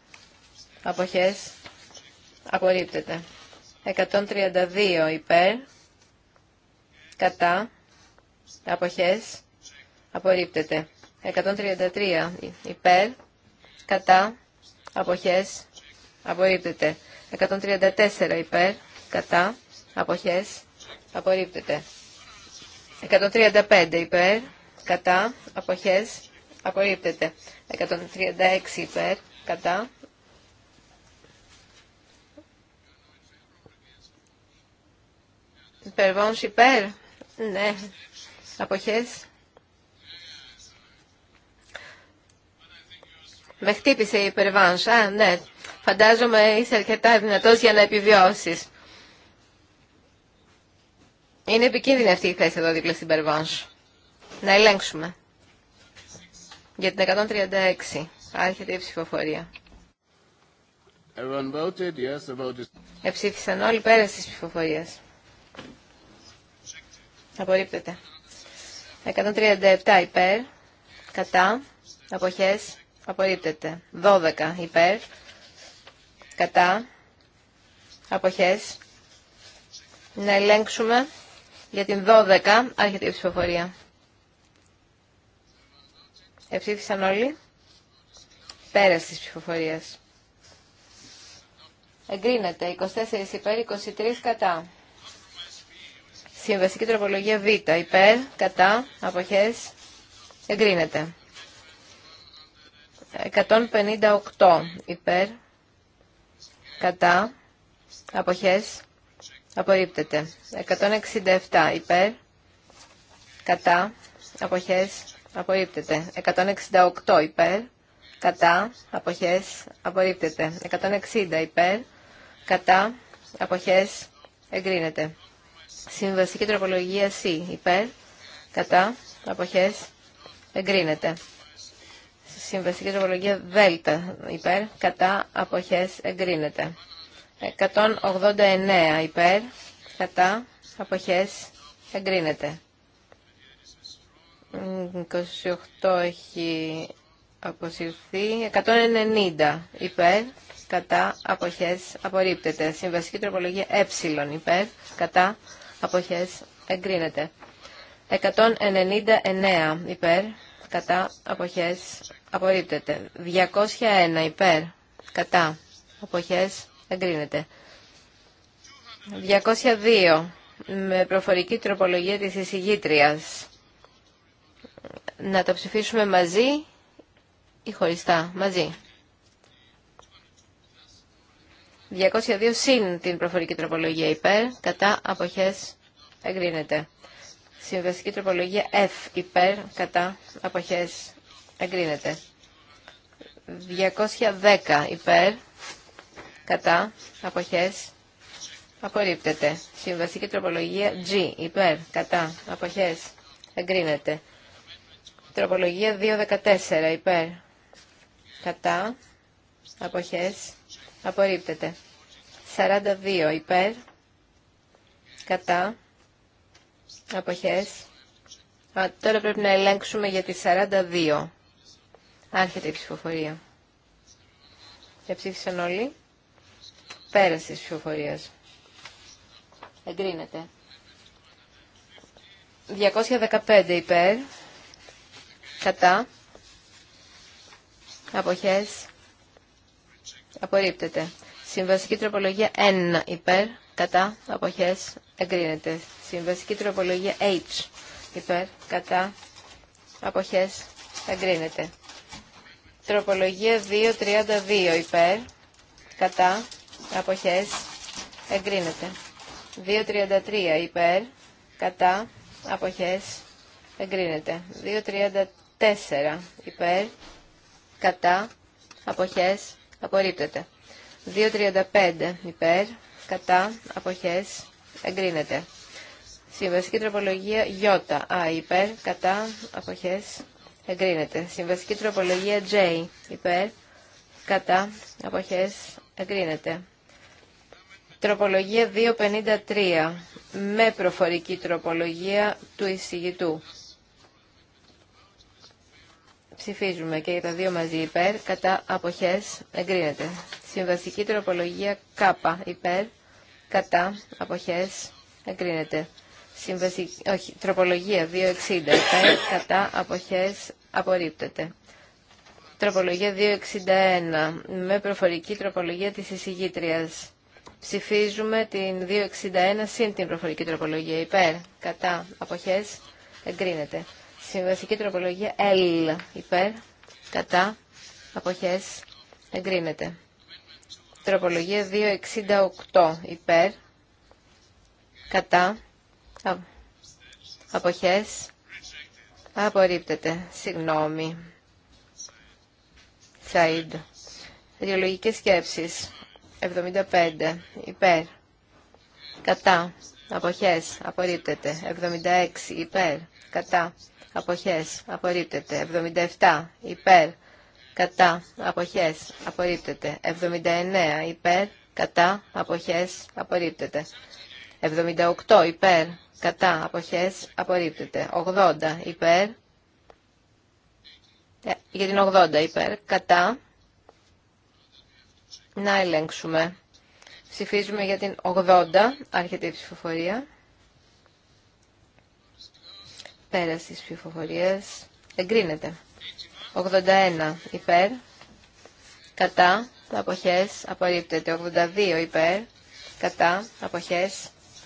S3: αποχές απορρίπτεται. 132 υπέρ, κατά, αποχές απορρίπτεται. 133 υπέρ, κατά, αποχές απορρίπτεται. 134 υπέρ, κατά, αποχές απορρίπτεται. 135 υπέρ, κατά, αποχές, απορρίπτεται. 136 υπέρ, κατά. Υπερβόνς υπέρ, ναι, αποχές. Με χτύπησε η υπερβάνσα, ναι. Φαντάζομαι είσαι αρκετά δυνατός για να επιβιώσεις. Είναι επικίνδυνη αυτή η θέση εδώ δίπλα στην Περβάνσου. Να ελέγξουμε. Για την 136. Άρχεται η ψηφοφορία.
S1: Voted. Yes, Εψήφισαν όλοι πέρα τη ψηφοφορία.
S3: Απορρίπτεται. 137 υπέρ. Κατά. Αποχές. Απορρίπτεται. 12 υπέρ. Κατά. Αποχές. Να ελέγξουμε. Για την 12 άρχεται η ψηφοφορία. Εψήφισαν όλοι. Πέραση της ψηφοφορίας. Εγκρίνεται 24 υπέρ, 23 κατά. Συμβαστική τροπολογία Β. Υπέρ, κατά, αποχές. Εγκρίνεται. 158 υπέρ, κατά, αποχές. Απορρίπτεται. 167 υπέρ. Κατά. Αποχές. Απορρίπτεται. 168 υπέρ. Κατά. Αποχές. Απορρίπτεται. 160 υπέρ. Κατά. Αποχές. Εγκρίνεται. Συμβαστική τροπολογία C. Υπέρ. Κατά. Αποχές. Εγκρίνεται. Συμβαστική τροπολογία Δ. Υπέρ. Κατά. Αποχές. Εγκρίνεται. 189 υπέρ, κατά, αποχές, εγκρίνεται. 28 έχει αποσυρθεί. 190 υπέρ, κατά, αποχές, απορρίπτεται. Συμβασική τροπολογία ε υπέρ, κατά, αποχές, εγκρίνεται. 199 υπέρ, κατά, αποχές, απορρίπτεται. 201 υπέρ, κατά, αποχές, Εγκρίνεται. 202 με προφορική τροπολογία της εισηγήτριας. Να το ψηφίσουμε μαζί ή χωριστά. Μαζί. 202 συν την προφορική τροπολογία υπέρ, κατά αποχές εγκρίνεται. Συμβαστική τροπολογία F υπέρ, κατά αποχές εγκρίνεται. 210 υπέρ, κατά, αποχές, απορρίπτεται. Συμβαστική τροπολογία G, υπέρ, κατά, αποχές, εγκρίνεται. Τροπολογία 2.14, υπέρ, κατά, αποχές, απορρίπτεται. 42, υπέρ, κατά, αποχές. Α, τώρα πρέπει να ελέγξουμε για τη 42. Άρχεται η ψηφοφορία. ψήφισαν όλοι. Πέραση της ψηφοφορίας. Εγκρίνεται. 215 υπέρ. Κατά. Αποχές. Απορρίπτεται. συμβασική τροπολογία 1 υπέρ. Κατά. Αποχές. Εγκρίνεται. συμβασική τροπολογία H υπέρ. Κατά. Αποχές. Εγκρίνεται. Τροπολογία 232 υπέρ. Κατά αποχές εγκρίνεται. 2.33 υπέρ, κατά, αποχές εγκρίνεται. 2.34 υπέρ, κατά, αποχές απορρίπτεται. 2.35 υπέρ, κατά, αποχές εγκρίνεται. Συμβασική τροπολογία Ι. Α, υπέρ, κατά, αποχές, εγκρίνεται. Συμβασική τροπολογία J. Υπέρ, κατά, αποχές, εγκρίνεται. Τροπολογία 253 με προφορική τροπολογία του εισηγητού. Ψηφίζουμε και για τα δύο μαζί υπέρ, κατά αποχές εγκρίνεται. Συμβασική τροπολογία Κ υπέρ, κατά αποχές εγκρίνεται. όχι, τροπολογία 260 υπέρ, κατά αποχές απορρίπτεται. Τροπολογία 261 με προφορική τροπολογία της εισηγήτριας. Ψηφίζουμε την 261 συν την προφορική τροπολογία. Υπέρ, κατά, αποχές, εγκρίνεται. Συμβασική τροπολογία L. Υπέρ, κατά, αποχές, εγκρίνεται. Τροπολογία 268. Υπέρ, κατά, αποχές, απορρίπτεται. Συγγνώμη. Σαΐντ. Ιδεολογικές σκέψεις. 75 υπέρ. Κατά. Αποχές. Απορρίπτεται. 76 υπέρ. Κατά. Αποχές. Απορρίπτεται. 77 υπέρ. Κατά. Αποχές. Απορρίπτεται. 79 υπέρ. Κατά. Αποχές. Απορρίπτεται. 78 υπέρ. Κατά. Αποχές. Απορρίπτεται. 80 υπέρ. Ε, για την 80 υπέρ. Κατά να ελέγξουμε. Ψηφίζουμε για την 80, άρχεται η ψηφοφορία. πέρασε τη ψηφοφορίας. Εγκρίνεται. 81 υπέρ. Κατά. Αποχές. Απορρίπτεται. 82 υπέρ. Κατά. αποχέ,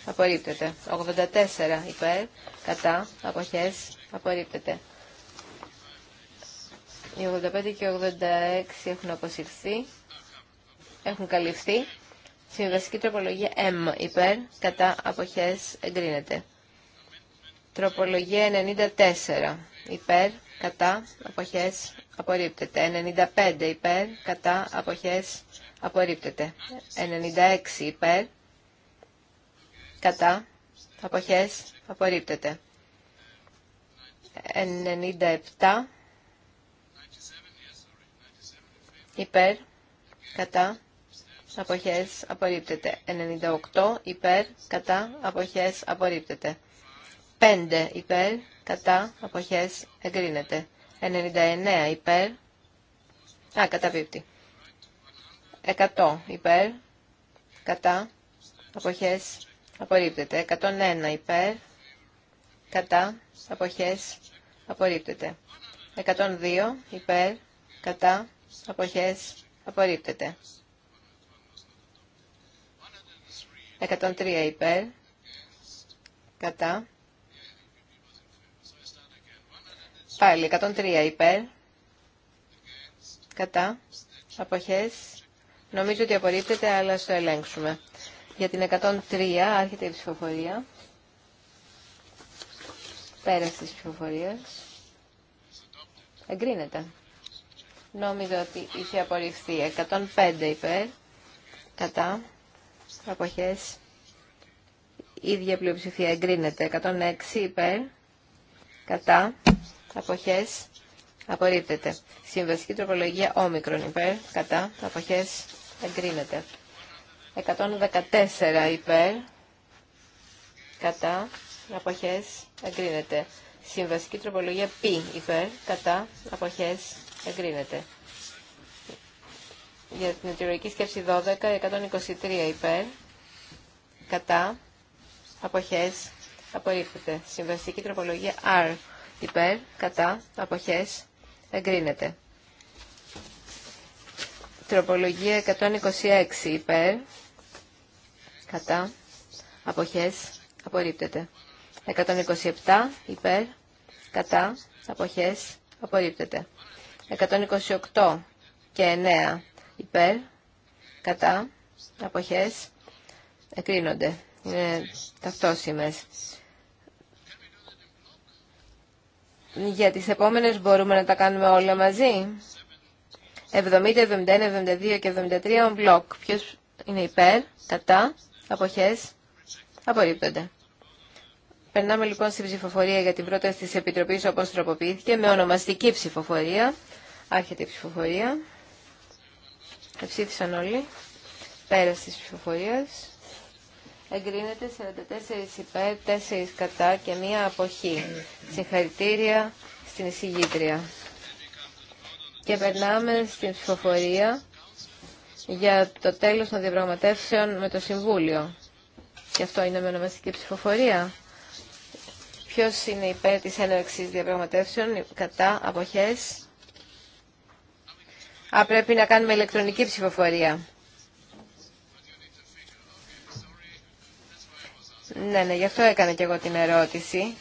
S3: Απορρίπτεται. 84 υπέρ. Κατά. αποχέ, Απορρίπτεται. Οι 85 και 86 έχουν αποσυρθεί έχουν καλυφθεί. Συμβαστική τροπολογία M υπέρ, κατά αποχές εγκρίνεται. Τροπολογία 94 υπέρ, κατά αποχές απορρίπτεται. 95 υπέρ, κατά αποχές απορρίπτεται. 96 υπέρ, κατά αποχές απορρίπτεται. 97 υπέρ, κατά αποχές απορρίπτεται. 98 υπέρ, κατά, αποχές απορρίπτεται. 5 υπέρ, κατά, αποχές εγκρίνεται. 99 υπέρ, α, καταπίπτει. 100 υπέρ, κατά, αποχές απορρίπτεται. 101 υπέρ, κατά, αποχές απορρίπτεται. 102 υπέρ, κατά, αποχές απορρίπτεται. 103 υπέρ, κατά. Πάλι 103 υπέρ, κατά. Αποχές. Νομίζω ότι απορρίπτεται, αλλά στο ελέγξουμε. Για την 103 άρχεται η ψηφοφορία. πέρα της ψηφοφορίας. Εγκρίνεται. Νόμιζα ότι είχε απορριφθεί. 105 υπέρ. Κατά αποχές ίδια πλειοψηφία εγκρίνεται 106 υπέρ κατά αποχές απορρίπτεται συμβασική τροπολογία όμικρον υπέρ κατά αποχές εγκρίνεται 114 υπέρ κατά αποχές εγκρίνεται συμβασική τροπολογία π υπέρ κατά αποχές εγκρίνεται για την αιτιολογική σκέψη 12, 123 υπέρ, κατά, αποχές, απορρίπτεται. Συμβαστική τροπολογία R υπέρ, κατά, αποχές, εγκρίνεται. Τροπολογία 126 υπέρ, κατά, αποχές, απορρίπτεται. 127 υπέρ, κατά, αποχές, απορρίπτεται. 128 και 9 υπέρ, κατά, αποχές, εκρίνονται. Είναι ταυτόσιμες. Για τις επόμενες μπορούμε να τα κάνουμε όλα μαζί. 70, 71, 72 και 73 on block. Ποιος είναι υπέρ, κατά, αποχές, απορρίπτονται. Περνάμε λοιπόν στην ψηφοφορία για την πρόταση της Επιτροπής όπως τροποποιήθηκε με ονομαστική ψηφοφορία. Άρχεται η ψηφοφορία. Εψήφισαν όλοι. Πέρας της ψηφοφορία Εγκρίνεται 44 υπέρ, 4 κατά και μία αποχή. Συγχαρητήρια στην εισηγήτρια. Και περνάμε στην ψηφοφορία για το τέλος των διαπραγματεύσεων με το Συμβούλιο. Και αυτό είναι με ονομαστική ψηφοφορία. Ποιος είναι υπέρ της έναρξης διαπραγματεύσεων, κατά, αποχές. Α, πρέπει να κάνουμε ηλεκτρονική ψηφοφορία. Ναι, ναι, γι' αυτό έκανα και εγώ την ερώτηση.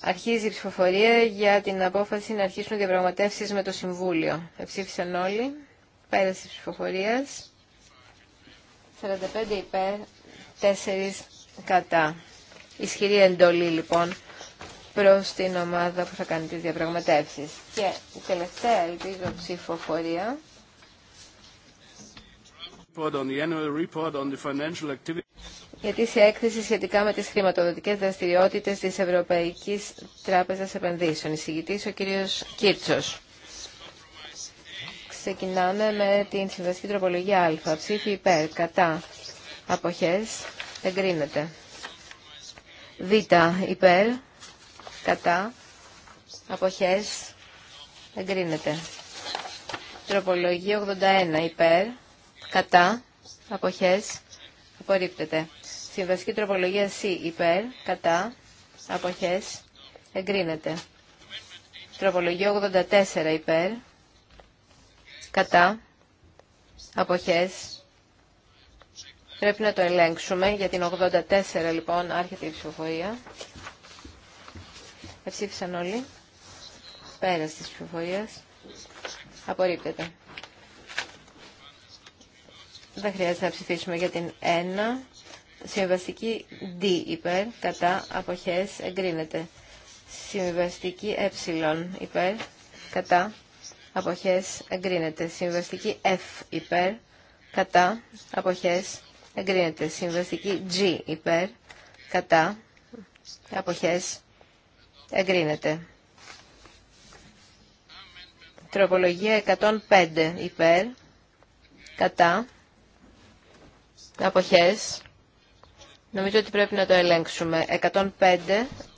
S3: Αρχίζει η ψηφοφορία για την απόφαση να αρχίσουν διαπραγματεύσει με το Συμβούλιο. Εψήφισαν όλοι. Πέρασε τη ψηφοφορίας. 45 υπέρ, 4 κατά. Ισχυρή εντολή λοιπόν προς την ομάδα που θα κάνει τις διαπραγματεύσεις. Και η τελευταία ελπίζω ψηφοφορία γιατί σε έκθεση σχετικά με τις χρηματοδοτικές δραστηριότητες της Ευρωπαϊκής Τράπεζας Επενδύσεων. Εισηγητής ο κύριος Κίρτσος. Ξεκινάμε με την συμβαστική τροπολογία Α. Ψήφι υπέρ, κατά, αποχές, εγκρίνεται. Β. Υπέρ, κατά, αποχές, εγκρίνεται. Τροπολογία 81 υπέρ, κατά, αποχές, απορρίπτεται. Συμβασική τροπολογία C υπέρ, κατά, αποχές, εγκρίνεται. Τροπολογία 84 υπέρ, κατά, αποχές, πρέπει να το ελέγξουμε. Για την 84 λοιπόν άρχεται η ψηφοφορία. Εψήφισαν όλοι. πέρα της πληροφορία. Απορρίπτεται. Δεν χρειάζεται να ψηφίσουμε για την 1. Συμβαστική D υπέρ, κατά, αποχές, εγκρίνεται. Συμβαστική ε υπέρ, κατά, αποχές, εγκρίνεται. Συμβαστική F υπέρ, κατά, αποχές, εγκρίνεται. Συμβαστική G υπέρ, κατά, αποχές, εγκρίνεται. Τροπολογία 105 υπέρ, κατά, αποχές. Νομίζω ότι πρέπει να το ελέγξουμε. 105,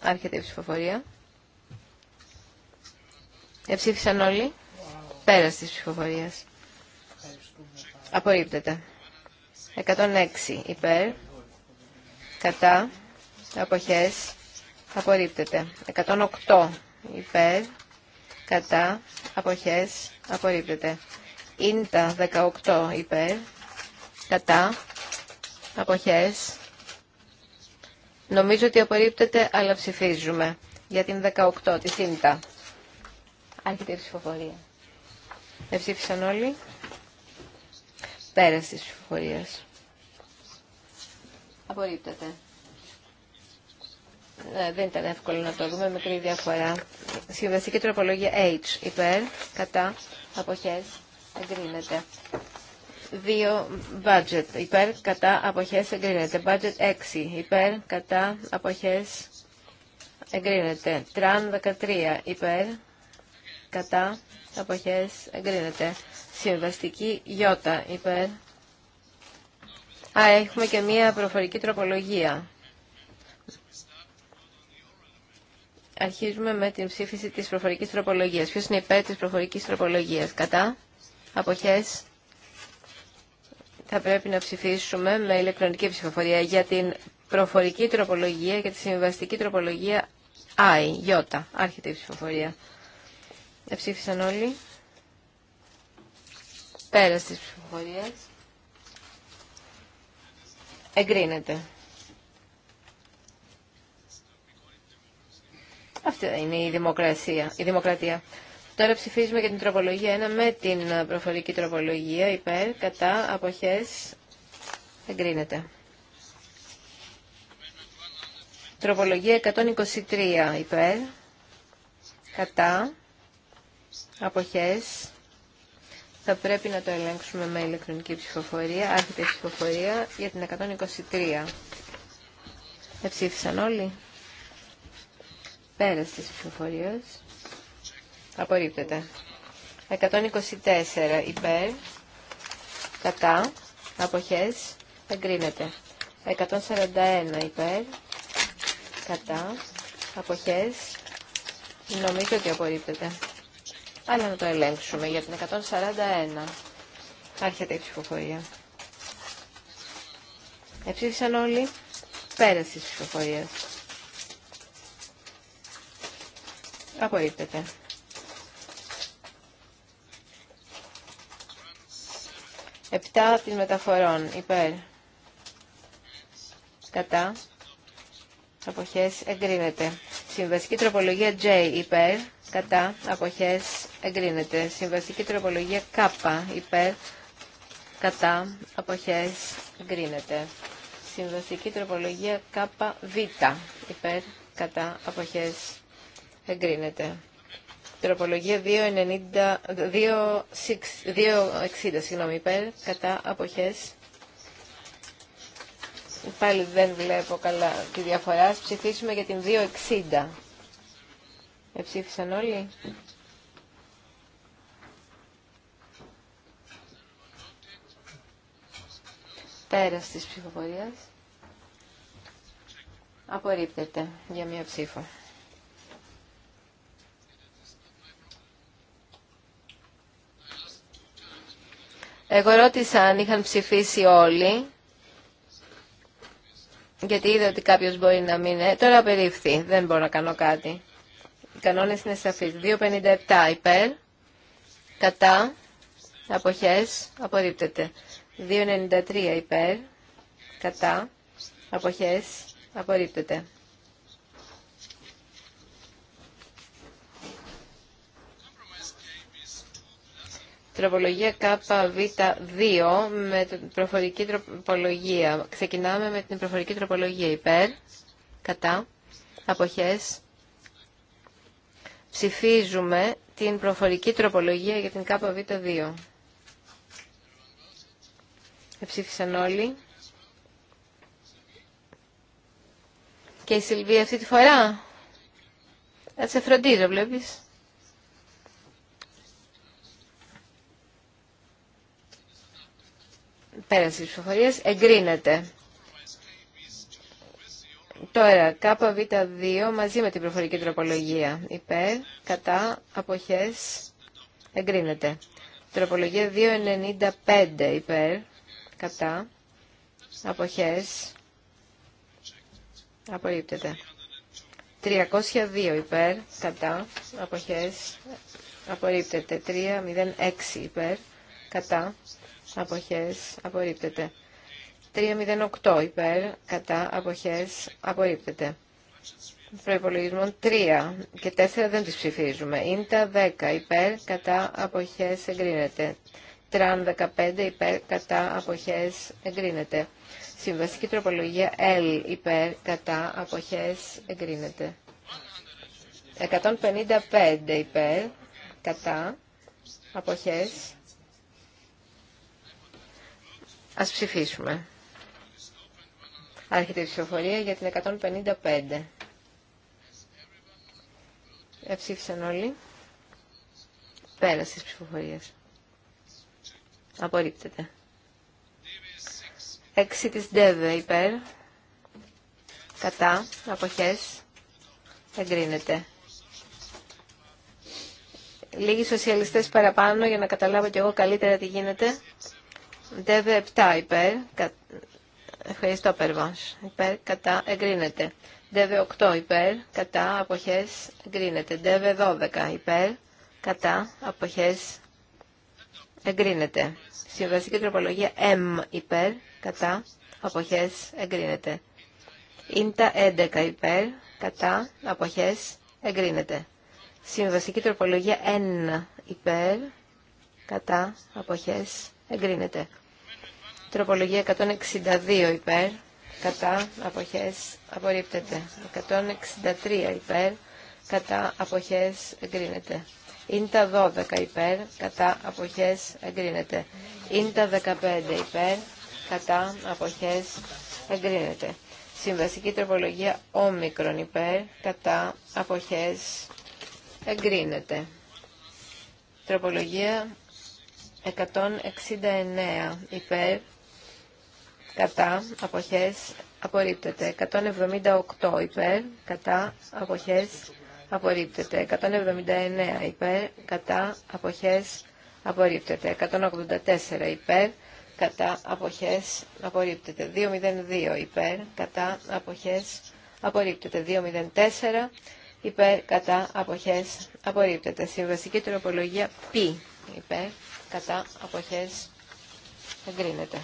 S3: άρχεται η ψηφοφορία. Εψήφισαν όλοι. Πέρας της ψηφοφορίας. Απορρίπτεται. 106 υπέρ, κατά, αποχές απορρίπτεται. 108 υπέρ, κατά, αποχές, απορρίπτεται. Ίντα 18 υπέρ, κατά, αποχές. Νομίζω ότι απορρίπτεται, αλλά ψηφίζουμε για την 18 τη Ίντα. Άρχεται η ψηφοφορία. Έψηφισαν όλοι. Πέρας τη ψηφοφορίας. Απορρίπτεται. Ε, δεν ήταν εύκολο να το δούμε, μικρή διαφορά. Συμβαστική τροπολογία H, υπέρ, κατά, αποχές, εγκρίνεται. Δύο Budget. Υπέρ, κατά, αποχές, εγκρίνεται. Budget 6. Υπέρ, κατά, αποχές, εγκρίνεται. Τραν 13. Υπέρ, κατά, αποχές, εγκρίνεται. Συμβαστική Y, Υπέρ. Α, έχουμε και μία προφορική τροπολογία. Αρχίζουμε με την ψήφιση της προφορικής τροπολογίας. Ποιος είναι υπέρ της προφορικής τροπολογίας. Κατά. Αποχές. Θα πρέπει να ψηφίσουμε με ηλεκτρονική ψηφοφορία για την προφορική τροπολογία και τη συμβαστική τροπολογία I, Ι, άρχεται η ψηφοφορία. Εψήφισαν όλοι. Πέρας της ψηφοφορίας. Εγκρίνεται. Αυτή είναι η δημοκρατία. Η δημοκρατία. Τώρα ψηφίζουμε για την τροπολογία 1 με την προφορική τροπολογία υπέρ, κατά, αποχές, εγκρίνεται. Τροπολογία 123 υπέρ, κατά, αποχές, θα πρέπει να το ελέγξουμε με ηλεκτρονική ψηφοφορία, άρχεται η ψηφοφορία για την 123. Εψήφισαν όλοι. Πέρας της ψηφοφορίας. Απορρίπτεται. 124 υπέρ. Κατά. Αποχές. Εγκρίνεται. 141 υπέρ. Κατά. Αποχές. Νομίζω ότι απορρίπτεται. Αλλά να το ελέγξουμε για την 141. Άρχεται η ψηφοφορία. Εψήφισαν όλοι πέρας της ψηφοφορίας. Απορρίπτεται. 7 από μεταφορών υπέρ κατά αποχές εγκρίνεται. Συμβαστική τροπολογία J υπέρ κατά αποχές εγκρίνεται. Συμβαστική τροπολογία K υπέρ κατά αποχές εγκρίνεται. Συμβαστική τροπολογία K β υπέρ κατά αποχές Εγκρίνεται. Τροπολογία 2,60, συγγνώμη, υπέρ, κατά, αποχές. Πάλι δεν βλέπω καλά τη διαφορά. Ας ψηφίσουμε για την 2,60. Εψήφισαν όλοι. Πέρας της ψηφοφορίας. Απορρίπτεται για μία ψήφο. Εγώ ρώτησα αν είχαν ψηφίσει όλοι, γιατί είδα ότι κάποιος μπορεί να μην... Ε, τώρα απερίφθη, δεν μπορώ να κάνω κάτι. Οι κανόνες είναι σαφείς. 2.57 υπέρ, κατά, αποχές, απορρίπτεται. 2.93 υπέρ, κατά, αποχές, απορρίπτεται. Τροπολογία ΚΒ2 με την προφορική τροπολογία. Ξεκινάμε με την προφορική τροπολογία υπέρ, κατά, αποχές. Ψηφίζουμε την προφορική τροπολογία για την ΚΒ2. Εψήφισαν όλοι. Και η Σιλβία αυτή τη φορά. Θα σε φροντίζω, βλέπεις. Πέραση της ψηφοφοριες εγκρινεται εγκρίνεται. Τώρα, ΚΒ2 μαζί με την προφορική τροπολογία. Υπέρ, κατά, αποχές, εγκρίνεται. Τροπολογία 2.95 υπέρ, κατά, αποχές, απορρίπτεται. 302 υπέρ, κατά, αποχές, απορρίπτεται. 306 υπέρ, κατά, αποχές απορρίπτεται. 308 υπέρ κατά αποχές απορρίπτεται. Προπολογισμό 3 και 4 δεν τις ψηφίζουμε. Είναι 10 υπέρ κατά αποχές εγκρίνεται. Τραν 15 υπέρ κατά αποχές εγκρίνεται. Συμβαστική τροπολογία L υπέρ κατά αποχές εγκρίνεται. 155 υπέρ κατά αποχές Ας ψηφίσουμε. Άρχεται η ψηφοφορία για την 155. Εψήφισαν όλοι. Πέρασε της ψηφοφορίας. Απορρίπτεται. Έξι της ΔΕΒΕ υπέρ. Κατά. Αποχές. Εγκρίνεται. Λίγοι σοσιαλιστές παραπάνω για να καταλάβω κι εγώ καλύτερα τι γίνεται. ΔΕΒΕ 7 υπέρ. Ευχαριστώ, περβάς, Υπέρ, κατά, εγκρίνεται. ΔΕΒΕ 8 υπέρ, κατά, αποχές, εγκρίνεται. ΔΕΒΕ 12 υπέρ, κατά, αποχές, εγκρίνεται. Συμβαστική τροπολογία M υπέρ, κατά, αποχές, εγκρίνεται. Ίντα 11 υπέρ, κατά, αποχές, εγκρίνεται. Συμβαστική τροπολογία N υπέρ, κατά, αποχές, εγκρίνεται. Τροπολογία 162 υπέρ, κατά, αποχές, απορρίπτεται. 163 υπέρ, κατά, αποχές, εγκρίνεται. Ίντα 12 υπέρ, κατά, αποχές, εγκρίνεται. Ίντα 15 υπέρ, κατά, αποχές, εγκρίνεται. Συμβασική τροπολογία όμικρον υπέρ, κατά, αποχές, εγκρίνεται. Τροπολογία 169 υπέρ, κατά, αποχές, απορρίπτεται. 178 υπέρ, κατά, αποχές, απορρίπτεται. 179 υπέρ, κατά, αποχές, απορρίπτεται. 184 υπέρ, κατά, αποχές, απορρίπτεται. 202 υπέρ, κατά, αποχές, απορρίπτεται. 204 υπέρ, κατά, αποχές, απορρίπτεται. Συμβαστική τροπολογία π, υπέρ, κατά αποχές εγκρίνεται.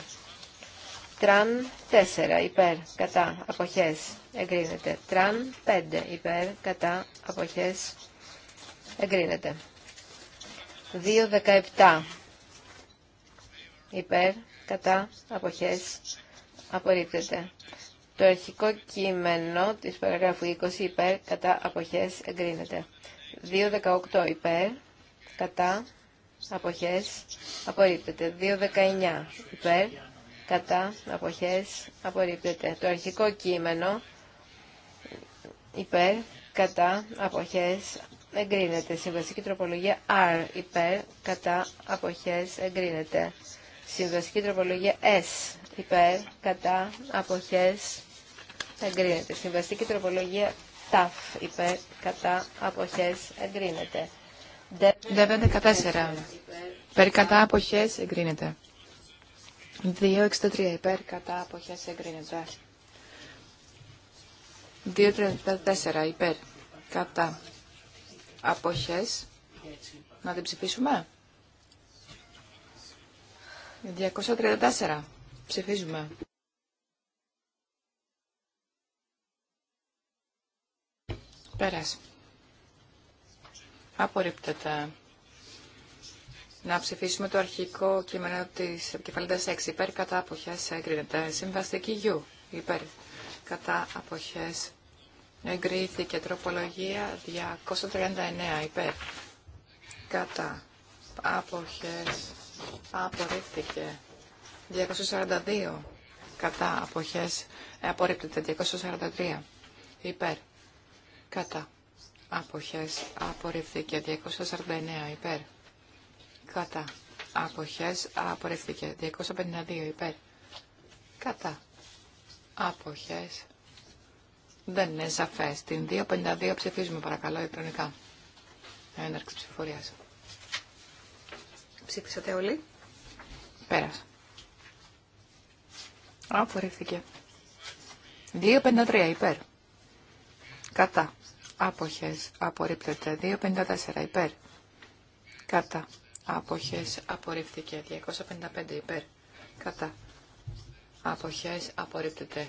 S3: Τραν 4 υπέρ κατά αποχές εγκρίνεται. Τραν 5 υπέρ κατά αποχές εγκρίνεται. 2.17 υπέρ κατά αποχές απορρίπτεται. Το αρχικό κείμενο της παραγράφου 20 υπέρ κατά αποχές εγκρίνεται. 2.18 υπέρ κατά αποχές, απορρίπτεται. 2.19 υπέρ, κατά, αποχές, απορρίπτεται. Το αρχικό κείμενο υπέρ, κατά, αποχές, εγκρίνεται. Συμβαστική τροπολογία R υπέρ, κατά, αποχές, εγκρίνεται. Συμβαστική τροπολογία S υπέρ, κατά, αποχές, εγκρίνεται. Συμβαστική τροπολογία TAF υπέρ, κατά, αποχές, εγκρίνεται.
S2: 14. Υπέρ κατά αποχές εγκρίνεται. 2.63 υπέρ κατά αποχές εγκρίνεται. 2.34 υπέρ κατά αποχές. Να την ψηφίσουμε. 234. Ψηφίζουμε. Πέρασε. Απορρίπτεται. Να ψηφίσουμε το αρχικό κείμενο τη επικεφαλίδας 6. Υπέρ κατά αποχές εγκρίνεται. Συμβαστική γιου. Υπέρ κατά αποχές εγκρίθηκε. Τροπολογία 239. Υπέρ κατά αποχές απορρίφθηκε. 242 κατά αποχές απορρίπτεται. 243 υπέρ κατά αποχές απορριφθήκε 249 υπέρ. Κατά. Αποχές απορριφθήκε 252 υπέρ. Κατά. Αποχές. Δεν είναι σαφές. Την 252 ψηφίζουμε παρακαλώ ηλεκτρονικά. Έναρξη ψηφορίας. Ψήφισατε όλοι. Πέρασε. Απορρίφθηκε. 253 υπέρ. Κατά. Άποχες απορρίπτεται. 2.54 υπέρ. Κατά. Άποχες απορρίφθηκε. 255 υπέρ. Κατά. Άποχες απορρίπτεται.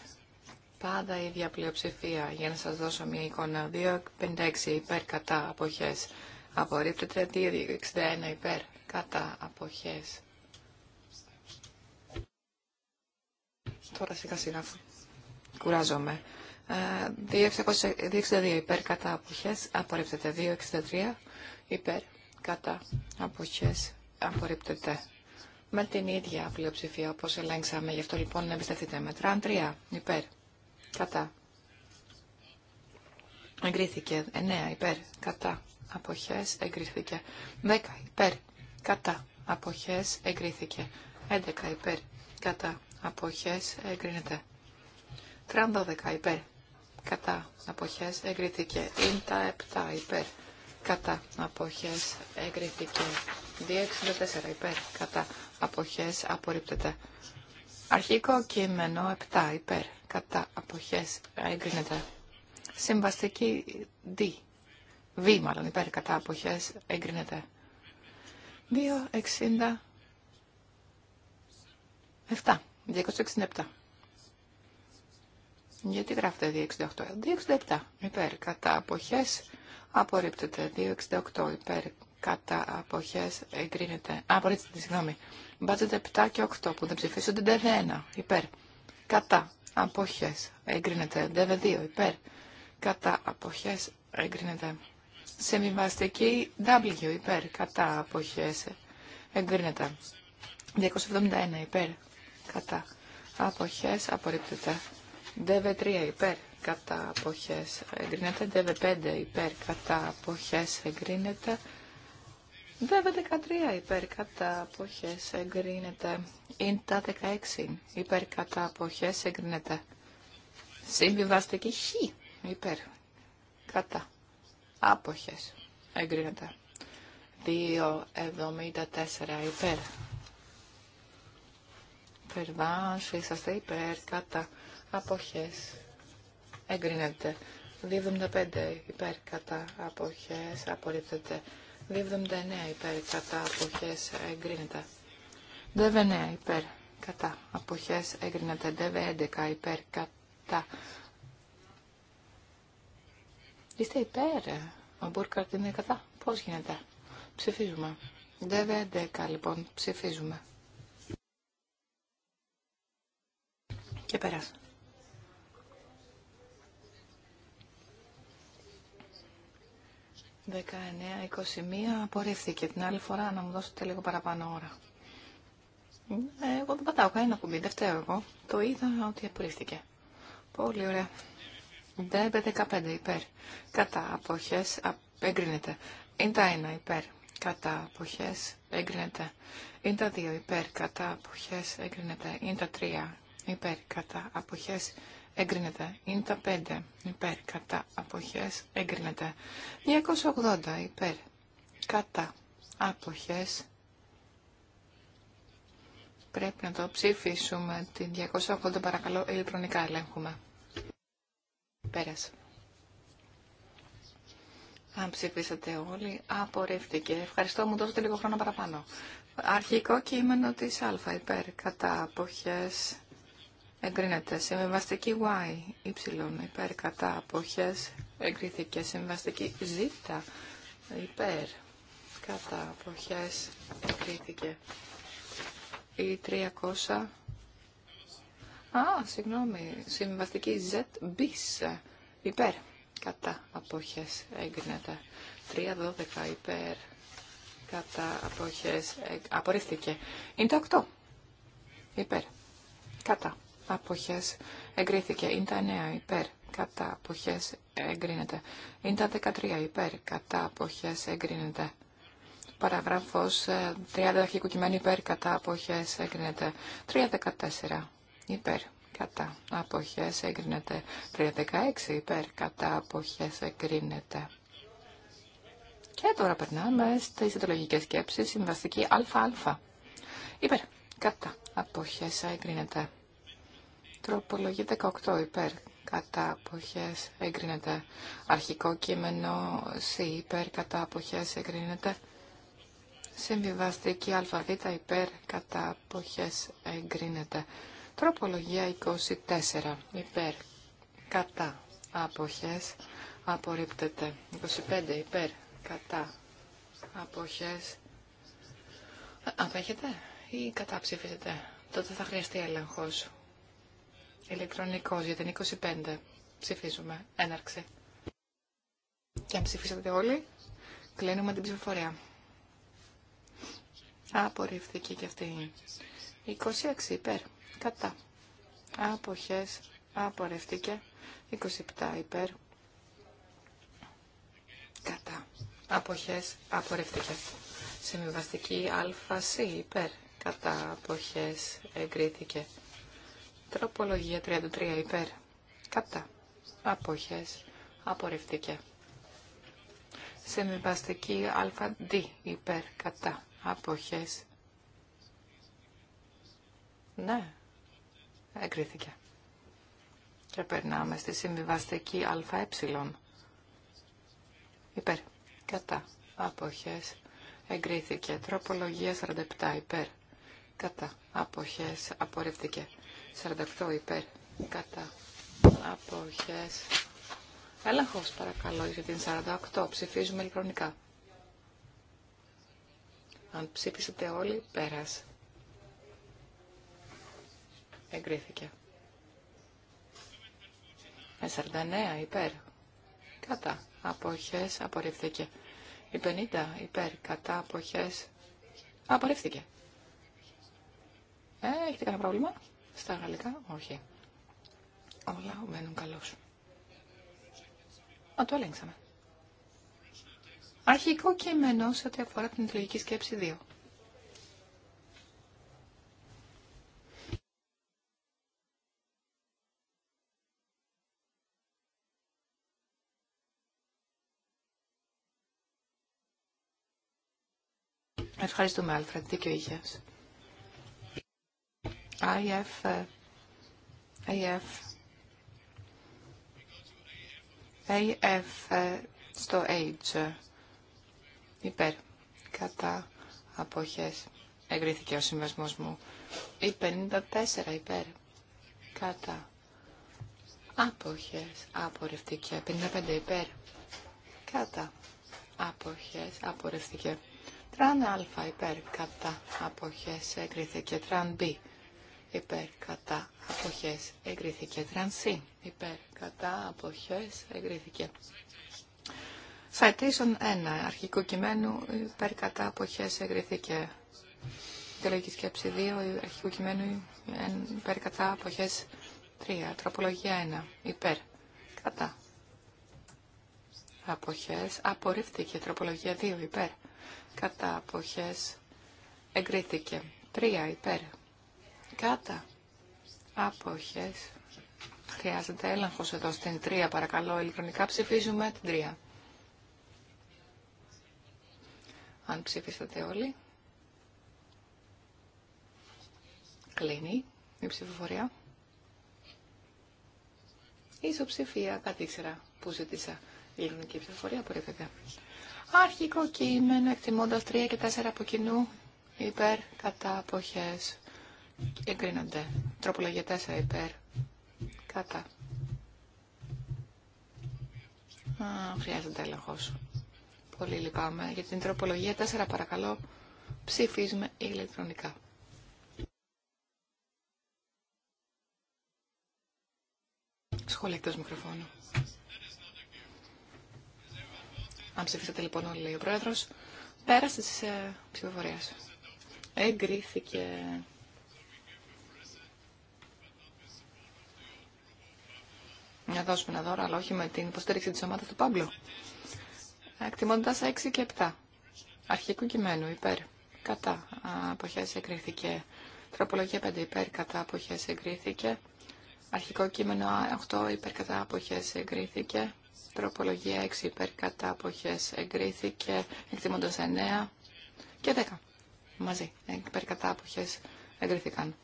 S2: Πάντα η ίδια πλειοψηφία. Για να σας δώσω μια εικόνα. 2.56 υπέρ. Κατά. Αποχές. Απορρίπτεται. 2.61 υπέρ. Κατά. Αποχές. Τώρα σιγά σιγά κουράζομαι. 262 ε, υπέρ κατά αποχές απορρίπτεται. 263 υπέρ κατά αποχές απορρίπτεται. Με την ίδια πλειοψηφία όπως ελέγξαμε. Γι' αυτό λοιπόν εμπιστευτείτε με τραν 3 υπέρ κατά. Εγκρίθηκε 9 υπέρ κατά αποχές εγκρίθηκε. 10 υπέρ κατά αποχές εγκρίθηκε. 11 υπέρ κατά αποχές εγκρίνεται. 12 υπέρ κατά αποχές εγκρίθηκε. Είναι τα 7 υπέρ κατά αποχές εγκρίθηκε. 4 υπέρ κατά αποχές απορρίπτεται. Αρχικό κείμενο 7 υπέρ κατά αποχές εγκρίνεται. Συμβαστική D. Β μάλλον υπέρ κατά αποχές εγκρίνεται. 267. 267 γιατί γράφετε 268. 267 υπέρ κατά αποχές απορρίπτεται. 268 υπέρ κατά αποχές εγκρίνεται. Α, απορρίπτεται, συγγνώμη. Μπάτζεται 7 και 8 που δεν ψηφίσονται. 1 υπέρ κατά αποχές εγκρίνεται. 2 υπέρ κατά αποχές εγκρίνεται. Σεμιβαστική W υπέρ κατά αποχές εγκρίνεται. 271 υπέρ κατά αποχές απορρίπτεται. DV3 υπέρ κατά αποχές εγκρίνεται. DV5 υπέρ κατά αποχές εγκρίνεται. DV13 υπέρ κατά αποχές εγκρίνεται. Ιντα 16 υπέρ κατά αποχές εγκρίνεται. Συμβιβαστική χ υπέρ κατά άποχες εγκρίνεται. 2,74 υπέρ. Περβάς, είσαστε υπέρ, κατά αποχές εγκρίνεται. 2,75 υπέρ κατά αποχές απορρίπτεται. 2,79 υπέρ κατά αποχές εγκρίνεται. 9 υπέρ κατά αποχές εγκρίνεται. 11 υπέρ κατά. Είστε υπέρ. Ε? Ο Μπούρκαρτ είναι κατά. Πώς γίνεται. Ψηφίζουμε. 9-11 λοιπόν. Ψηφίζουμε. Και περάσαμε. 19-21 απορρίφθηκε. Την άλλη φορά να μου δώσετε λίγο παραπάνω ώρα. Ε, εγώ δεν πατάω κανένα κουμπί, δεν φταίω εγώ. Το είδα ότι απορρίφθηκε. Πολύ ωραία. ΔΕΜΠΕ 15 υπέρ. Κατά απόχέ. εγκρίνεται. Είναι τα ένα υπέρ. Κατά απόχέ. εγκρίνεται. Είναι τα δύο υπέρ. Κατά αποχές εγκρίνεται. Είναι τα τρία υπέρ. Κατά αποχέ εγκρίνεται. Είναι τα 5 υπέρ κατά αποχές εγκρίνεται. 280 υπέρ κατά αποχές πρέπει να το ψηφίσουμε. Την 280 παρακαλώ ηλεκτρονικά ελέγχουμε. Πέρασε. Αν ψηφίσατε όλοι, απορρίφθηκε. Ευχαριστώ, μου δώσετε λίγο χρόνο παραπάνω. Αρχικό κείμενο της Α, υπέρ, κατά αποχές, εγκρίνεται. Συμβαστική Y, Y, υπέρ, κατά, αποχές, εγκρίθηκε. Συμβαστική Z, υπέρ, κατά, αποχές, εγκρίθηκε. Η 300... Α, συγγνώμη, συμβαστική Z, bis, υπέρ, κατά, αποχές, εγκρίνεται. 312 υπέρ, κατά, αποχές, ε, απορρίφθηκε. Είναι το 8, υπέρ, κατά, αποχές εγκρίθηκε. Είναι τα 9 υπέρ κατά αποχές εγκρίνεται. Είναι τα 13 υπέρ κατά αποχές εγκρίνεται. Παραγράφος 30 αρχικού κειμένου υπέρ κατά αποχές εγκρίνεται. 314 υπέρ κατά αποχές εγκρίνεται. 316 υπέρ κατά αποχές εγκρίνεται. Και τώρα περνάμε στις συντολογικές σκέψεις, συμβαστική ΑΑ. Υπέρ, κατά, αποχές εγκρίνεται. Τροπολογία 18 υπέρ. Κατά αποχές εγκρίνεται. Αρχικό κείμενο σε υπέρ. Κατά αποχές εγκρίνεται. Συμβιβαστική αβ υπέρ. Κατά αποχές εγκρίνεται. Τροπολογία 24 υπέρ. Κατά αποχές απορρίπτεται. 25 υπέρ. Κατά αποχές απέχεται ή καταψήφισετε. Τότε θα χρειαστεί έλεγχος. Ηλεκτρονικός για την 25. Ψηφίζουμε. Έναρξη. Και αν ψηφίσατε όλοι, κλείνουμε την ψηφοφορία. Απορρίφθηκε και αυτή. 26 υπέρ. Κατά. Αποχές. Απορρίφθηκε. 27 υπέρ. Κατά. Αποχές. Απορρίφθηκε. Συμβιβαστική ΑΣΥ υπέρ. Κατά. Αποχές. Εγκρίθηκε. Τροπολογία 33 υπέρ. Κατά. Αποχές. Απορριφθήκε. Συμβιβαστική αλφα-δι υπέρ. Κατά. Αποχές. Ναι. Εγκρίθηκε. Και περνάμε στη συμβιβαστική ΑΕ. Υπέρ. Κατά. Αποχές. Εγκρίθηκε. Τροπολογία 47. Υπέρ. Κατά. Αποχές. Απορρίφθηκε. 48 υπέρ κατά αποχές. Έλεγχος παρακαλώ για την 48. Ψηφίζουμε ηλεκτρονικά. Αν ψήφισετε όλοι, πέρας. Εγκρίθηκε. 49 ε, υπέρ. Κατά αποχές απορρίφθηκε. Η 50 υπέρ. Κατά αποχές απορρίφθηκε. Ε, έχετε κανένα πρόβλημα. Στα γαλλικά, όχι. Όλα μένουν καλώς. Α, το ελέγξαμε. Αρχικό κείμενο σε ό,τι αφορά την εκλογική σκέψη 2. Ευχαριστούμε, Άλφρεντ. Δίκιο είχες. IF, AF, στο H, υπέρ, κατά αποχές, εγκρίθηκε ο συμβασμός μου, η 54 υπέρ, κατά αποχές, απορριφθήκε, 55 υπέρ, κατά αποχές, απορριφθήκε, τραν α υπέρ, κατά αποχές, εγκρίθηκε, τραν b υπέρ κατά αποχές εγκρίθηκε. Τρανσί υπέρ κατά αποχές εγκρίθηκε. Citation 1 αρχικού κειμένου υπέρ κατά αποχές εγκρίθηκε. Τελογική σκέψη 2 αρχικού κειμένου υπέρ κατά αποχές 3. Τροπολογία 1 υπέρ κατά αποχές απορρίφθηκε. Τροπολογία 2 υπέρ κατά αποχές εγκρίθηκε. 3 υπέρ Κάτα. Αποχές. Χρειάζεται έλεγχος εδώ στην τρία Παρακαλώ, ηλεκτρονικά ψηφίζουμε την τρία. Αν ψηφίσατε όλοι. Κλείνει η ψηφοφορία. Η ισοψηφία, κάτι ήξερα που ζήτησα. Η ελληνική ψηφοφορία απορρίφεται. Αρχικό κείμενο εκτιμώντας 3 και 4 από κοινού υπέρ κατά αποχές. Εγκρίνονται. Τροπολογία 4 υπέρ. Κατά. Α, χρειάζεται έλεγχο. Πολύ λυπάμαι. Για την τροπολογία 4 παρακαλώ ψηφίζουμε ηλεκτρονικά. Σχόλια εκτός μικροφώνου. Αν ψηφίσατε λοιπόν όλοι, λέει ο Πρόεδρος, πέρασε της ψηφοφορία. Ε, ψηφοφορίας. Εγκρίθηκε να δώσουμε ένα δώρο, αλλά όχι με την υποστήριξη της ομάδα του Παύλου. Εκτιμώντα 6 και 7. Αρχικού κειμένου, υπέρ. Κατά αποχές εγκρίθηκε. Τροπολογία 5 υπέρ κατά αποχές εγκρίθηκε. Αρχικό κείμενο 8 υπέρ κατά αποχές εγκρίθηκε. Τροπολογία 6 υπέρ κατά αποχές εγκρίθηκε. Εκτιμώντα 9 και 10. Μαζί. Υπέρ κατά αποχές εγκρίθηκαν.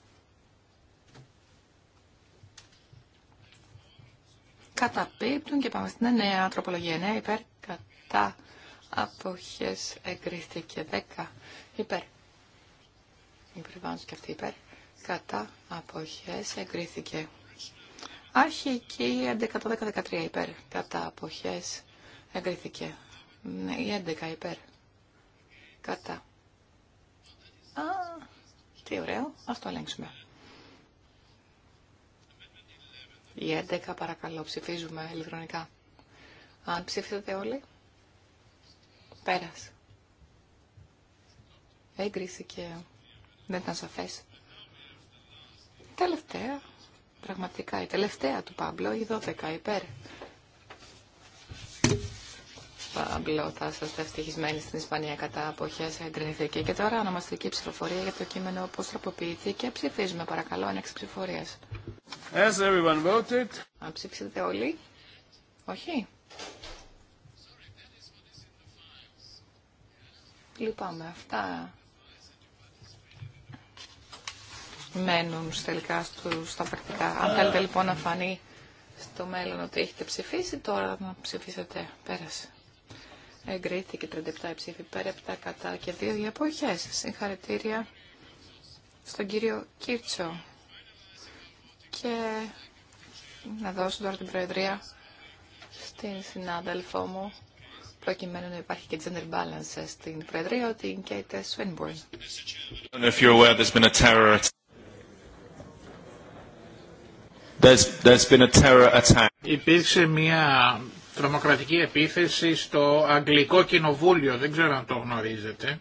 S2: καταπίπτουν και πάμε στην 9. Τροπολογία 9 υπέρ κατά αποχέ εγκρίθηκε 10 υπέρ. Υπερβάνους και αυτή υπέρ. κατά αποχές εγκρίθηκε. Αρχική 11-12-13 υπέρ. Κατά αποχέ εγκρίθηκε. Ναι, Η 11 υπέρ. Κατά. Α, τι ωραίο. Ας το ελέγξουμε. Η 11 παρακαλώ ψηφίζουμε ηλεκτρονικά. Αν ψηφίσατε όλοι. πέρασε. Έγκρισε και Δεν ήταν σαφές. Τελευταία. Πραγματικά η τελευταία του Παμπλό, η 12 υπέρ. Παμπλό, θα είστε ευτυχισμένοι στην Ισπανία κατά αποχέ. εγκρινηθήκε. Και τώρα ονομαστική ψηφοφορία για το κείμενο πώς και Ψηφίζουμε παρακαλώ ανέξι ψηφοφορίας. everyone voted? Αν ψήφισετε όλοι. Όχι. Λυπάμαι. Αυτά μένουν τελικά στα πρακτικά. Αν θέλετε λοιπόν να φανεί στο μέλλον ότι έχετε ψηφίσει, τώρα να ψηφίσετε. Πέρασε. Εγκρίθηκε 37 ψήφοι υπέρ, 7 κατά και 2 οι αποχές. Συγχαρητήρια στον κύριο Κίρτσο. Και να δώσω τώρα την Προεδρία στην συνάδελφό μου, προκειμένου να υπάρχει και gender balance στην Προεδρία, την Κέιτε και
S1: There's, there's been a terror attack. Υπήρξε μια τρομοκρατική επίθεση στο Αγγλικό Κοινοβούλιο, δεν ξέρω αν το γνωρίζετε.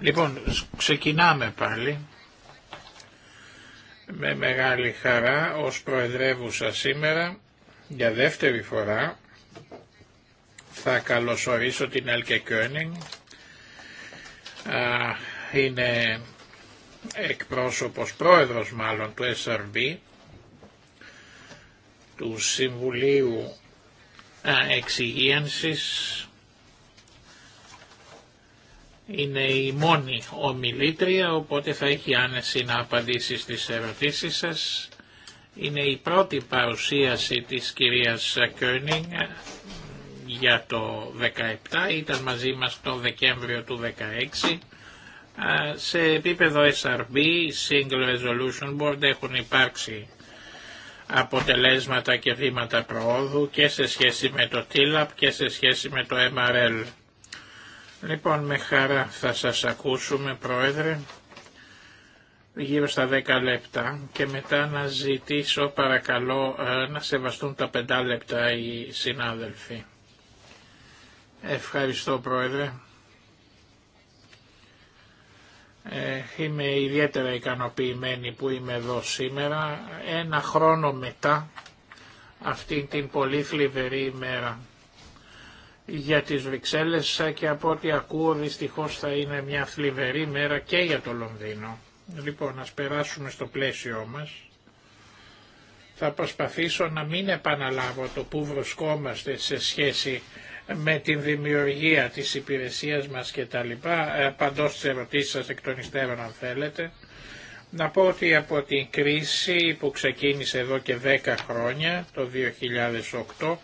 S1: Λοιπόν, ξεκινάμε πάλι με μεγάλη χαρά ως Προεδρεύουσα σήμερα για δεύτερη φορά θα καλωσορίσω την Έλκε Κιόνινγκ. Είναι εκπρόσωπος, πρόεδρος μάλλον του SRB, του Συμβουλίου Εξυγίανσης είναι η μόνη ομιλήτρια, οπότε θα έχει άνεση να απαντήσει στις ερωτήσεις σας. Είναι η πρώτη παρουσίαση της κυρίας Κέρνινγκ για το 17, ήταν μαζί μας το Δεκέμβριο του 2016. Σε επίπεδο SRB, Single Resolution Board, έχουν υπάρξει αποτελέσματα και βήματα προόδου και σε σχέση με το TILAP και σε σχέση με το MRL. Λοιπόν, με χαρά θα σας ακούσουμε, Πρόεδρε, γύρω στα 10 λεπτά και μετά να ζητήσω, παρακαλώ, ε, να σεβαστούν τα 5 λεπτά οι συνάδελφοι. Ευχαριστώ, Πρόεδρε. Ε, είμαι ιδιαίτερα ικανοποιημένη που είμαι εδώ σήμερα, ένα χρόνο μετά αυτή την πολύ θλιβερή ημέρα για τις Βρυξέλλες και από ό,τι ακούω δυστυχώς θα είναι μια θλιβερή μέρα και για το Λονδίνο. Λοιπόν, ας περάσουμε στο πλαίσιο μας. Θα προσπαθήσω να μην επαναλάβω το που βρισκόμαστε σε σχέση με την δημιουργία της υπηρεσίας μας και τα λοιπά, ε, Παντώ τις ερωτήσεις σας εκ των υστέρων αν θέλετε. Να πω ότι από την κρίση που ξεκίνησε εδώ και 10 χρόνια, το 2008,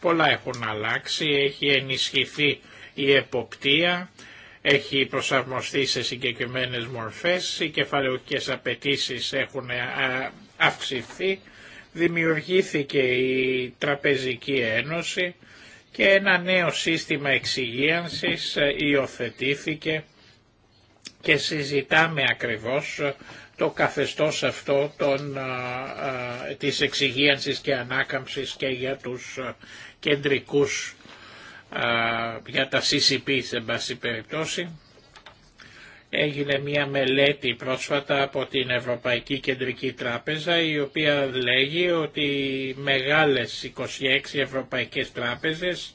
S1: Πολλά έχουν αλλάξει, έχει ενισχυθεί η εποπτεία, έχει προσαρμοστεί σε συγκεκριμένες μορφές, οι κεφαλαιοκές απαιτήσει έχουν ε, αυξηθεί, δημιουργήθηκε η Τραπεζική Ένωση και ένα νέο σύστημα εξυγίανσης ε, υιοθετήθηκε και συζητάμε ακριβώς ε, το καθεστώς αυτό των, της εξυγίανσης και ανάκαμψης και για τους κεντρικούς για τα CCP σε περιπτώσει. Έγινε μια μελέτη πρόσφατα από την Ευρωπαϊκή Κεντρική Τράπεζα η οποία λέγει ότι μεγάλες 26 ευρωπαϊκές τράπεζες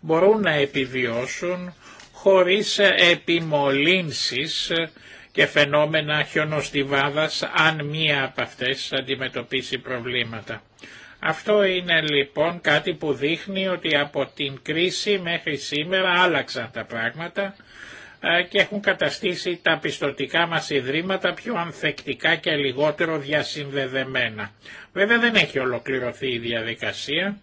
S1: μπορούν να επιβιώσουν χωρίς επιμολύνσεις και φαινόμενα χιονοστιβάδας αν μία από αυτές αντιμετωπίσει προβλήματα. Αυτό είναι λοιπόν κάτι που δείχνει ότι από την κρίση μέχρι σήμερα άλλαξαν τα πράγματα ε, και έχουν καταστήσει τα πιστοτικά μας ιδρύματα πιο ανθεκτικά και λιγότερο διασυνδεδεμένα. Βέβαια δεν έχει ολοκληρωθεί η διαδικασία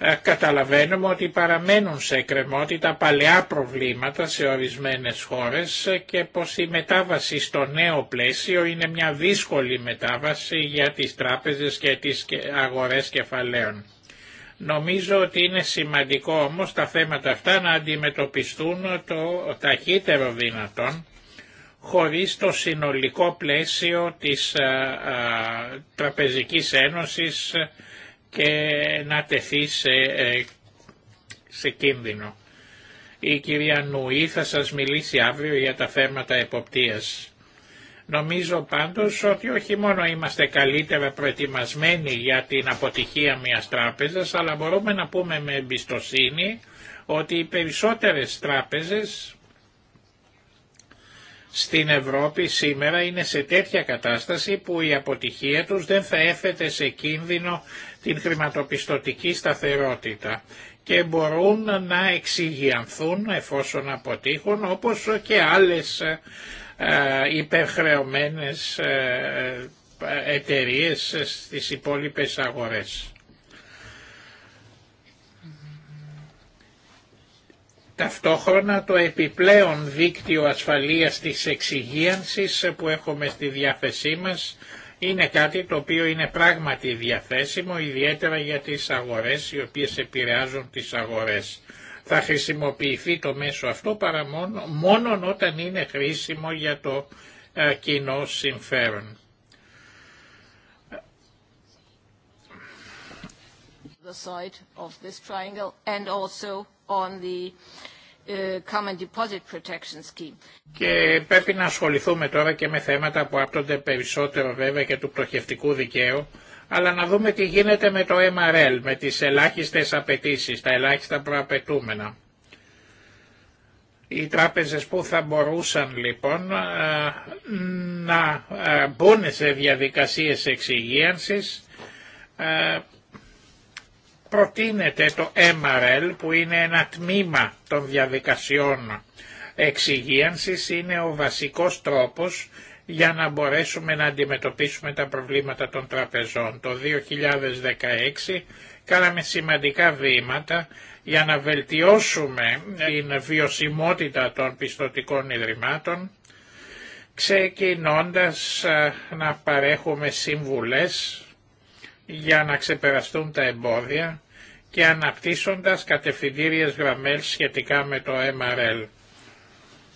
S1: ε, καταλαβαίνουμε ότι παραμένουν σε εκκρεμότητα παλαιά προβλήματα σε ορισμένες χώρες ε, και πως η μετάβαση στο νέο πλαίσιο είναι μια δύσκολη μετάβαση για τις τράπεζες και τις αγορές κεφαλαίων. Νομίζω ότι είναι σημαντικό όμως τα θέματα αυτά να αντιμετωπιστούν το ταχύτερο δυνατόν χωρίς το συνολικό πλαίσιο της ε, Τραπεζικής Ένωσης και να τεθεί ε, σε, κίνδυνο. Η κυρία Νουή θα σας μιλήσει αύριο για τα θέματα εποπτείας. Νομίζω πάντως ότι όχι μόνο είμαστε καλύτερα προετοιμασμένοι για την αποτυχία μιας τράπεζας, αλλά μπορούμε να πούμε με εμπιστοσύνη ότι οι περισσότερες τράπεζες στην Ευρώπη σήμερα είναι σε τέτοια κατάσταση που η αποτυχία τους δεν θα έφεται σε κίνδυνο την χρηματοπιστωτική σταθερότητα και μπορούν να εξηγιανθούν εφόσον αποτύχουν όπως και άλλες ε, υπερχρεωμένες ε, εταιρείες στις υπόλοιπες αγορές. Ταυτόχρονα το επιπλέον δίκτυο ασφαλείας της εξυγίανσης που έχουμε στη διάθεσή μας είναι κάτι το οποίο είναι πράγματι διαθέσιμο ιδιαίτερα για τις αγορές οι οποίες επηρεάζουν τις αγορές. Θα χρησιμοποιηθεί το μέσο αυτό παρά μόνο, όταν είναι χρήσιμο για το ε, κοινό συμφέρον. Ε, και πρέπει να ασχοληθούμε τώρα και με θέματα που άπτονται περισσότερο βέβαια και του πτωχευτικού δικαίου, αλλά να δούμε τι γίνεται με το MRL, με τις ελάχιστες απαιτήσει, τα ελάχιστα προαπαιτούμενα. Οι τράπεζες που θα μπορούσαν λοιπόν ε, να ε, μπουν σε διαδικασίες εξυγίανσης προτείνεται το MRL που είναι ένα τμήμα των διαδικασιών εξυγίανσης, είναι ο βασικός τρόπος για να μπορέσουμε να αντιμετωπίσουμε τα προβλήματα των τραπεζών. Το 2016 κάναμε σημαντικά βήματα για να βελτιώσουμε την βιωσιμότητα των πιστοτικών ιδρυμάτων, ξεκινώντας να παρέχουμε συμβουλές για να ξεπεραστούν τα εμπόδια και αναπτύσσοντας κατευθυντήριες γραμμές σχετικά με το MRL.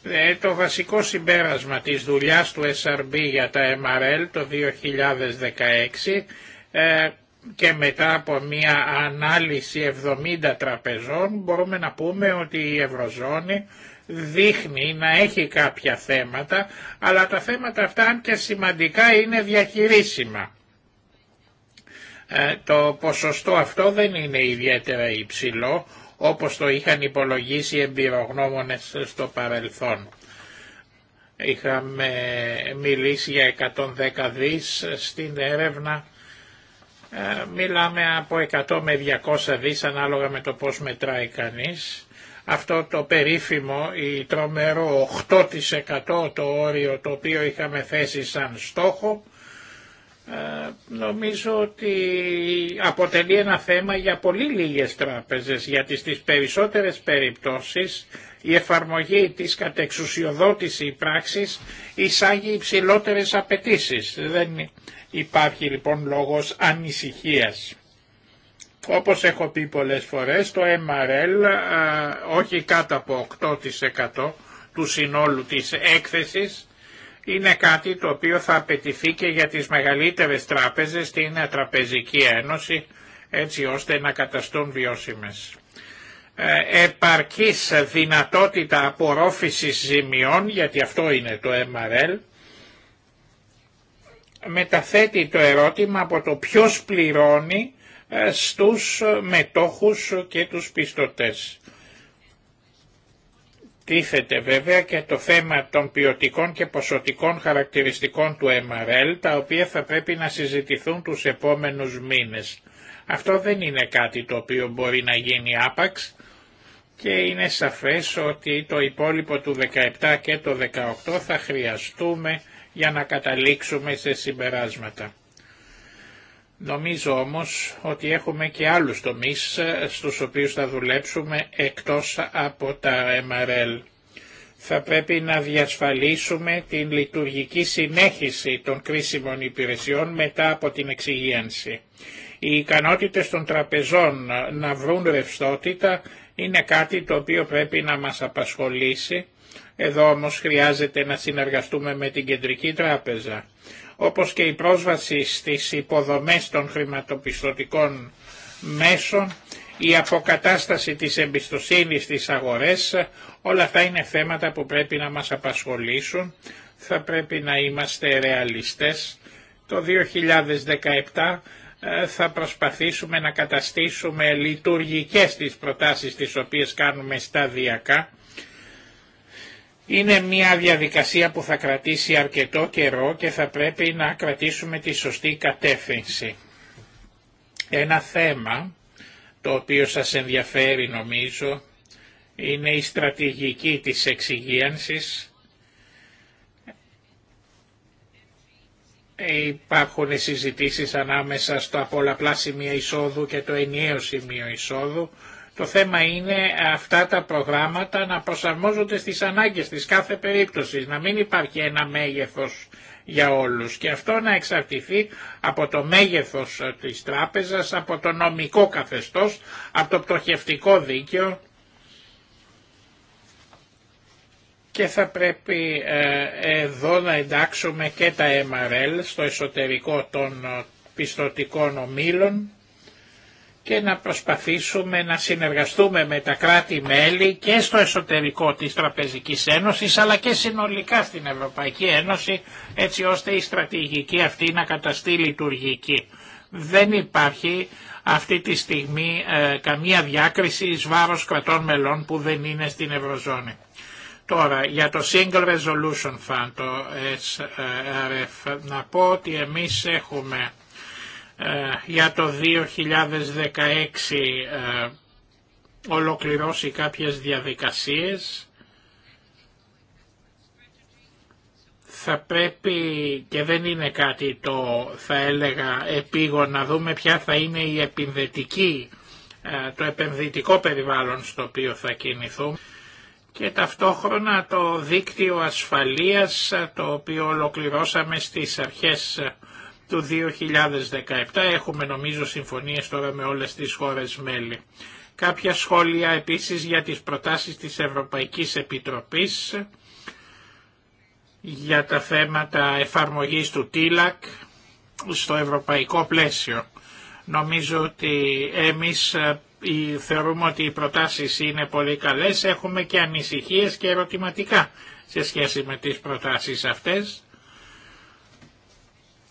S1: Ε, το βασικό συμπέρασμα της δουλειάς του SRB για τα MRL το 2016 ε, και μετά από μια ανάλυση 70 τραπεζών μπορούμε να πούμε ότι η Ευρωζώνη δείχνει να έχει κάποια θέματα αλλά τα θέματα αυτά αν και σημαντικά είναι διαχειρίσιμα. Ε, το ποσοστό αυτό δεν είναι ιδιαίτερα υψηλό όπως το είχαν υπολογίσει οι εμπειρογνώμονες στο παρελθόν. Είχαμε μιλήσει για 110 δις στην έρευνα, ε, μιλάμε από 100 με 200 δις ανάλογα με το πώς μετράει κανείς. Αυτό το περίφημο, η τρομερό 8% το όριο το οποίο είχαμε θέσει σαν στόχο, ε, νομίζω ότι αποτελεί ένα θέμα για πολύ λίγες τράπεζες, γιατί στις περισσότερες περιπτώσεις η εφαρμογή της κατεξουσιοδότηση πράξης εισάγει υψηλότερες απαιτήσεις. Δεν υπάρχει λοιπόν λόγος ανησυχίας. Όπως έχω πει πολλές φορές, το MRL όχι κάτω από 8% του συνόλου της έκθεσης είναι κάτι το οποίο θα απαιτηθεί και για τις μεγαλύτερες τράπεζες στην Τραπεζική Ένωση έτσι ώστε να καταστούν βιώσιμες. Ε, επαρκής δυνατότητα απορρόφησης ζημιών, γιατί αυτό είναι το MRL, μεταθέτει το ερώτημα από το ποιος πληρώνει ε, στους μετόχους και τους πιστωτές. Τίθεται βέβαια και το θέμα των ποιοτικών και ποσοτικών χαρακτηριστικών του MRL, τα οποία θα πρέπει να συζητηθούν τους επόμενους μήνες. Αυτό δεν είναι κάτι το οποίο μπορεί να γίνει άπαξ και είναι σαφές ότι το υπόλοιπο του 17 και το 18 θα χρειαστούμε για να καταλήξουμε σε συμπεράσματα. Νομίζω όμως ότι έχουμε και άλλους τομείς ε, στους οποίους θα δουλέψουμε εκτός από τα MRL. Θα πρέπει να διασφαλίσουμε την λειτουργική συνέχιση των κρίσιμων υπηρεσιών μετά από την εξυγίανση. Οι ικανότητες των τραπεζών να βρουν ρευστότητα είναι κάτι το οποίο πρέπει να μας απασχολήσει. Εδώ όμως χρειάζεται να συνεργαστούμε με την Κεντρική Τράπεζα όπως και η πρόσβαση στις υποδομές των χρηματοπιστωτικών μέσων, η αποκατάσταση της εμπιστοσύνης στις αγορές, όλα αυτά είναι θέματα που πρέπει να μας απασχολήσουν, θα πρέπει να είμαστε ρεαλιστές. Το 2017 ε, θα προσπαθήσουμε να καταστήσουμε λειτουργικές τις προτάσεις τις οποίες κάνουμε σταδιακά είναι μια διαδικασία που θα κρατήσει αρκετό καιρό και θα πρέπει να κρατήσουμε τη σωστή κατεύθυνση. Ένα θέμα το οποίο σας ενδιαφέρει νομίζω είναι η στρατηγική της εξυγίανσης. Υπάρχουν συζητήσεις ανάμεσα στο απολαπλά σημείο εισόδου και το ενιαίο σημείο εισόδου το θέμα είναι αυτά τα προγράμματα να προσαρμόζονται στις ανάγκες της κάθε περίπτωσης, να μην υπάρχει ένα μέγεθος για όλους και αυτό να εξαρτηθεί από το μέγεθος της τράπεζας, από το νομικό καθεστώς, από το πτωχευτικό δίκαιο και θα πρέπει ε, εδώ να εντάξουμε και τα MRL στο εσωτερικό των πιστοτικών ομήλων και να προσπαθήσουμε να συνεργαστούμε με τα κράτη-μέλη και στο εσωτερικό της Τραπεζικής Ένωσης αλλά και συνολικά στην Ευρωπαϊκή Ένωση έτσι ώστε η στρατηγική αυτή να καταστεί λειτουργική. Δεν υπάρχει αυτή τη στιγμή ε, καμία διάκριση εις βάρος κρατών μελών που δεν είναι στην Ευρωζώνη. Τώρα για το Single Resolution Fund, το SRF, να πω ότι εμείς έχουμε ε, για το 2016 ε, ολοκληρώσει κάποιες διαδικασίες. Θα πρέπει και δεν είναι κάτι το θα έλεγα επίγον να δούμε ποια θα είναι η επενδυτική, ε, το επενδυτικό περιβάλλον στο οποίο θα κινηθούμε και ταυτόχρονα το δίκτυο ασφαλείας το οποίο ολοκληρώσαμε στις αρχές του 2017. Έχουμε νομίζω συμφωνίες τώρα με όλες τις χώρες μέλη. Κάποια σχόλια επίσης για τις προτάσεις της Ευρωπαϊκής Επιτροπής για τα θέματα εφαρμογής του ΤΙΛΑΚ στο ευρωπαϊκό πλαίσιο. Νομίζω ότι εμείς ε, θεωρούμε ότι οι προτάσεις είναι πολύ καλές, έχουμε και ανησυχίες και ερωτηματικά σε σχέση με τις προτάσεις αυτές.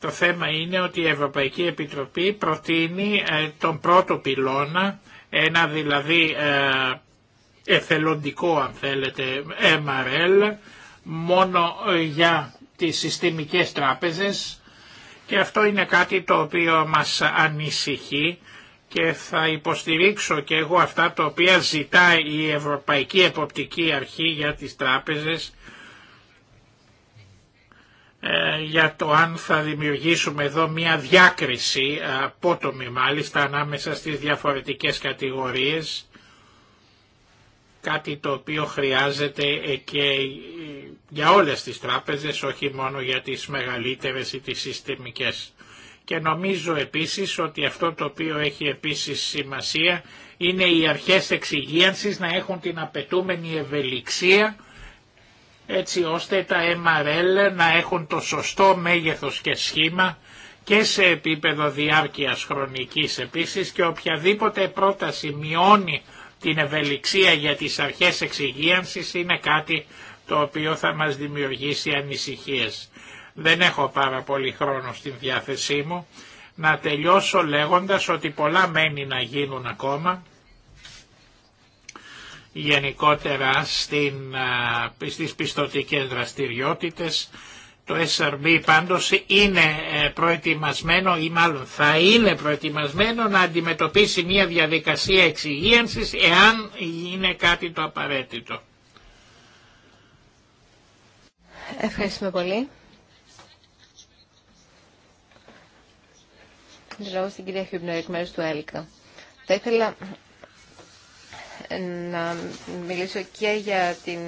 S1: Το θέμα είναι ότι η Ευρωπαϊκή Επιτροπή προτείνει ε, τον πρώτο πυλώνα, ένα δηλαδή ε, εθελοντικό αν θέλετε MRL, μόνο ε, για τις συστημικές τράπεζες και αυτό είναι κάτι το οποίο μας ανησυχεί και θα υποστηρίξω και εγώ αυτά τα οποία ζητάει η Ευρωπαϊκή Εποπτική Αρχή για τις τράπεζες ε, για το αν θα δημιουργήσουμε εδώ μια διάκριση, ε, απότομη μάλιστα, ανάμεσα στις διαφορετικές κατηγορίες, κάτι το οποίο χρειάζεται και για όλες τις τράπεζες, όχι μόνο για τις μεγαλύτερες ή τις συστημικές. Και νομίζω επίσης ότι αυτό το οποίο έχει επίσης σημασία είναι οι αρχές εξυγίανσης να έχουν την απαιτούμενη ευελιξία έτσι ώστε τα MRL να έχουν το σωστό μέγεθος και σχήμα και σε επίπεδο διάρκειας χρονικής επίσης και οποιαδήποτε πρόταση μειώνει την ευελιξία για τις αρχές εξυγίανσης είναι κάτι το οποίο θα μας δημιουργήσει ανησυχίες. Δεν έχω πάρα πολύ χρόνο στην διάθεσή μου να τελειώσω λέγοντας ότι πολλά μένει να γίνουν ακόμα γενικότερα στην, στις πιστοτικές δραστηριότητες. Το SRB πάντως είναι ε, προετοιμασμένο ή μάλλον θα είναι προετοιμασμένο να αντιμετωπίσει μια διαδικασία εξυγίανσης εάν είναι κάτι το απαραίτητο.
S3: Ευχαριστούμε πολύ. Λόγω στην κυρία μέρους του ΕΛΚΑ. Θα ήθελα να μιλήσω και για την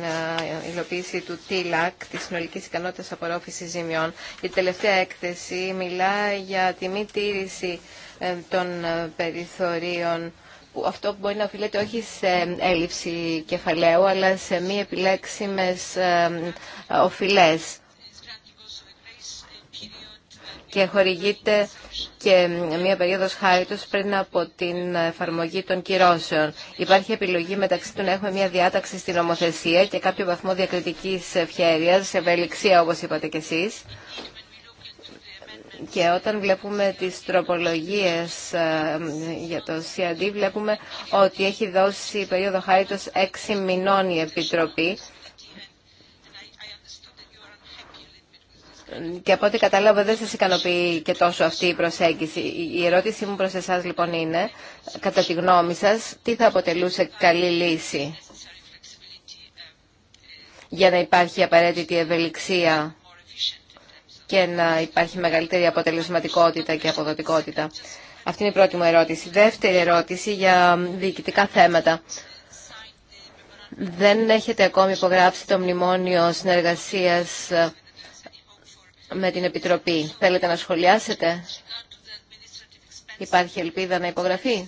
S3: υλοποίηση του TILAC, της συνολικής ικανότητας απορρόφησης ζημιών. Η τελευταία έκθεση μιλά για τη μη τήρηση ε, των ε, περιθωρίων που αυτό μπορεί να οφείλεται όχι σε ε, έλλειψη κεφαλαίου, αλλά σε μη επιλέξιμες οφειλές. Και χορηγείται και μια περίοδος χάριτος πριν από την εφαρμογή των κυρώσεων. Υπάρχει επιλογή μεταξύ του να έχουμε μια διάταξη στην νομοθεσία και κάποιο βαθμό διακριτικής ευχέρεια, ευελιξία όπως είπατε κι εσείς. Και όταν βλέπουμε τις τροπολογίες ε, για το CRD, βλέπουμε ότι έχει δώσει περίοδο χάριτος έξι μηνών η Επιτροπή και από ό,τι κατάλαβα δεν σας ικανοποιεί και τόσο αυτή η προσέγγιση. Η ερώτησή μου προς εσάς λοιπόν είναι, κατά τη γνώμη σας, τι θα αποτελούσε καλή λύση για να υπάρχει απαραίτητη ευελιξία και να υπάρχει μεγαλύτερη αποτελεσματικότητα και αποδοτικότητα. Αυτή είναι η πρώτη μου ερώτηση. Δεύτερη ερώτηση για διοικητικά θέματα. Δεν έχετε ακόμη υπογράψει το μνημόνιο συνεργασίας με την Επιτροπή. Θέλετε να σχολιάσετε. Υπάρχει ελπίδα να υπογραφεί.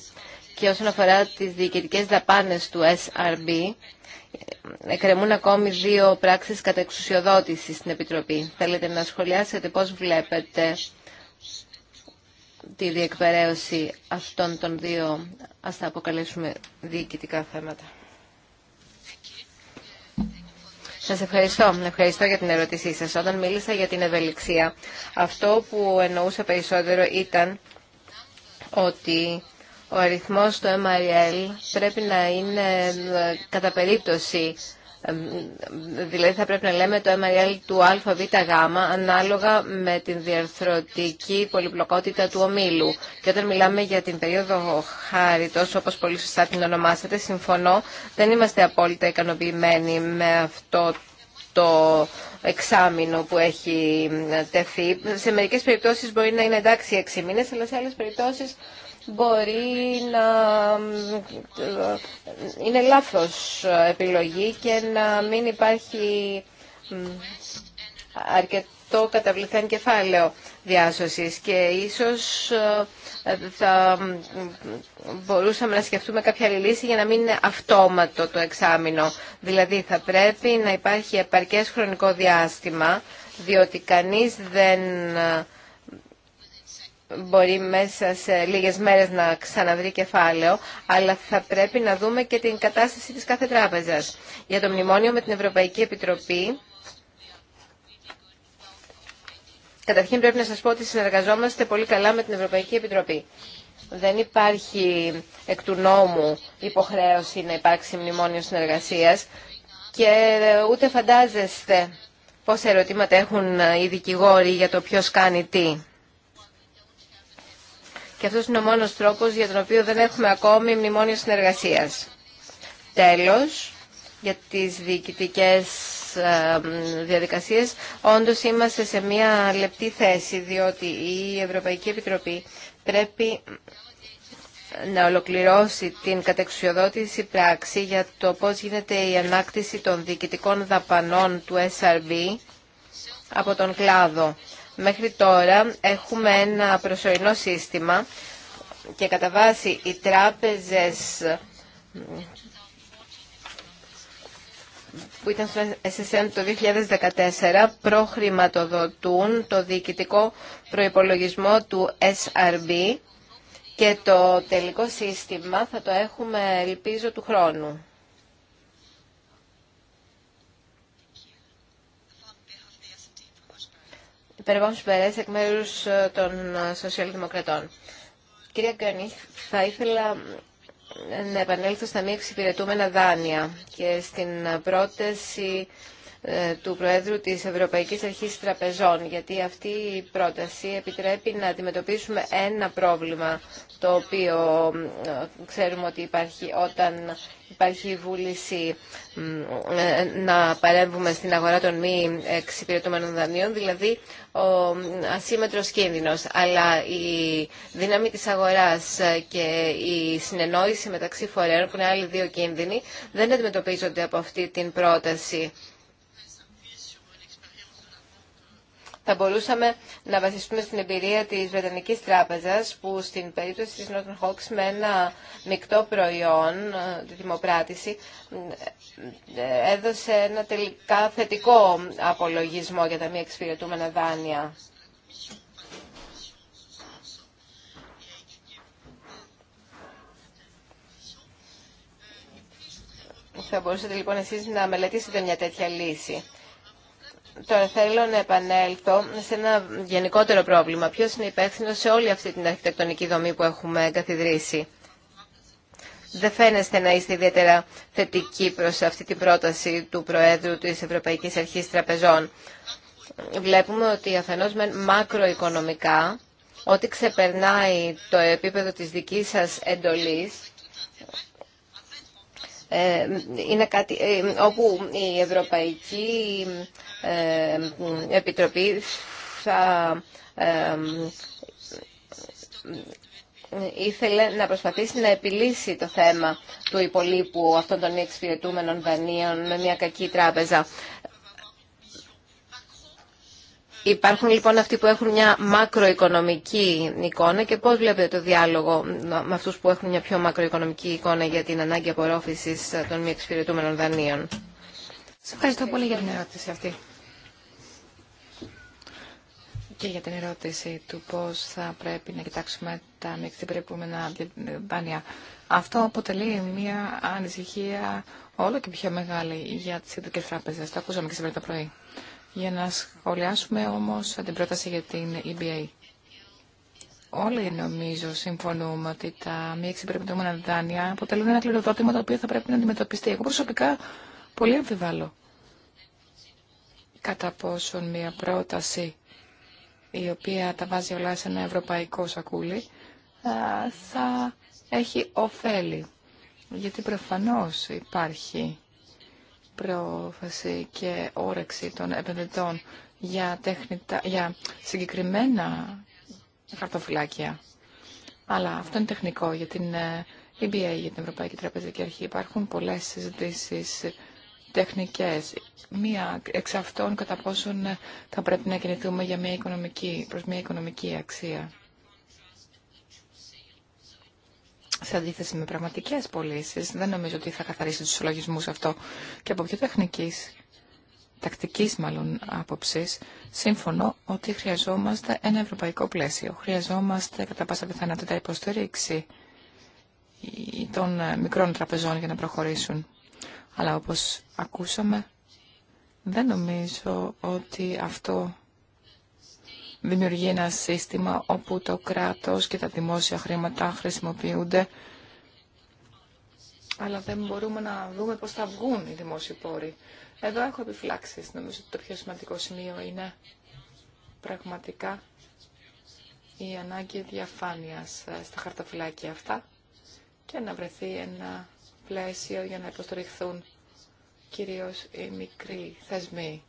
S3: Και όσον αφορά τις διοικητικές δαπάνες του SRB, εκκρεμούν ακόμη δύο πράξεις κατά εξουσιοδότηση στην Επιτροπή. Θέλετε να σχολιάσετε πώς βλέπετε τη διεκπαιρέωση αυτών των δύο, ας τα αποκαλέσουμε, διοικητικά θέματα. Σας ευχαριστώ. Ευχαριστώ για την ερώτησή σας. Όταν μίλησα για την ευελιξία, αυτό που εννοούσα περισσότερο ήταν ότι ο αριθμός του MRL πρέπει να είναι ε, κατά περίπτωση Δηλαδή θα πρέπει να λέμε το MRL του ΑΒΓ ανάλογα με την διαρθρωτική πολυπλοκότητα του ομίλου. Και όταν μιλάμε για την περίοδο χάριτος, όπως πολύ σωστά την ονομάσατε, συμφωνώ, δεν είμαστε απόλυτα ικανοποιημένοι με αυτό το εξάμεινο που έχει τεθεί. Σε μερικές περιπτώσεις μπορεί να είναι εντάξει έξι μήνες, αλλά σε άλλες περιπτώσεις μπορεί να ε, είναι λάθος επιλογή και να μην υπάρχει αρκετό καταβληθέν κεφάλαιο διάσωσης και ίσως ε, θα μπορούσαμε να σκεφτούμε κάποια λύση για να μην είναι αυτόματο το εξάμεινο. Δηλαδή θα πρέπει να υπάρχει επαρκές χρονικό διάστημα διότι κανείς δεν μπορεί μέσα σε λίγες μέρες να ξαναβρει κεφάλαιο, αλλά θα πρέπει να δούμε και την κατάσταση της κάθε τράπεζας. Για το μνημόνιο με την Ευρωπαϊκή Επιτροπή, καταρχήν πρέπει να σας πω ότι συνεργαζόμαστε πολύ καλά με την Ευρωπαϊκή Επιτροπή. Δεν υπάρχει εκ του νόμου υποχρέωση να υπάρξει μνημόνιο συνεργασίας και ε, ούτε φαντάζεστε πόσα ερωτήματα έχουν οι δικηγόροι για το ποιος κάνει τι. Και αυτός είναι ο μόνος τρόπος για τον οποίο δεν έχουμε ακόμη μνημόνιο συνεργασίας. Τέλος, για τις διοικητικές διαδικασίες, όντως είμαστε σε μια λεπτή θέση, διότι η Ευρωπαϊκή Επιτροπή πρέπει να ολοκληρώσει την κατεξουσιοδότηση πράξη για το πώς γίνεται η ανάκτηση των διοικητικών δαπανών του SRB από τον κλάδο. Μέχρι τώρα έχουμε ένα προσωρινό σύστημα και κατά βάση οι τράπεζες που ήταν στο SSM το 2014 προχρηματοδοτούν το διοικητικό προϋπολογισμό του SRB και το τελικό σύστημα θα το έχουμε ελπίζω του χρόνου. υπερβάμψη Περές εκ μέρου ε, των ε, Σοσιαλδημοκρατών. Κυρία Κιόνι, θα ήθελα ε, να επανέλθω στα μη εξυπηρετούμενα δάνεια και στην πρόταση ε, του Προέδρου της Ευρωπαϊκής Αρχής Τραπεζών, γιατί αυτή η πρόταση επιτρέπει να αντιμετωπίσουμε ένα πρόβλημα το οποίο ε, ξέρουμε ότι υπάρχει όταν υπάρχει η βούληση ε, να παρέμβουμε στην αγορά των μη εξυπηρετούμενων δανείων, δηλαδή ο ασύμετρος κίνδυνος. Αλλά η δύναμη της αγοράς και η συνεννόηση μεταξύ φορέων, που είναι άλλοι δύο κίνδυνοι, δεν αντιμετωπίζονται από αυτή την πρόταση. θα μπορούσαμε να βασιστούμε στην εμπειρία της Βρετανικής Τράπεζας που στην περίπτωση της Northern Hawks με ένα μεικτό προϊόν, ε, τη δημοπράτηση, ε, έδωσε ένα τελικά θετικό απολογισμό για τα μη εξυπηρετούμενα δάνεια. Θα μπορούσατε λοιπόν εσείς να μελετήσετε μια τέτοια λύση. Τώρα θέλω να επανέλθω σε ένα γενικότερο πρόβλημα. Ποιος είναι υπεύθυνο σε όλη αυτή την αρχιτεκτονική δομή που έχουμε καθιδρύσει. Δεν φαίνεστε να είστε ιδιαίτερα θετικοί προς αυτή την πρόταση του Προέδρου της Ευρωπαϊκής Αρχής Τραπεζών. Βλέπουμε ότι αφενός με μακροοικονομικά, ό,τι ξεπερνάει το επίπεδο της δικής σας εντολής, ε, είναι κάτι ε, όπου η Ευρωπαϊκή ε, Επιτροπή θα ήθελε να προσπαθήσει να επιλύσει το θέμα του υπολείπου αυτών των εξυπηρετούμενων δανείων με μια κακή τράπεζα. Υπάρχουν λοιπόν αυτοί που έχουν μια μακροοικονομική εικόνα και πώς βλέπετε το διάλογο με αυτούς που έχουν μια πιο μακροοικονομική εικόνα για την ανάγκη απορρόφησης των μη εξυπηρετούμενων δανείων.
S2: Σας ευχαριστώ πολύ για την ερώτηση αυτή. Και για την ερώτηση του πώς θα πρέπει να κοιτάξουμε τα μη εξυπηρετούμενα δάνεια. Αυτό αποτελεί μια ανησυχία όλο και πιο μεγάλη για τις ειδικές τράπεζες. Το ακούσαμε και σήμερα το πρωί για να σχολιάσουμε όμως την πρόταση για την EBA. Όλοι νομίζω συμφωνούμε ότι τα μη εξυπηρετούμενα δάνεια αποτελούν ένα κληροδότημα το οποίο θα πρέπει να αντιμετωπιστεί. Εγώ προσωπικά πολύ αμφιβάλλω κατά πόσον μια πρόταση η οποία τα βάζει όλα σε ένα ευρωπαϊκό σακούλι θα έχει ωφέλη. Γιατί προφανώς υπάρχει πρόφαση και όρεξη των επενδυτών για, τεχνητα... για συγκεκριμένα χαρτοφυλάκια. Αλλά αυτό είναι τεχνικό για την EBA, ε, για την Ευρωπαϊκή Τραπεζική Αρχή. Υπάρχουν πολλές συζητήσει τεχνικές. Μία εξ αυτών κατά πόσον θα πρέπει να κινηθούμε για μια οικονομική, προς μια οικονομική αξία. σε αντίθεση με πραγματικέ πωλήσει. Δεν νομίζω ότι θα καθαρίσει του συλλογισμού αυτό. Και από πιο τεχνική, τακτική μάλλον άποψη, σύμφωνο ότι χρειαζόμαστε ένα ευρωπαϊκό πλαίσιο. Χρειαζόμαστε κατά πάσα πιθανότητα υποστήριξη των μικρών τραπεζών για να προχωρήσουν. Αλλά όπως ακούσαμε, δεν νομίζω ότι αυτό δημιουργεί ένα σύστημα όπου το κράτος και τα δημόσια χρήματα χρησιμοποιούνται αλλά δεν μπορούμε να δούμε πώς θα βγουν οι δημόσιοι πόροι. Εδώ έχω επιφυλάξεις. Νομίζω ότι το πιο σημαντικό σημείο είναι πραγματικά η ανάγκη διαφάνειας ε, στα χαρτοφυλάκια αυτά και να βρεθεί ένα πλαίσιο για να υποστηριχθούν κυρίως οι μικροί θεσμοί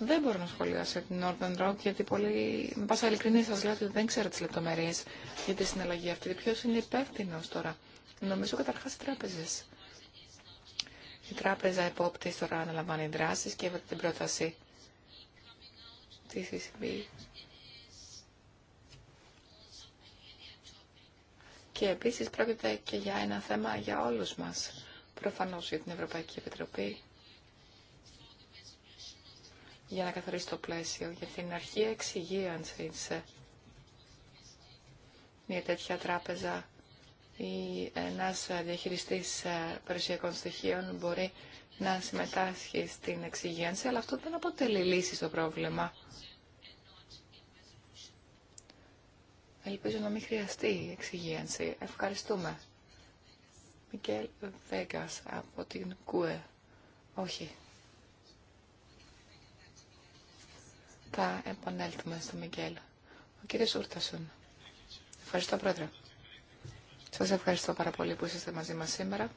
S2: δεν μπορώ να σχολιάσω την Northern Rock γιατί πολύ, με πάσα ειλικρινή σας λέω ότι δεν ξέρω τις λεπτομέρειες για τη συναλλαγή αυτή. Ποιο είναι υπεύθυνο τώρα. Νομίζω καταρχάς οι τράπεζες. Η τράπεζα επόπτης τώρα αναλαμβάνει δράσεις και έβαλε την πρόταση της ECB. Και επίσης πρόκειται και για ένα θέμα για όλους μας. Προφανώς για την Ευρωπαϊκή Επιτροπή για να καθορίσει το πλαίσιο για την αρχή εξυγίανσης. Μια τέτοια τράπεζα ή ένας διαχειριστής ε, περιουσιακών στοιχείων μπορεί να συμμετάσχει στην εξυγίανση, αλλά αυτό δεν αποτελεί λύση στο πρόβλημα. Ελπίζω να μην χρειαστεί η εξυγίανση. Ευχαριστούμε. Μικέλ Βέγκας από την ΚΟΕ. Όχι, Θα επανέλθουμε στο Μικέλ. Ο κύριος Ούρτασον. Ευχαριστώ, Πρόεδρε. Σας ευχαριστώ πάρα πολύ που είστε μαζί μας σήμερα.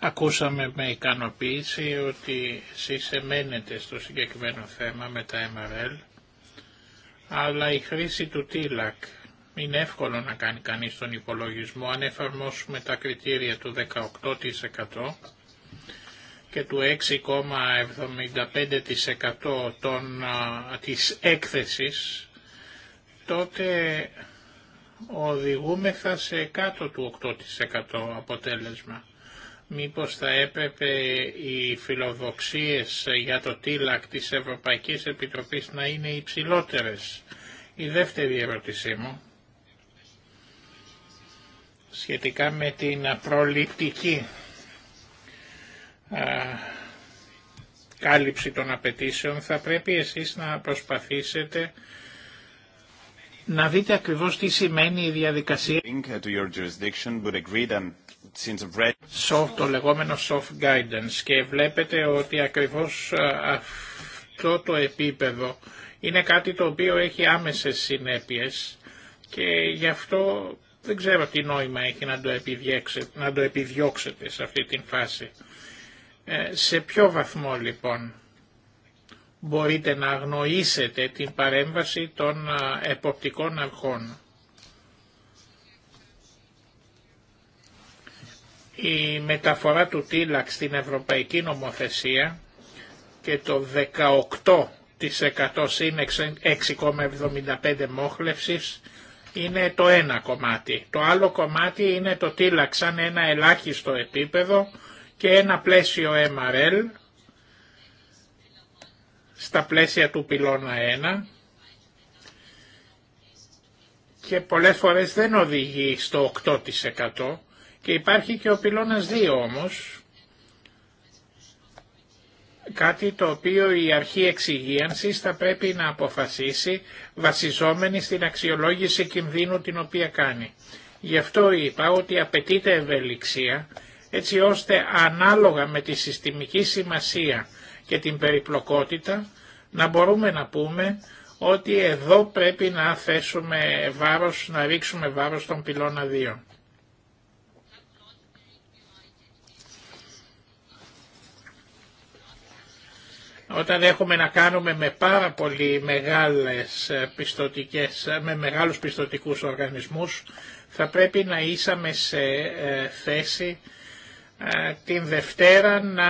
S1: Ακούσαμε με ικανοποίηση ότι εσείς εμένετε στο συγκεκριμένο θέμα με τα MRL, αλλά η χρήση του TILAC είναι εύκολο να κάνει κανείς τον υπολογισμό αν εφαρμόσουμε τα κριτήρια του 18% και του 6,75% των, της έκθεσης, τότε οδηγούμεθα σε κάτω του 8% αποτέλεσμα. Μήπως θα έπρεπε οι φιλοδοξίες για το τίλακ της Ευρωπαϊκής Επιτροπής να είναι υψηλότερες. Η δεύτερη ερώτησή μου σχετικά με την προληπτική κάλυψη των απαιτήσεων θα πρέπει εσείς να προσπαθήσετε να δείτε ακριβώς τι σημαίνει η διαδικασία uh, soft, το λεγόμενο soft guidance και βλέπετε ότι ακριβώς αυτό το επίπεδο είναι κάτι το οποίο έχει άμεσες συνέπειες και γι' αυτό δεν ξέρω τι νόημα έχει να το, να το επιδιώξετε σε αυτή την φάση. Ε, σε ποιο βαθμό λοιπόν μπορείτε να αγνοήσετε την παρέμβαση των ε, εποπτικών αρχών. Η μεταφορά του τίλαξ στην Ευρωπαϊκή Νομοθεσία και το 18% συν 6,75 μόχλευσης είναι το ένα κομμάτι. Το άλλο κομμάτι είναι το τίλαξ σαν ένα ελάχιστο επίπεδο και ένα πλαίσιο MRL στα πλαίσια του πυλώνα 1 και πολλές φορές δεν οδηγεί στο 8% και υπάρχει και ο πυλώνας 2 όμως, κάτι το οποίο η αρχή εξυγίανσης θα πρέπει να αποφασίσει βασιζόμενη στην αξιολόγηση κινδύνου την οποία κάνει. Γι' αυτό είπα ότι απαιτείται ευελιξία έτσι ώστε ανάλογα με τη συστημική σημασία και την περιπλοκότητα να μπορούμε να πούμε ότι εδώ πρέπει να θέσουμε βάρος, να ρίξουμε βάρος στον πυλώνα 2. Όταν έχουμε να κάνουμε με πάρα πολύ μεγάλες ε, πιστοτικές, ε, με μεγάλους πιστοτικούς οργανισμούς, θα πρέπει να είσαμε σε ε, θέση ε, την Δευτέρα να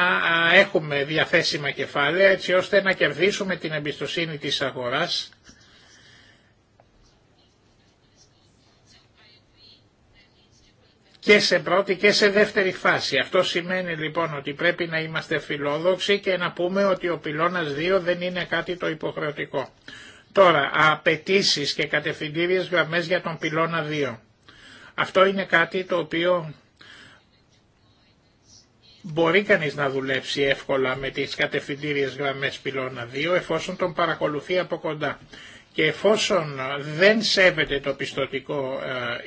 S1: έχουμε διαθέσιμα κεφάλαια έτσι ώστε να κερδίσουμε την εμπιστοσύνη της αγοράς και σε πρώτη και σε δεύτερη φάση. Αυτό σημαίνει λοιπόν ότι πρέπει να είμαστε φιλόδοξοι και να πούμε ότι ο πυλώνας 2 δεν είναι κάτι το υποχρεωτικό. Τώρα, απαιτήσει και κατευθυντήριες γραμμές για τον πυλώνα 2. Αυτό είναι κάτι το οποίο μπορεί κανείς να δουλέψει εύκολα με τις κατευθυντήριες γραμμές πυλώνα 2 εφόσον τον παρακολουθεί από κοντά. Και εφόσον δεν σέβεται το πιστοτικό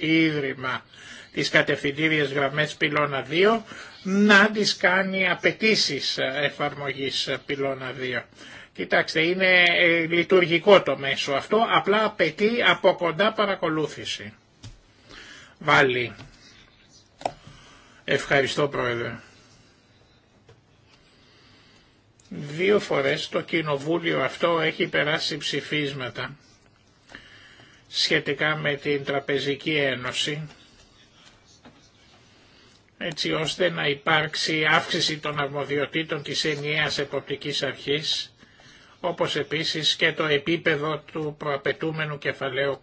S1: ε, ίδρυμα τις κατευθυντήριες γραμμές πυλώνα 2, να τις κάνει απαιτήσει ε, εφαρμογής ε, πυλώνα 2. Κοιτάξτε, είναι ε, λειτουργικό το μέσο αυτό, απλά απαιτεί από κοντά παρακολούθηση. Βάλει. Ευχαριστώ Πρόεδρε. Δύο φορές το κοινοβούλιο αυτό έχει περάσει ψηφίσματα σχετικά με την Τραπεζική Ένωση έτσι ώστε να υπάρξει αύξηση των αρμοδιοτήτων της ενιαίας εποπτικής αρχής όπως επίσης και το επίπεδο του προαπαιτούμενου κεφαλαίου.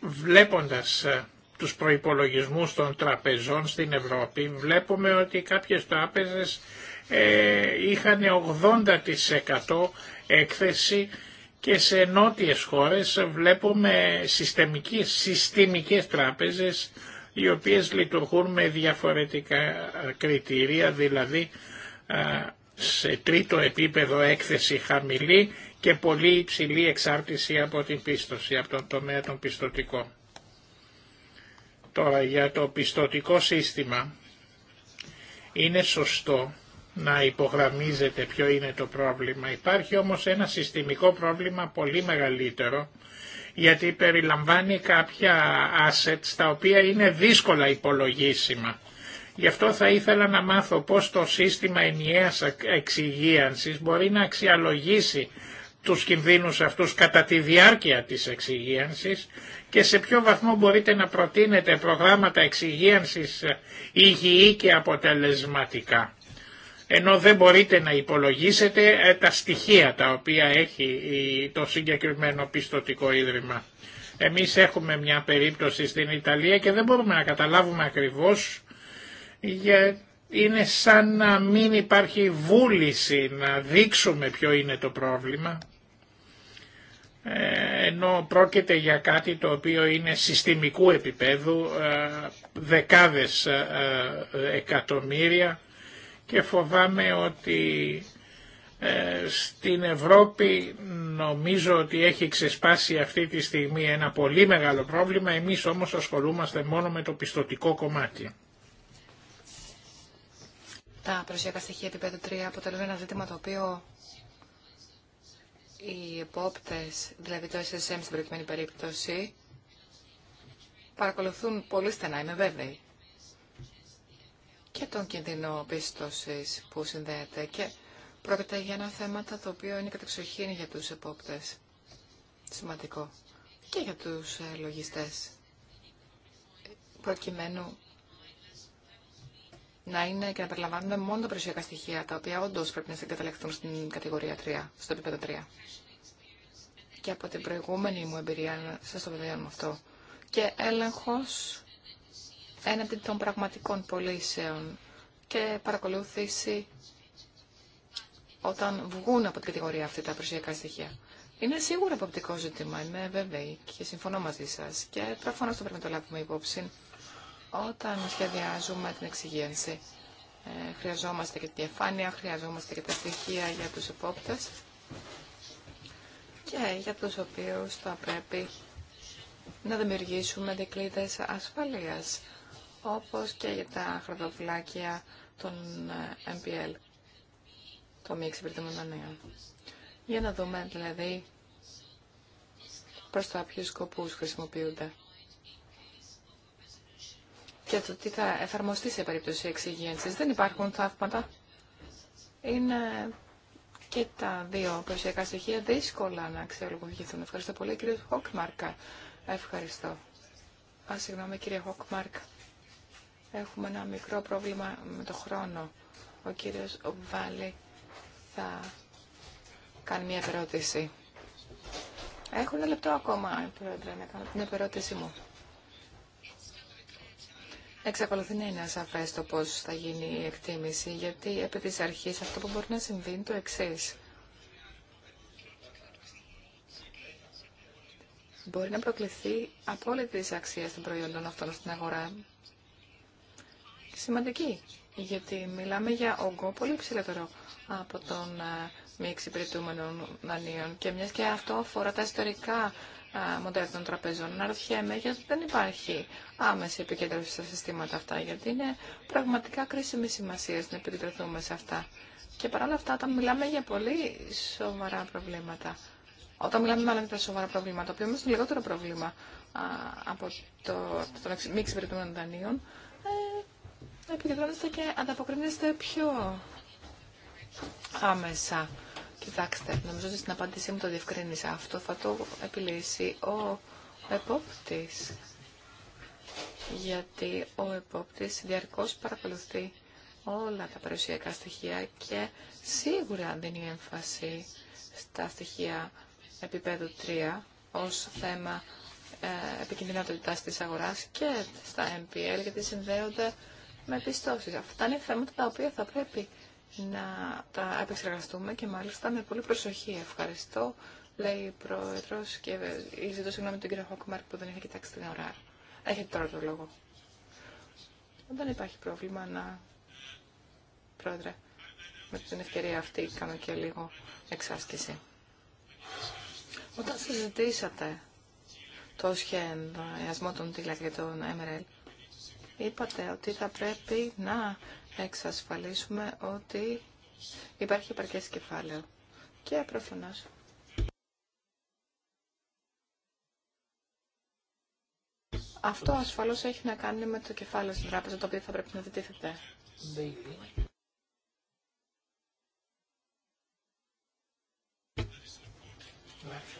S1: Βλέποντας ε, τους προϋπολογισμούς των τραπεζών στην Ευρώπη βλέπουμε ότι κάποιες τράπεζες ε, είχαν 80% έκθεση και σε νότιες χώρες βλέπουμε συστημικές, συστημικές τράπεζες οι οποίες λειτουργούν με διαφορετικά κριτήρια, δηλαδή σε τρίτο επίπεδο έκθεση χαμηλή και πολύ υψηλή εξάρτηση από την πίστοση, από τον τομέα των πιστοτικών. Τώρα για το πιστοτικό σύστημα είναι σωστό να υπογραμμίζεται ποιο είναι το πρόβλημα. Υπάρχει όμως ένα συστημικό πρόβλημα πολύ μεγαλύτερο γιατί περιλαμβάνει κάποια assets τα οποία είναι δύσκολα υπολογίσιμα. Γι' αυτό θα ήθελα να μάθω πώς το σύστημα ενιαίας εξυγίανσης μπορεί να αξιολογήσει τους κινδύνους αυτούς κατά τη διάρκεια της εξυγίανσης και σε ποιο βαθμό μπορείτε να προτείνετε προγράμματα εξυγίανσης υγιή και αποτελεσματικά ενώ δεν μπορείτε να υπολογίσετε ε, τα στοιχεία τα οποία έχει το συγκεκριμένο πιστοτικό ίδρυμα. Εμείς έχουμε μια περίπτωση στην Ιταλία και δεν μπορούμε να καταλάβουμε ακριβώς για... είναι σαν να μην υπάρχει βούληση να δείξουμε ποιο είναι το πρόβλημα ε, ενώ πρόκειται για κάτι το οποίο είναι συστημικού επίπεδου ε, δεκάδες εκατομμύρια και φοβάμαι ότι ε, στην Ευρώπη νομίζω ότι έχει ξεσπάσει αυτή τη στιγμή ένα πολύ μεγάλο πρόβλημα, εμείς όμως ασχολούμαστε μόνο με το πιστοτικό κομμάτι.
S2: Τα προσιακά στοιχεία επίπεδο 3 αποτελούν ένα ζήτημα το οποίο οι επόπτες, δηλαδή το SSM στην προηγουμένη περίπτωση, παρακολουθούν πολύ στενά, είμαι βέβαιη και τον κίνδυνο πίστοση που συνδέεται και πρόκειται για ένα θέμα το οποίο είναι κατεξοχήν για τους επόπτες. Σημαντικό. Και για τους ε, λογιστές. Προκειμένου να είναι και να περιλαμβάνουν μόνο τα περιουσιακά στοιχεία, τα οποία όντω πρέπει να συγκαταλεχθούν στην κατηγορία 3, στο επίπεδο 3. Και από την προηγούμενη μου εμπειρία, σα το βεβαιώνω αυτό. Και έλεγχο έναντι των πραγματικών πωλήσεων και παρακολούθηση όταν βγουν από την κατηγορία αυτή τα προσιακά στοιχεία. Είναι σίγουρα αποπτικό ζήτημα, είμαι βέβαιη και συμφωνώ μαζί σα. Και προφανώ το πρέπει να το λάβουμε υπόψη όταν σχεδιάζουμε την εξυγένση. Ε, χρειαζόμαστε και τη διαφάνεια, χρειαζόμαστε και τα στοιχεία για του υπόπτε και για του οποίου θα πρέπει να δημιουργήσουμε δικλείδε ασφαλεία όπως και για τα χρωτοφυλάκια των MPL, ε, το μη εξυπηρετούμενο νέων. Για να δούμε δηλαδή προς τα ποιους σκοπούς χρησιμοποιούνται και το τι θα εφαρμοστεί σε περίπτωση εξυγίανσης. Δεν υπάρχουν θαύματα. Είναι και τα δύο προσιακά στοιχεία δύσκολα να αξιολογηθούν. Ευχαριστώ πολύ κύριε Χόκμαρκα. Ευχαριστώ. Α, συγγνώμη κύριε Χόκμαρκα. Έχουμε ένα μικρό πρόβλημα με το χρόνο. Ο κύριος Βάλη θα κάνει μια ερώτηση. Έχω ένα λεπτό ακόμα, πρόεδρε, να κάνω την επερώτησή μου. Εξακολουθεί να είναι ασαφέ το πώ θα γίνει η εκτίμηση, γιατί επί τη αρχή αυτό που μπορεί να συμβεί είναι το εξή. Μπορεί να προκληθεί απόλυτη αξία των προϊόντων αυτών στην αγορά σημαντική, γιατί μιλάμε για όγκο πολύ ψηλότερο από τον ε, μη εξυπηρετούμενων δανείων και μια και αυτό αφορά τα ιστορικά ε, μοντέλα των τραπεζών. Να ρωτιέμαι γιατί δεν υπάρχει άμεση επικέντρωση στα συστήματα αυτά, γιατί είναι πραγματικά κρίσιμη σημασία να επικεντρωθούμε σε αυτά. Και παράλληλα αυτά, όταν μιλάμε για πολύ σοβαρά προβλήματα, όταν μιλάμε μάλλον για σοβαρά προβλήματα, το οποίο είναι λιγότερο πρόβλημα από το, το, το, μη εξυπηρετούμενων δανείων, ε, επικεντρώνεστε και ανταποκρίνεστε πιο άμεσα. Κοιτάξτε, νομίζω ότι στην απάντησή μου το διευκρίνησα αυτό. Θα το επιλύσει ο επόπτης. Γιατί ο επόπτης διαρκώς παρακολουθεί όλα τα περιουσιακά στοιχεία και σίγουρα δίνει έμφαση στα στοιχεία επίπεδου 3 ως θέμα ε, επικινδυνότητας της αγοράς και στα MPL γιατί συνδέονται με πιστώσεις. Αυτά είναι θέματα τα οποία θα πρέπει να τα επεξεργαστούμε και μάλιστα με πολύ προσοχή. Ευχαριστώ, λέει η Πρόεδρος και ζητώ συγγνώμη τον κύριο Χόκμαρκ που δεν είχε κοιτάξει την ώρα. Έχετε τώρα το λόγο. Δεν υπάρχει πρόβλημα να... Πρόεδρε, με την ευκαιρία αυτή κάνω και λίγο εξάσκηση. Όταν συζητήσατε το σχεδιασμό των τον MRL, είπατε ότι θα πρέπει να εξασφαλίσουμε ότι υπάρχει επαρκές κεφάλαιο. Και προφανώς Αυτό ασφαλώ έχει να κάνει με το κεφάλαιο στην τράπεζα, το οποίο θα πρέπει να διτίθεται.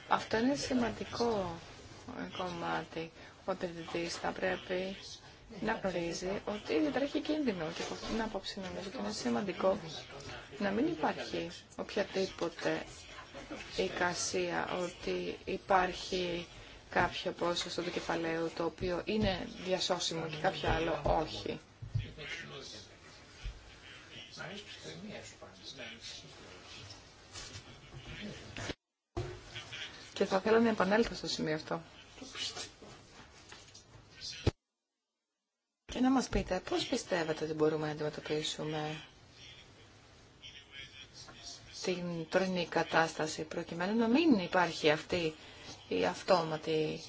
S1: Αυτό είναι σημαντικό
S2: κομμάτι. Ο επενδυτή θα πρέπει να γνωρίζει ότι διατρέχει κίνδυνο και από αυτήν την άποψη νομίζω ότι είναι σημαντικό να μην υπάρχει οποιαδήποτε εικασία ότι υπάρχει κάποιο ποσοστό του κεφαλαίου το οποίο είναι διασώσιμο και κάποιο άλλο όχι. Και θα θέλω να επανέλθω στο σημείο αυτό. Και ε, να μας πείτε πώς πιστεύετε ότι μπορούμε να αντιμετωπίσουμε την τωρινή κατάσταση προκειμένου να μην υπάρχει αυτή η αυτόματη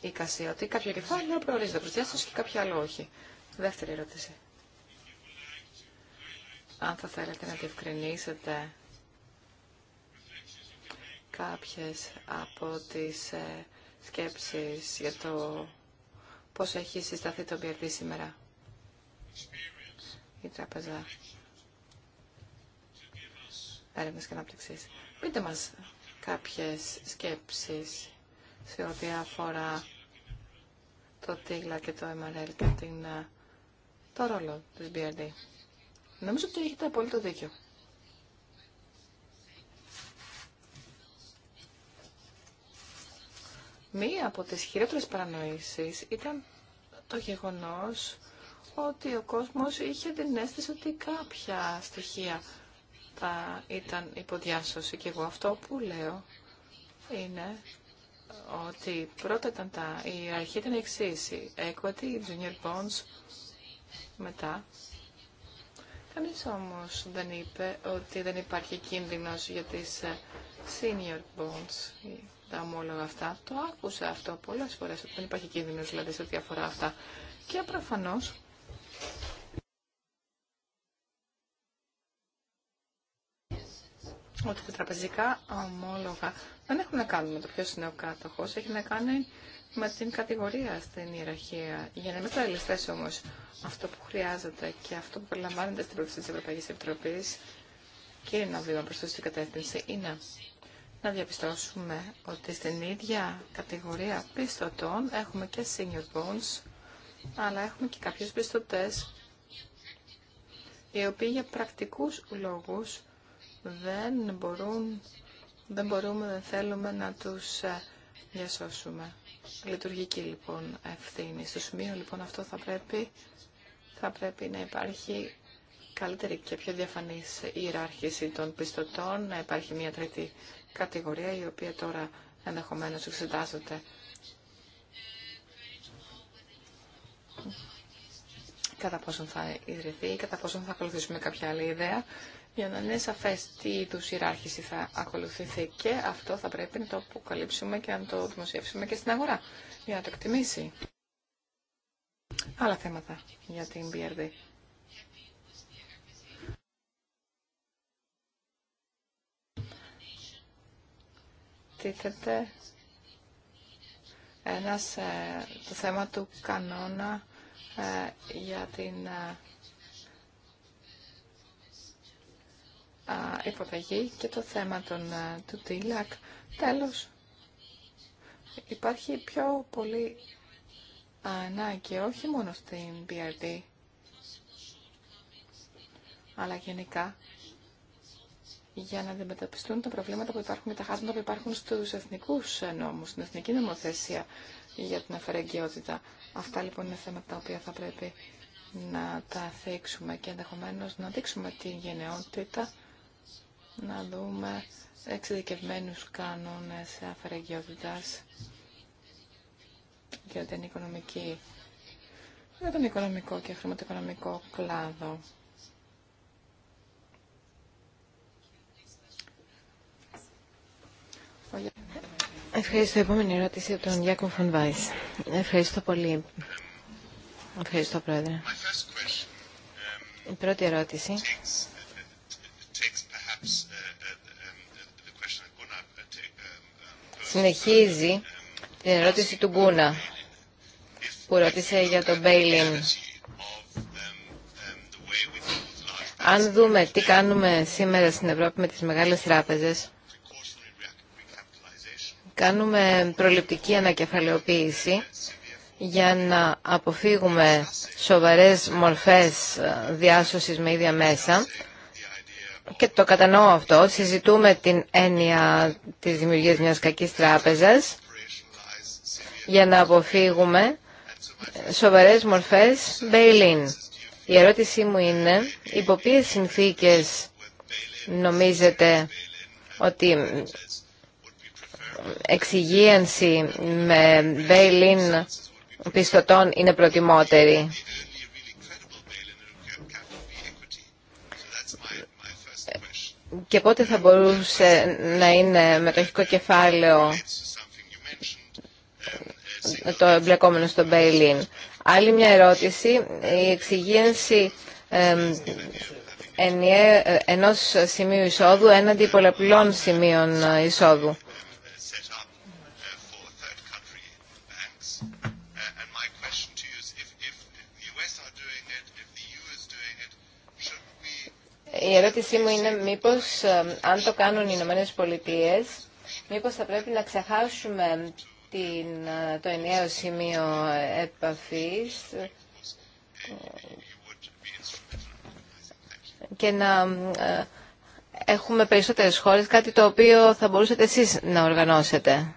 S2: οίκαση, ότι κάποιο κεφάλαιο προορίζεται προς διάσταση και κάποιο άλλο όχι. Δεύτερη ερώτηση. Αν θα θέλετε να διευκρινίσετε κάποιες από τις ε, σκέψεις για το πώς έχει συσταθεί το BRD σήμερα η τράπεζα έρευνες και ανάπτυξης. Πείτε μας κάποιες σκέψεις σε ό,τι αφορά το Τίγλα και το MRL και την, ε, το ρόλο της BRD. Νομίζω ότι έχετε απόλυτο δίκιο. Μία από τις χειρότερες παρανοήσεις ήταν το γεγονός ότι ο κόσμος είχε την αίσθηση ότι κάποια στοιχεία θα ήταν υποδιάσωση. Και εγώ αυτό που λέω είναι ότι πρώτα ήταν τα, η αρχή ήταν εξή, equity, junior bonds, μετά. Κανείς όμως δεν είπε ότι δεν υπάρχει κίνδυνος για τις ε, senior bonds, τα ομόλογα αυτά. Το άκουσα αυτό πολλέ φορές, ότι δεν υπάρχει κίνδυνος δηλαδή σε ό,τι αφορά αυτά. Και προφανώ. ότι τα τραπεζικά ομόλογα δεν έχουν να κάνουν με το ποιο είναι ο κάτοχο, έχει να κάνει με την κατηγορία στην ιεραρχία. Για να μην ρεαλιστέ όμω, αυτό που χρειάζεται και αυτό που περιλαμβάνεται στην πρόθεση τη Ευρωπαϊκή Επιτροπή και είναι ένα βήμα προ την κατεύθυνση είναι να διαπιστώσουμε ότι στην ίδια κατηγορία πιστωτών έχουμε και senior bonds, αλλά έχουμε και κάποιους πιστωτές, οι οποίοι για πρακτικούς λόγους δεν μπορούν, δεν μπορούμε, δεν θέλουμε να τους ε, διασώσουμε. Λειτουργική λοιπόν ευθύνη. Στο σημείο λοιπόν αυτό θα πρέπει, θα πρέπει να υπάρχει καλύτερη και πιο διαφανής ιεράρχηση των πιστωτών, να υπάρχει μια τρίτη κατηγορία η οποία τώρα ενδεχομένως εξετάζεται. Κατά πόσον θα ιδρυθεί κατά πόσον θα ακολουθήσουμε κάποια άλλη ιδέα για να είναι σαφέ τι είδου ιεράρχηση θα ακολουθηθεί και αυτό θα πρέπει να το αποκαλύψουμε και να το δημοσιεύσουμε και στην αγορά για να το εκτιμήσει. Άλλα θέματα για την BRD. τίθεται ένας, ε, το θέμα του κανόνα ε, για την ε, υποταγή και το θέμα των, του ΤΙΛΑΚ. Τέλος, υπάρχει πιο πολύ ανάγκη όχι μόνο στην BRD, αλλά γενικά για να αντιμετωπιστούν τα προβλήματα που υπάρχουν με τα χάσματα που υπάρχουν στους εθνικούς νόμους, στην εθνική νομοθεσία για την αφαιρεγκαιότητα. Αυτά λοιπόν είναι θέματα τα οποία θα πρέπει να τα θέξουμε και ενδεχομένω να δείξουμε την γενναιότητα, να δούμε εξειδικευμένου κανόνες αφαιρεγκαιότητα για για τον οικονομικό και χρηματοοικονομικό κλάδο. Ευχαριστώ. Επόμενη ερώτηση από τον Γιάκο
S3: Φονβάης. Ευχαριστώ πολύ. Ευχαριστώ, Πρόεδρε. Um, Η πρώτη ερώτηση συνεχίζει um, την ερώτηση του Γκούνα που ρώτησε για τον Μπέιλιν. Um, Αν δούμε τι κάνουμε σήμερα στην Ευρώπη με τις μεγάλες τράπεζες, κάνουμε προληπτική ανακεφαλαιοποίηση για να αποφύγουμε σοβαρές μορφές διάσωσης με ίδια μέσα και το κατανοώ αυτό. Συζητούμε την έννοια της δημιουργίας μιας κακής τράπεζας για να αποφύγουμε σοβαρές μορφές bail-in. Η ερώτησή μου είναι υπό ποιες συνθήκες νομίζετε ότι εξυγίανση με bail-in πιστωτών είναι προτιμότερη. Και πότε θα μπορούσε να είναι μετοχικό κεφάλαιο το εμπλεκόμενο στο bail-in. Άλλη μια ερώτηση, η εξυγίανση ενός σημείου εισόδου έναντι πολλαπλών σημείων εισόδου. Η ερώτησή μου είναι μήπως αν το κάνουν οι Ηνωμένε Πολιτείε, μήπως θα πρέπει να ξεχάσουμε την, ε, το ενιαίο σημείο επαφής ε, και να ε, έχουμε περισσότερες χώρες, κάτι το οποίο θα μπορούσατε εσείς να οργανώσετε.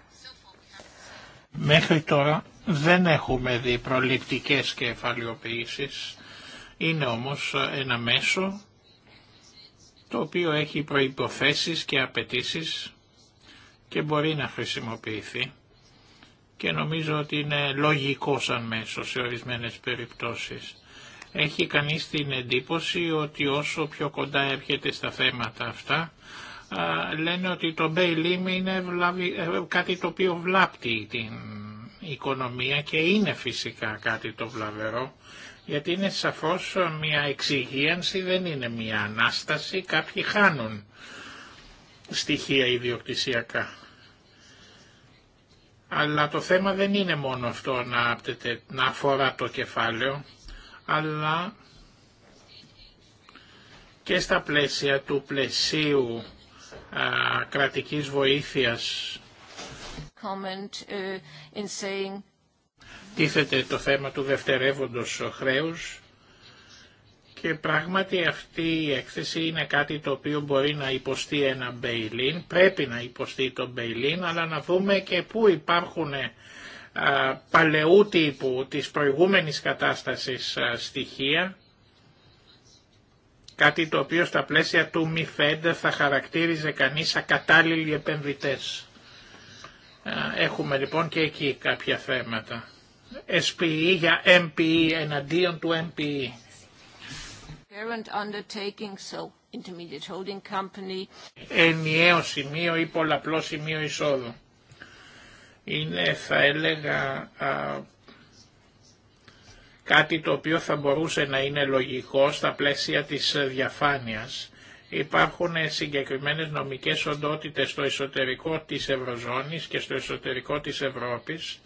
S1: Μέχρι τώρα δεν έχουμε δει προληπτικές κεφαλαιοποιήσεις. Είναι όμως ένα μέσο το οποίο έχει προϋποθέσεις και απαιτήσεις και μπορεί να χρησιμοποιηθεί και νομίζω ότι είναι λογικό σαν μέσο σε ορισμένες περιπτώσεις. Έχει κανείς την εντύπωση ότι όσο πιο κοντά έρχεται στα θέματα αυτά, λένε ότι το bail είναι ε, κάτι το οποίο βλάπτει την οικονομία και είναι φυσικά κάτι το βλαβερό, γιατί είναι σαφώς μια εξυγίανση, δεν είναι μια ανάσταση, κάποιοι χάνουν στοιχεία ιδιοκτησιακά. Αλλά το θέμα δεν είναι μόνο αυτό να, να αφορά το κεφάλαιο, αλλά και στα πλαίσια του πλαισίου α, κρατικής βοήθειας.
S3: Comment, ε, in saying
S1: τίθεται το θέμα του δευτερεύοντος χρέους και πράγματι αυτή η έκθεση είναι κάτι το οποίο μπορεί να υποστεί ένα πρέπει να υποστεί το bail αλλά να δούμε και πού υπάρχουν παλαιού τύπου της προηγούμενης κατάστασης στοιχεία, κάτι το οποίο στα πλαίσια του φέντε θα χαρακτήριζε κανείς ακατάλληλοι επενδυτές. Έχουμε λοιπόν και εκεί κάποια θέματα. SPE για MPE εναντίον του e. MPE.
S3: Ενιαίο
S1: σημείο ή πολλαπλό σημείο εισόδου. Είναι θα έλεγα κάτι το οποίο θα μπορούσε να είναι λογικό στα πλαίσια της διαφάνειας. Υπάρχουν συγκεκριμένες νομικές οντότητες στο εσωτερικό της Ευρωζώνης και στο εσωτερικό της Ευρώπης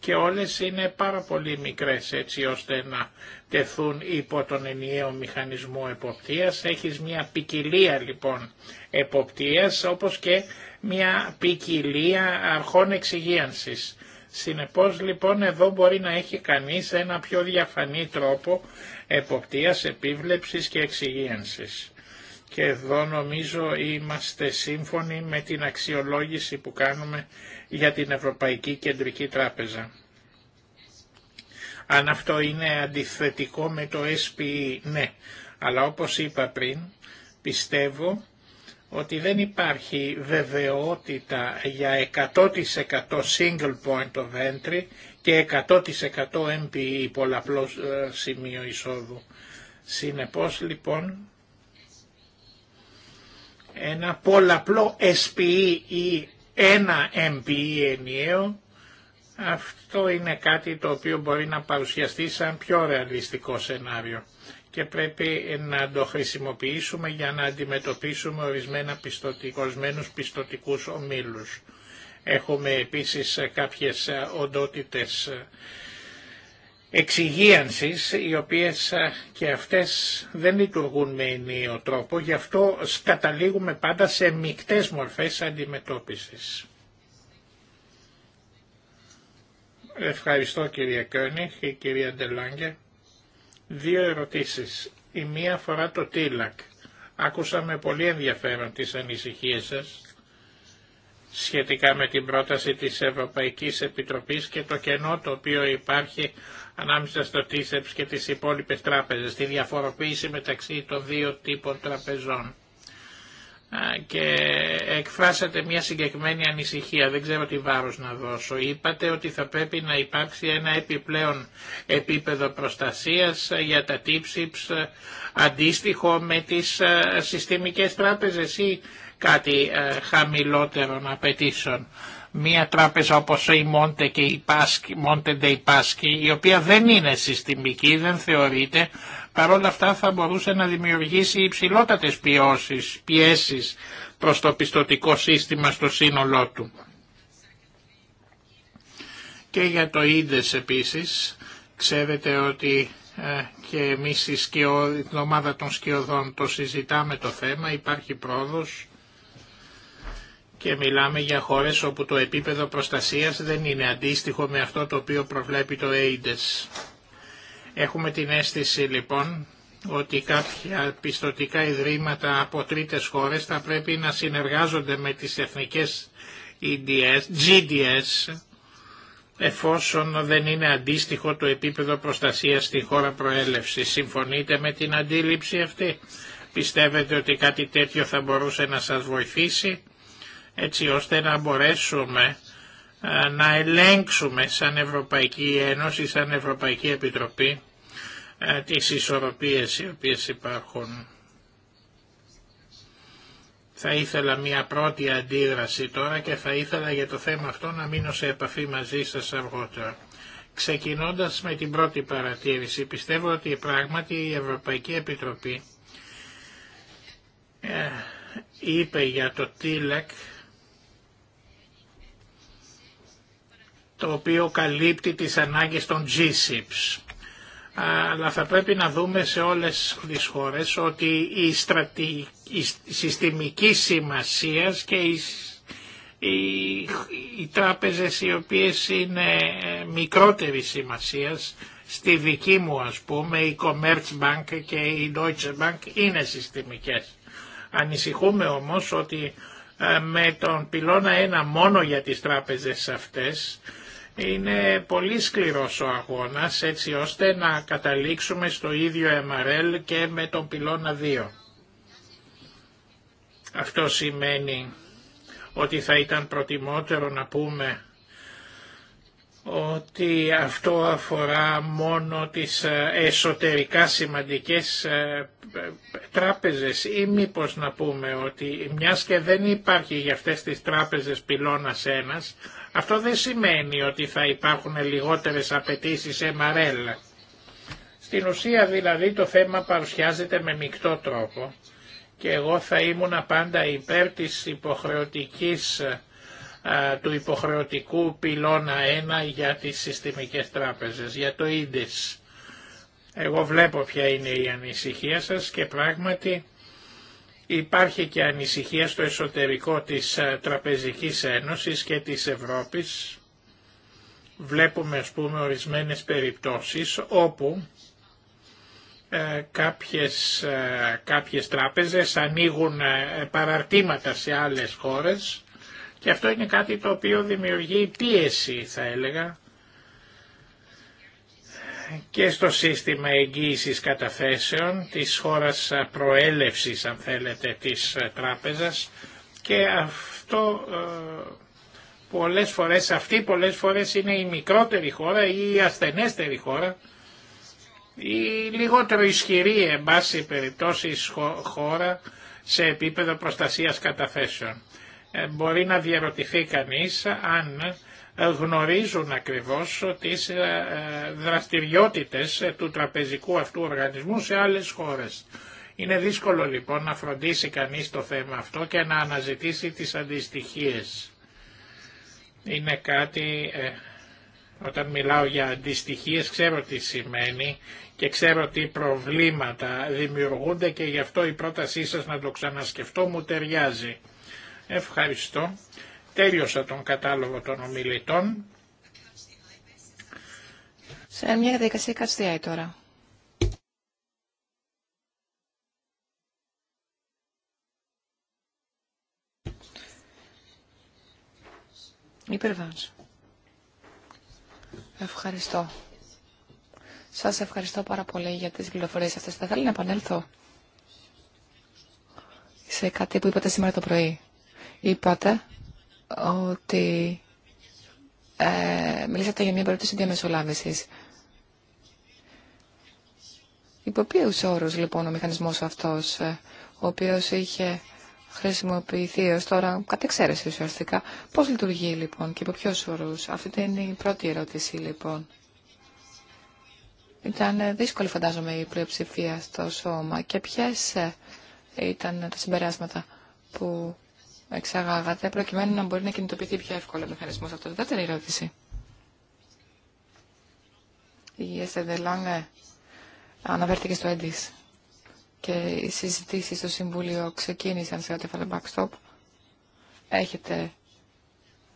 S1: και όλες είναι πάρα πολύ μικρές έτσι ώστε να τεθούν υπό τον ενιαίο μηχανισμό εποπτείας. Έχεις μια ποικιλία λοιπόν εποπτείας όπως και μια ποικιλία αρχών εξυγίανσης. Συνεπώς λοιπόν εδώ μπορεί να έχει κανείς ένα πιο διαφανή τρόπο εποπτείας, επίβλεψης και εξυγίανσης και εδώ νομίζω είμαστε σύμφωνοι με την αξιολόγηση που κάνουμε για την Ευρωπαϊκή Κεντρική Τράπεζα. Αν αυτό είναι αντιθετικό με το SPE, ναι. Αλλά όπως είπα πριν, πιστεύω ότι δεν υπάρχει βεβαιότητα για 100% single point of entry και 100% MPE πολλαπλό ε, σημείο εισόδου. Συνεπώς λοιπόν ένα πολλαπλό SPE ή ένα MPE ενιαίο, αυτό είναι κάτι το οποίο μπορεί να παρουσιαστεί σαν πιο ρεαλιστικό σενάριο και πρέπει να το χρησιμοποιήσουμε για να αντιμετωπίσουμε ορισμένα πιστοτικ, ορισμένους πιστοτικούς ομίλους. Έχουμε επίσης κάποιες οντότητες εξυγίανσης οι οποίες ε, και αυτές δεν λειτουργούν με ενίο τρόπο, γι' αυτό καταλήγουμε πάντα σε μικτές μορφές αντιμετώπισης. Ευχαριστώ κυρία Κόνιχ και κυρία Ντελάγκε. Δύο ερωτήσεις. Η μία αφορά το τίλακ. Άκουσα με πολύ ενδιαφέρον τις ανησυχίες σας σχετικά με την πρόταση της Ευρωπαϊκής Επιτροπής και το κενό το οποίο υπάρχει ανάμεσα στο ΤΙΣΕΠΣ e και τις υπόλοιπες τράπεζες, τη διαφοροποίηση μεταξύ των δύο τύπων τραπεζών. Και εκφράσατε μια συγκεκριμένη ανησυχία, δεν ξέρω τι βάρος να δώσω. Είπατε ότι θα πρέπει να υπάρξει ένα επιπλέον επίπεδο προστασίας για τα τύψιψ e ε, αντίστοιχο με τις ε, συστημικές τράπεζες ή κάτι ε, χαμηλότερων απαιτήσεων. Μία τράπεζα όπως η Monte και η dei η οποία δεν είναι συστημική, δεν θεωρείται, παρόλα αυτά θα μπορούσε να δημιουργήσει υψηλότατες πιώσεις, πιέσεις προς το πιστοτικό σύστημα στο σύνολό του. Και για το ίντες επίσης, ξέρετε ότι ε, και εμείς η, η ομάδα των σκιωδών το συζητάμε το θέμα, υπάρχει πρόοδος και μιλάμε για χώρες όπου το επίπεδο προστασίας δεν είναι αντίστοιχο με αυτό το οποίο προβλέπει το AIDS. Έχουμε την αίσθηση λοιπόν ότι κάποια πιστοτικά ιδρύματα από τρίτες χώρες θα πρέπει να συνεργάζονται με τις εθνικές EDS, GDS εφόσον δεν είναι αντίστοιχο το επίπεδο προστασίας στη χώρα προέλευση. Συμφωνείτε με την αντίληψη αυτή. Πιστεύετε ότι κάτι τέτοιο θα μπορούσε να σας βοηθήσει έτσι ώστε να μπορέσουμε ε, να ελέγξουμε σαν Ευρωπαϊκή Ένωση, σαν Ευρωπαϊκή Επιτροπή ε, τις ισορροπίες οι οποίες υπάρχουν. Θα ήθελα μια πρώτη αντίδραση τώρα και θα ήθελα για το θέμα αυτό να μείνω σε επαφή μαζί σας αργότερα. Ξεκινώντας με την πρώτη παρατήρηση, πιστεύω ότι πράγματι η Ευρωπαϊκή Επιτροπή ε, είπε για το TILEC το οποίο καλύπτει τις ανάγκες των G-SIPs. Αλλά θα πρέπει να δούμε σε όλες τις χώρες ότι η, στρατη... συστημική σημασία και οι... Οι... οι τράπεζες οι οποίες είναι ε, μικρότερη σημασίας, στη δική μου ας πούμε η Commerzbank και η Deutsche Bank είναι συστημικές. Ανησυχούμε όμως ότι ε, με τον πυλώνα ένα μόνο για τις τράπεζες αυτές είναι πολύ σκληρός ο αγώνας έτσι ώστε να καταλήξουμε στο ίδιο MRL και με τον πυλώνα 2. Αυτό σημαίνει ότι θα ήταν προτιμότερο να πούμε ότι αυτό αφορά μόνο τις ε, εσωτερικά σημαντικές ε, τράπεζες ή μήπως να πούμε ότι μιας και δεν υπάρχει για αυτές τις τράπεζες πυλώνας ένας, αυτό δεν σημαίνει ότι θα υπάρχουν λιγότερες απαιτήσει MRL. Στην ουσία δηλαδή το θέμα παρουσιάζεται με μεικτό τρόπο και εγώ θα ήμουν πάντα υπέρ της υποχρεωτικής, του υποχρεωτικού πυλώνα 1 για τις συστημικές τράπεζες, για το ίντες. Εγώ βλέπω ποια είναι η ανησυχία σας και πράγματι Υπάρχει και ανησυχία στο εσωτερικό της ε, Τραπεζικής Ένωσης και της Ευρώπης. Βλέπουμε ας πούμε ορισμένες περιπτώσεις όπου ε, κάποιες, ε, κάποιες τράπεζες ανοίγουν παραρτήματα σε άλλες χώρες και αυτό είναι κάτι το οποίο δημιουργεί πίεση θα έλεγα και στο σύστημα εγγύησης καταθέσεων της χώρας προέλευσης αν θέλετε της τράπεζας και αυτό ε, πολλές φορές, αυτή πολλές φορές είναι η μικρότερη χώρα ή η ασθενέστερη χώρα ή λιγότερο ισχυρή εν πάση περιπτώσει χώρα σε επίπεδο προστασίας καταθέσεων. Ε, μπορεί να διαρωτηθεί κανείς αν γνωρίζουν ακριβώς τις ε, δραστηριότητες του τραπεζικού αυτού οργανισμού σε άλλες χώρες. Είναι δύσκολο λοιπόν να φροντίσει κανείς το θέμα αυτό και να αναζητήσει τις αντιστοιχίες. Είναι κάτι, ε, όταν μιλάω για αντιστοιχίες ξέρω τι σημαίνει και ξέρω τι προβλήματα δημιουργούνται και γι' αυτό η πρότασή σας να το ξανασκεφτώ μου ταιριάζει. Ευχαριστώ. Τέλειωσα τον κατάλογο των ομιλητών.
S2: Σε μια διαδικασία κατστιάει τώρα. Υπερβάζω. Ευχαριστώ. Σας ευχαριστώ πάρα πολύ για τις πληροφορίες αυτές. Θα θέλω να επανέλθω σε κάτι που είπατε σήμερα το πρωί. Είπατε ότι ε, μιλήσατε για μια περίπτωση διαμεσολάβησης. Υπό ποιου όρου λοιπόν ο μηχανισμός αυτός, ε, ο οποίος είχε χρησιμοποιηθεί ω τώρα, κατ' εξαίρεση ουσιαστικά, πώς λειτουργεί λοιπόν και υπό ποιου όρου, Αυτή είναι η πρώτη ερώτηση λοιπόν. Ήταν ε, δύσκολη φαντάζομαι η πλειοψηφία στο σώμα και ποιε ε, ήταν τα συμπεράσματα που εξαγάγατε προκειμένου να μπορεί να κινητοποιηθεί πιο εύκολα ο μηχανισμό αυτό. Δεύτερη ερώτηση. Η Εστέντε ναι, Λάγκε αναφέρθηκε στο ΕΝΤΙΣ και οι συζητήσει στο Συμβούλιο ξεκίνησαν σε ό,τι αφορά backstop. Έχετε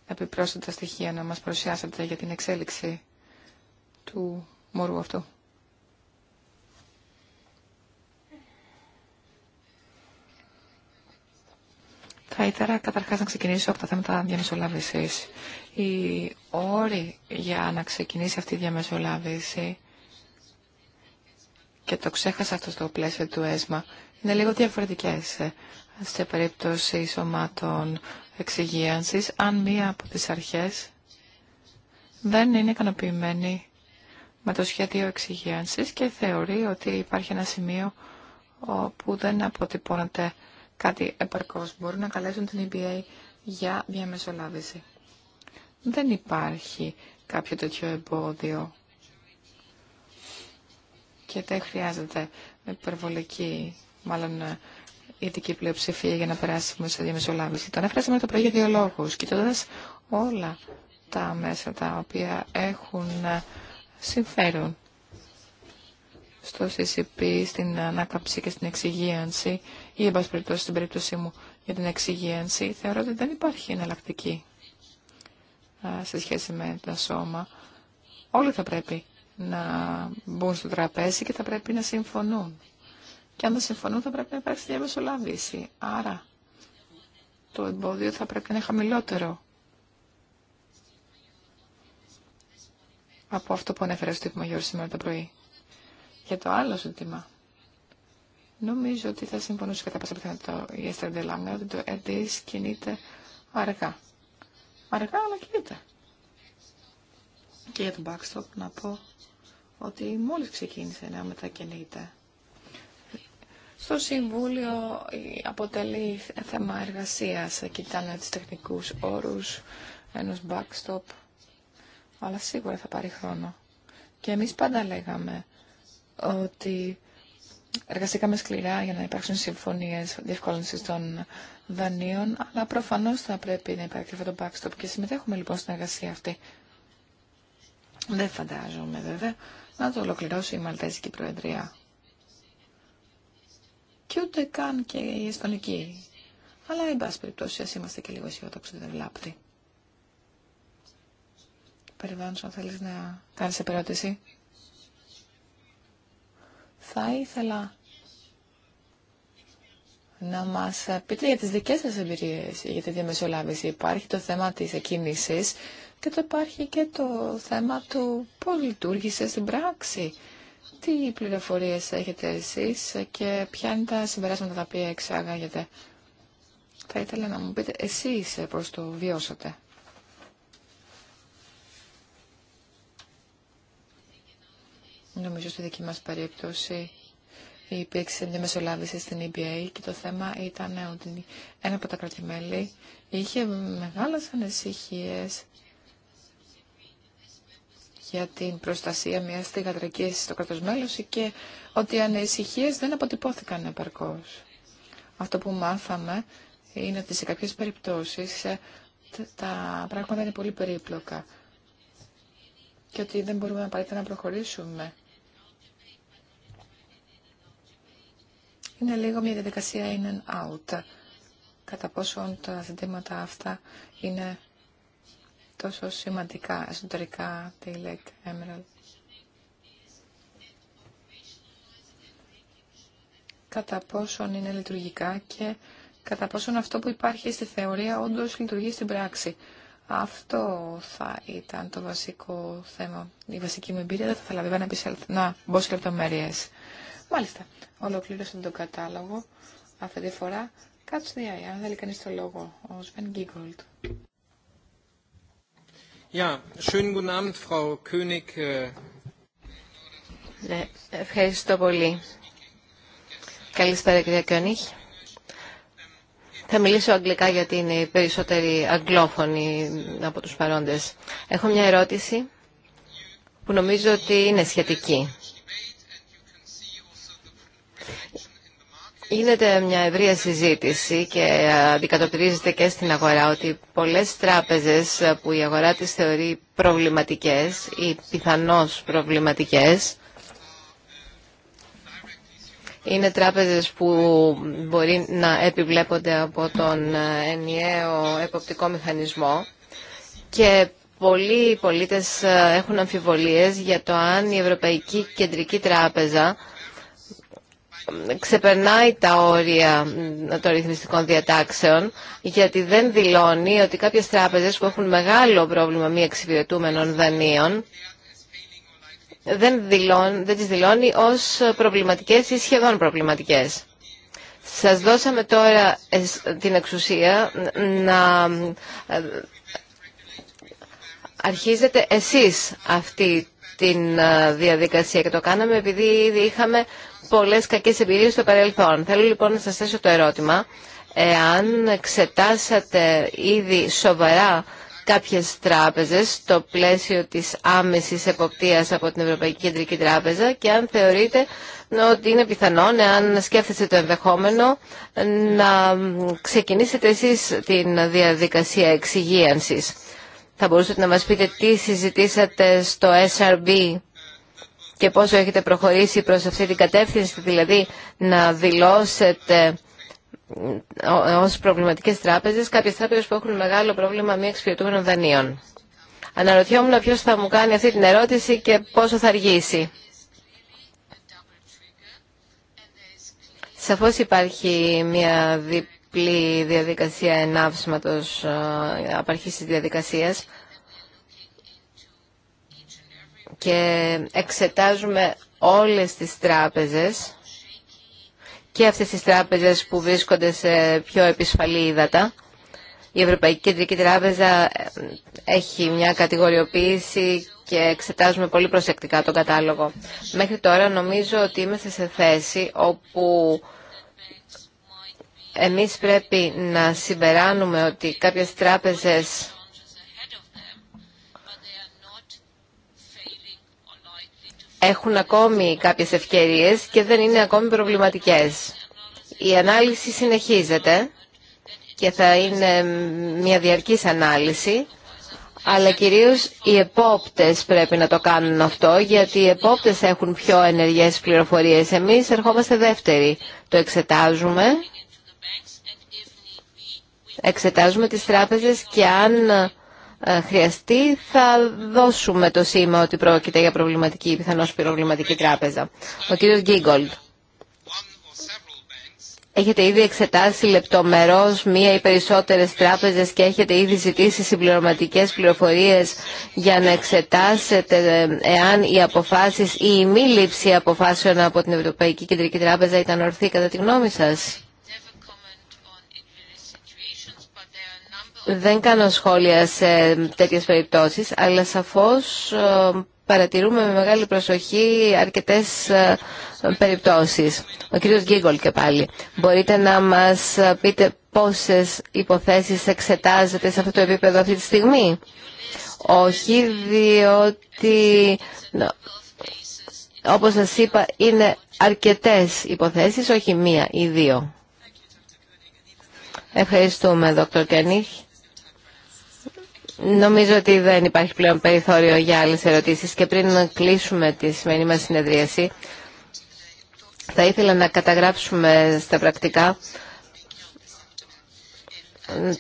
S2: επιπρόσθετα στοιχεία να μας παρουσιάσετε για την εξέλιξη του μωρού αυτού. Θα ήθελα καταρχάς να ξεκινήσω από τα θέματα διαμεσολάβησης. Οι όροι για να ξεκινήσει αυτή η διαμεσολάβηση και το ξέχασα αυτό στο πλαίσιο του ΕΣΜΑ, είναι λίγο διαφορετικές σε περίπτωση σωμάτων εξυγίανσης, αν μία από τις αρχές δεν είναι ικανοποιημένη με το σχέδιο εξυγίανσης και θεωρεί ότι υπάρχει ένα σημείο όπου δεν αποτυπώνεται κάτι επαρκώς. Μπορούν να καλέσουν την EBA για διαμεσολάβηση. Δεν υπάρχει κάποιο τέτοιο εμπόδιο και δεν χρειάζεται υπερβολική, μάλλον ειδική πλειοψηφία για να περάσουμε σε διαμεσολάβηση. Τον έφερα σήμερα το πρωί για δύο λόγου. Κοιτώντα όλα τα μέσα τα οποία έχουν ε, συμφέρον στο CCP, στην ανάκαψή και στην εξυγίανση ή εν πάση περιπτώσει στην περίπτωσή μου για την εξυγίανση, θεωρώ ότι δεν υπάρχει εναλλακτική σε σχέση με τα σώμα. Όλοι θα πρέπει να μπουν στο τραπέζι και θα πρέπει να συμφωνούν. Και αν δεν συμφωνούν θα πρέπει να υπάρξει διαμεσολάβηση. Άρα το εμπόδιο θα πρέπει να είναι χαμηλότερο από αυτό που ανέφερε στο τύπημα Γιώργη σήμερα το πρωί. Για το άλλο ζήτημα Νομίζω ότι θα συμφωνούσε κατά πάσα πιθανότητα η Esther Delange ότι το ΕΔΙΣ κινείται αργά. Αργά αλλά κινείται. Και για τον backstop να πω ότι μόλις ξεκίνησε να μετακινείται. Στο Συμβούλιο αποτελεί θέμα εργασίας, κοιτάνε τις τεχνικούς όρους ενός backstop, αλλά σίγουρα θα πάρει χρόνο. Και εμείς πάντα λέγαμε ότι Εργαστήκαμε σκληρά για να υπάρξουν συμφωνίε διευκόλυνση των δανείων, αλλά προφανώ θα πρέπει να υπάρχει αυτό το backstop και συμμετέχουμε λοιπόν στην εργασία αυτή. Δεν φαντάζομαι βέβαια να το ολοκληρώσει η Μαλτέζικη Προεδρία. Και ούτε καν και η Εστονική. Αλλά εν πάση περιπτώσει, α είμαστε και λίγο αισιοδόξοι, δεν βλάπτει. Περιβάλλον, αν θέλει να κάνει επερώτηση. Θα ήθελα να μας πείτε για τις δικές σας εμπειρίες για τη διαμεσολάβηση. Υπάρχει το θέμα της εκκίνησης και το υπάρχει και το θέμα του πώς λειτουργήσε στην πράξη. Τι πληροφορίες έχετε εσείς και ποια είναι τα συμπεράσματα τα οποία εξάγαγετε. Θα ήθελα να μου πείτε εσείς πώς το βιώσατε. Νομίζω στη δική μας περίπτωση υπήρξε μια μεσολάβηση στην EBA και το θέμα ήταν ότι ένα από τα κρατημέλη είχε μεγάλες ανησυχίες για την προστασία μιας θηγατρικής στο κράτος και ότι οι ανησυχίες δεν αποτυπώθηκαν επαρκώς. Αυτό που μάθαμε είναι ότι σε κάποιες περιπτώσεις τα πράγματα είναι πολύ περίπλοκα και ότι δεν μπορούμε απαραίτητα να προχωρήσουμε είναι λίγο μια διαδικασία in and out. Κατά πόσον τα ζητήματα αυτά είναι τόσο σημαντικά εσωτερικά τη Emerald. Κατά πόσον είναι λειτουργικά και κατά πόσον αυτό που υπάρχει στη θεωρία όντως λειτουργεί στην πράξη. Αυτό θα ήταν το βασικό θέμα. Η βασική μου εμπειρία δεν θα ήθελα πιστεύω να, μπω σε λεπτομέρειε. Μάλιστα, ολοκλήρωσαν τον κατάλογο αυτή τη φορά. Κάτσε τη αν θέλει κανεί το λόγο, ο Σβεν äh, Γκίγκολτ.
S3: ευχαριστώ πολύ. Καλησπέρα κυρία Κιόνιχ. Θα μιλήσω αγγλικά γιατί είναι οι περισσότεροι αγγλόφωνοι από τους παρόντες. Έχω μια ερώτηση που νομίζω ότι είναι σχετική. Γίνεται μια ευρεία συζήτηση και αντικατοπτρίζεται και στην αγορά ότι πολλές τράπεζες που η αγορά τις θεωρεί προβληματικές ή πιθανώς προβληματικές είναι τράπεζες που μπορεί να επιβλέπονται από τον ενιαίο εποπτικό μηχανισμό και πολλοί πολίτες έχουν αμφιβολίες για το αν η Ευρωπαϊκή Κεντρική Τράπεζα ξεπερνάει τα όρια των ρυθμιστικών διατάξεων γιατί δεν δηλώνει ότι κάποιες τράπεζες που έχουν μεγάλο πρόβλημα μη εξυπηρετούμενων δανείων δεν, δηλών δεν τις δηλώνει ως προβληματικές ή σχεδόν προβληματικές. Σας δώσαμε τώρα την εξουσία να αρχίζετε εσείς αυτή την ε, διαδικασία και το κάναμε επειδή ήδη είχαμε Πολλέ κακές εμπειρίε στο παρελθόν. Θέλω λοιπόν να σα θέσω το ερώτημα, εάν εξετάσατε ήδη σοβαρά κάποιες τράπεζες στο πλαίσιο της άμεσης εποπτείας από την Ευρωπαϊκή Κεντρική Τράπεζα και αν θεωρείτε ότι είναι πιθανόν, εάν σκέφτεστε το ενδεχόμενο, να ξεκινήσετε εσείς την διαδικασία εξυγίανσης. Θα μπορούσατε να μας πείτε τι συζητήσατε στο SRB και πόσο έχετε προχωρήσει προς αυτή την κατεύθυνση, δηλαδή να δηλώσετε ε, ως προβληματικές τράπεζες κάποιες τράπεζες που έχουν μεγάλο πρόβλημα μη εξυπηρετούμενων δανείων. Αναρωτιόμουν ποιος θα μου κάνει αυτή την ερώτηση και πόσο θα αργήσει. Σαφώς υπάρχει μια διπλή διαδικασία ενάψηματος ε, απαρχής της διαδικασίας και εξετάζουμε όλες τις τράπεζες και αυτές τις τράπεζες που βρίσκονται σε πιο επισφαλή ύδατα. Η Ευρωπαϊκή Κεντρική Τράπεζα ε, έχει μια κατηγοριοποίηση και εξετάζουμε πολύ προσεκτικά τον κατάλογο. Μέχρι τώρα νομίζω ότι είμαστε σε θέση όπου εμείς πρέπει να συμπεράνουμε ότι κάποιες τράπεζες έχουν ακόμη κάποιες ευκαιρίες και δεν είναι ακόμη προβληματικές. Η ανάλυση συνεχίζεται και θα είναι μια διαρκής ανάλυση, αλλά κυρίως οι επόπτες πρέπει να το κάνουν αυτό, γιατί οι επόπτες έχουν πιο ενεργές πληροφορίες. Εμείς ερχόμαστε δεύτεροι. Το εξετάζουμε, εξετάζουμε τις τράπεζες και αν ε, χρειαστεί θα δώσουμε το σήμα ότι πρόκειται για προβληματική ή πιθανώς προβληματική τράπεζα. Ο κύριος Γκίγκολτ. Έχετε ήδη εξετάσει λεπτομερώς μία ή περισσότερες τράπεζες και έχετε ήδη ζητήσει συμπληρωματικές πληροφορίες για να εξετάσετε ε, εάν οι αποφάσεις ή η μη λήψη αποφάσεων από την Ευρωπαϊκή Κεντρική Τράπεζα ήταν ορθή κατά τη γνώμη σας. Δεν κάνω σχόλια σε τέτοιες περιπτώσεις, αλλά σαφώς ε, παρατηρούμε με μεγάλη προσοχή αρκετές ε, περιπτώσεις. Ο κύριος Γκίγκολ και πάλι. Μπορείτε να μας πείτε πόσες υποθέσεις εξετάζετε σε αυτό το επίπεδο αυτή τη στιγμή. Όχι, διότι όπως σας είπα είναι αρκετές υποθέσεις, όχι μία ή δύο. Ευχαριστούμε, Δόκτωρ Κένιχ. Νομίζω ότι δεν υπάρχει πλέον περιθώριο για άλλες ερωτήσεις και πριν κλείσουμε τη σημερινή μας συνεδρίαση θα ήθελα να καταγράψουμε στα πρακτικά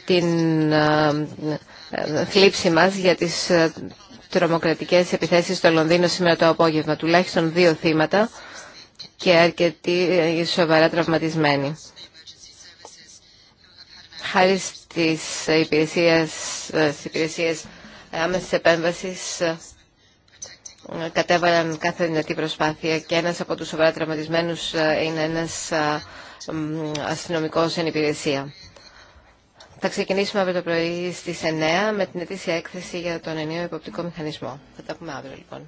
S3: την ε, θλίψη μας για τις ε, τρομοκρατικές επιθέσεις στο Λονδίνο σήμερα το απόγευμα. Τουλάχιστον δύο θύματα και αρκετοί ε, σοβαρά τραυματισμένοι χάρη στις υπηρεσίες, άμεση υπηρεσίες άμεσης επέμβασης ε, κατέβαλαν κάθε δυνατή προσπάθεια και ένας από τους σοβαρά τραυματισμένους ε, είναι ένας ε, αστυνομικός εν υπηρεσία. Θα ξεκινήσουμε αύριο το πρωί στις 9 με την ετήσια έκθεση για τον ενίο υποπτικό μηχανισμό. Θα τα πούμε αύριο λοιπόν.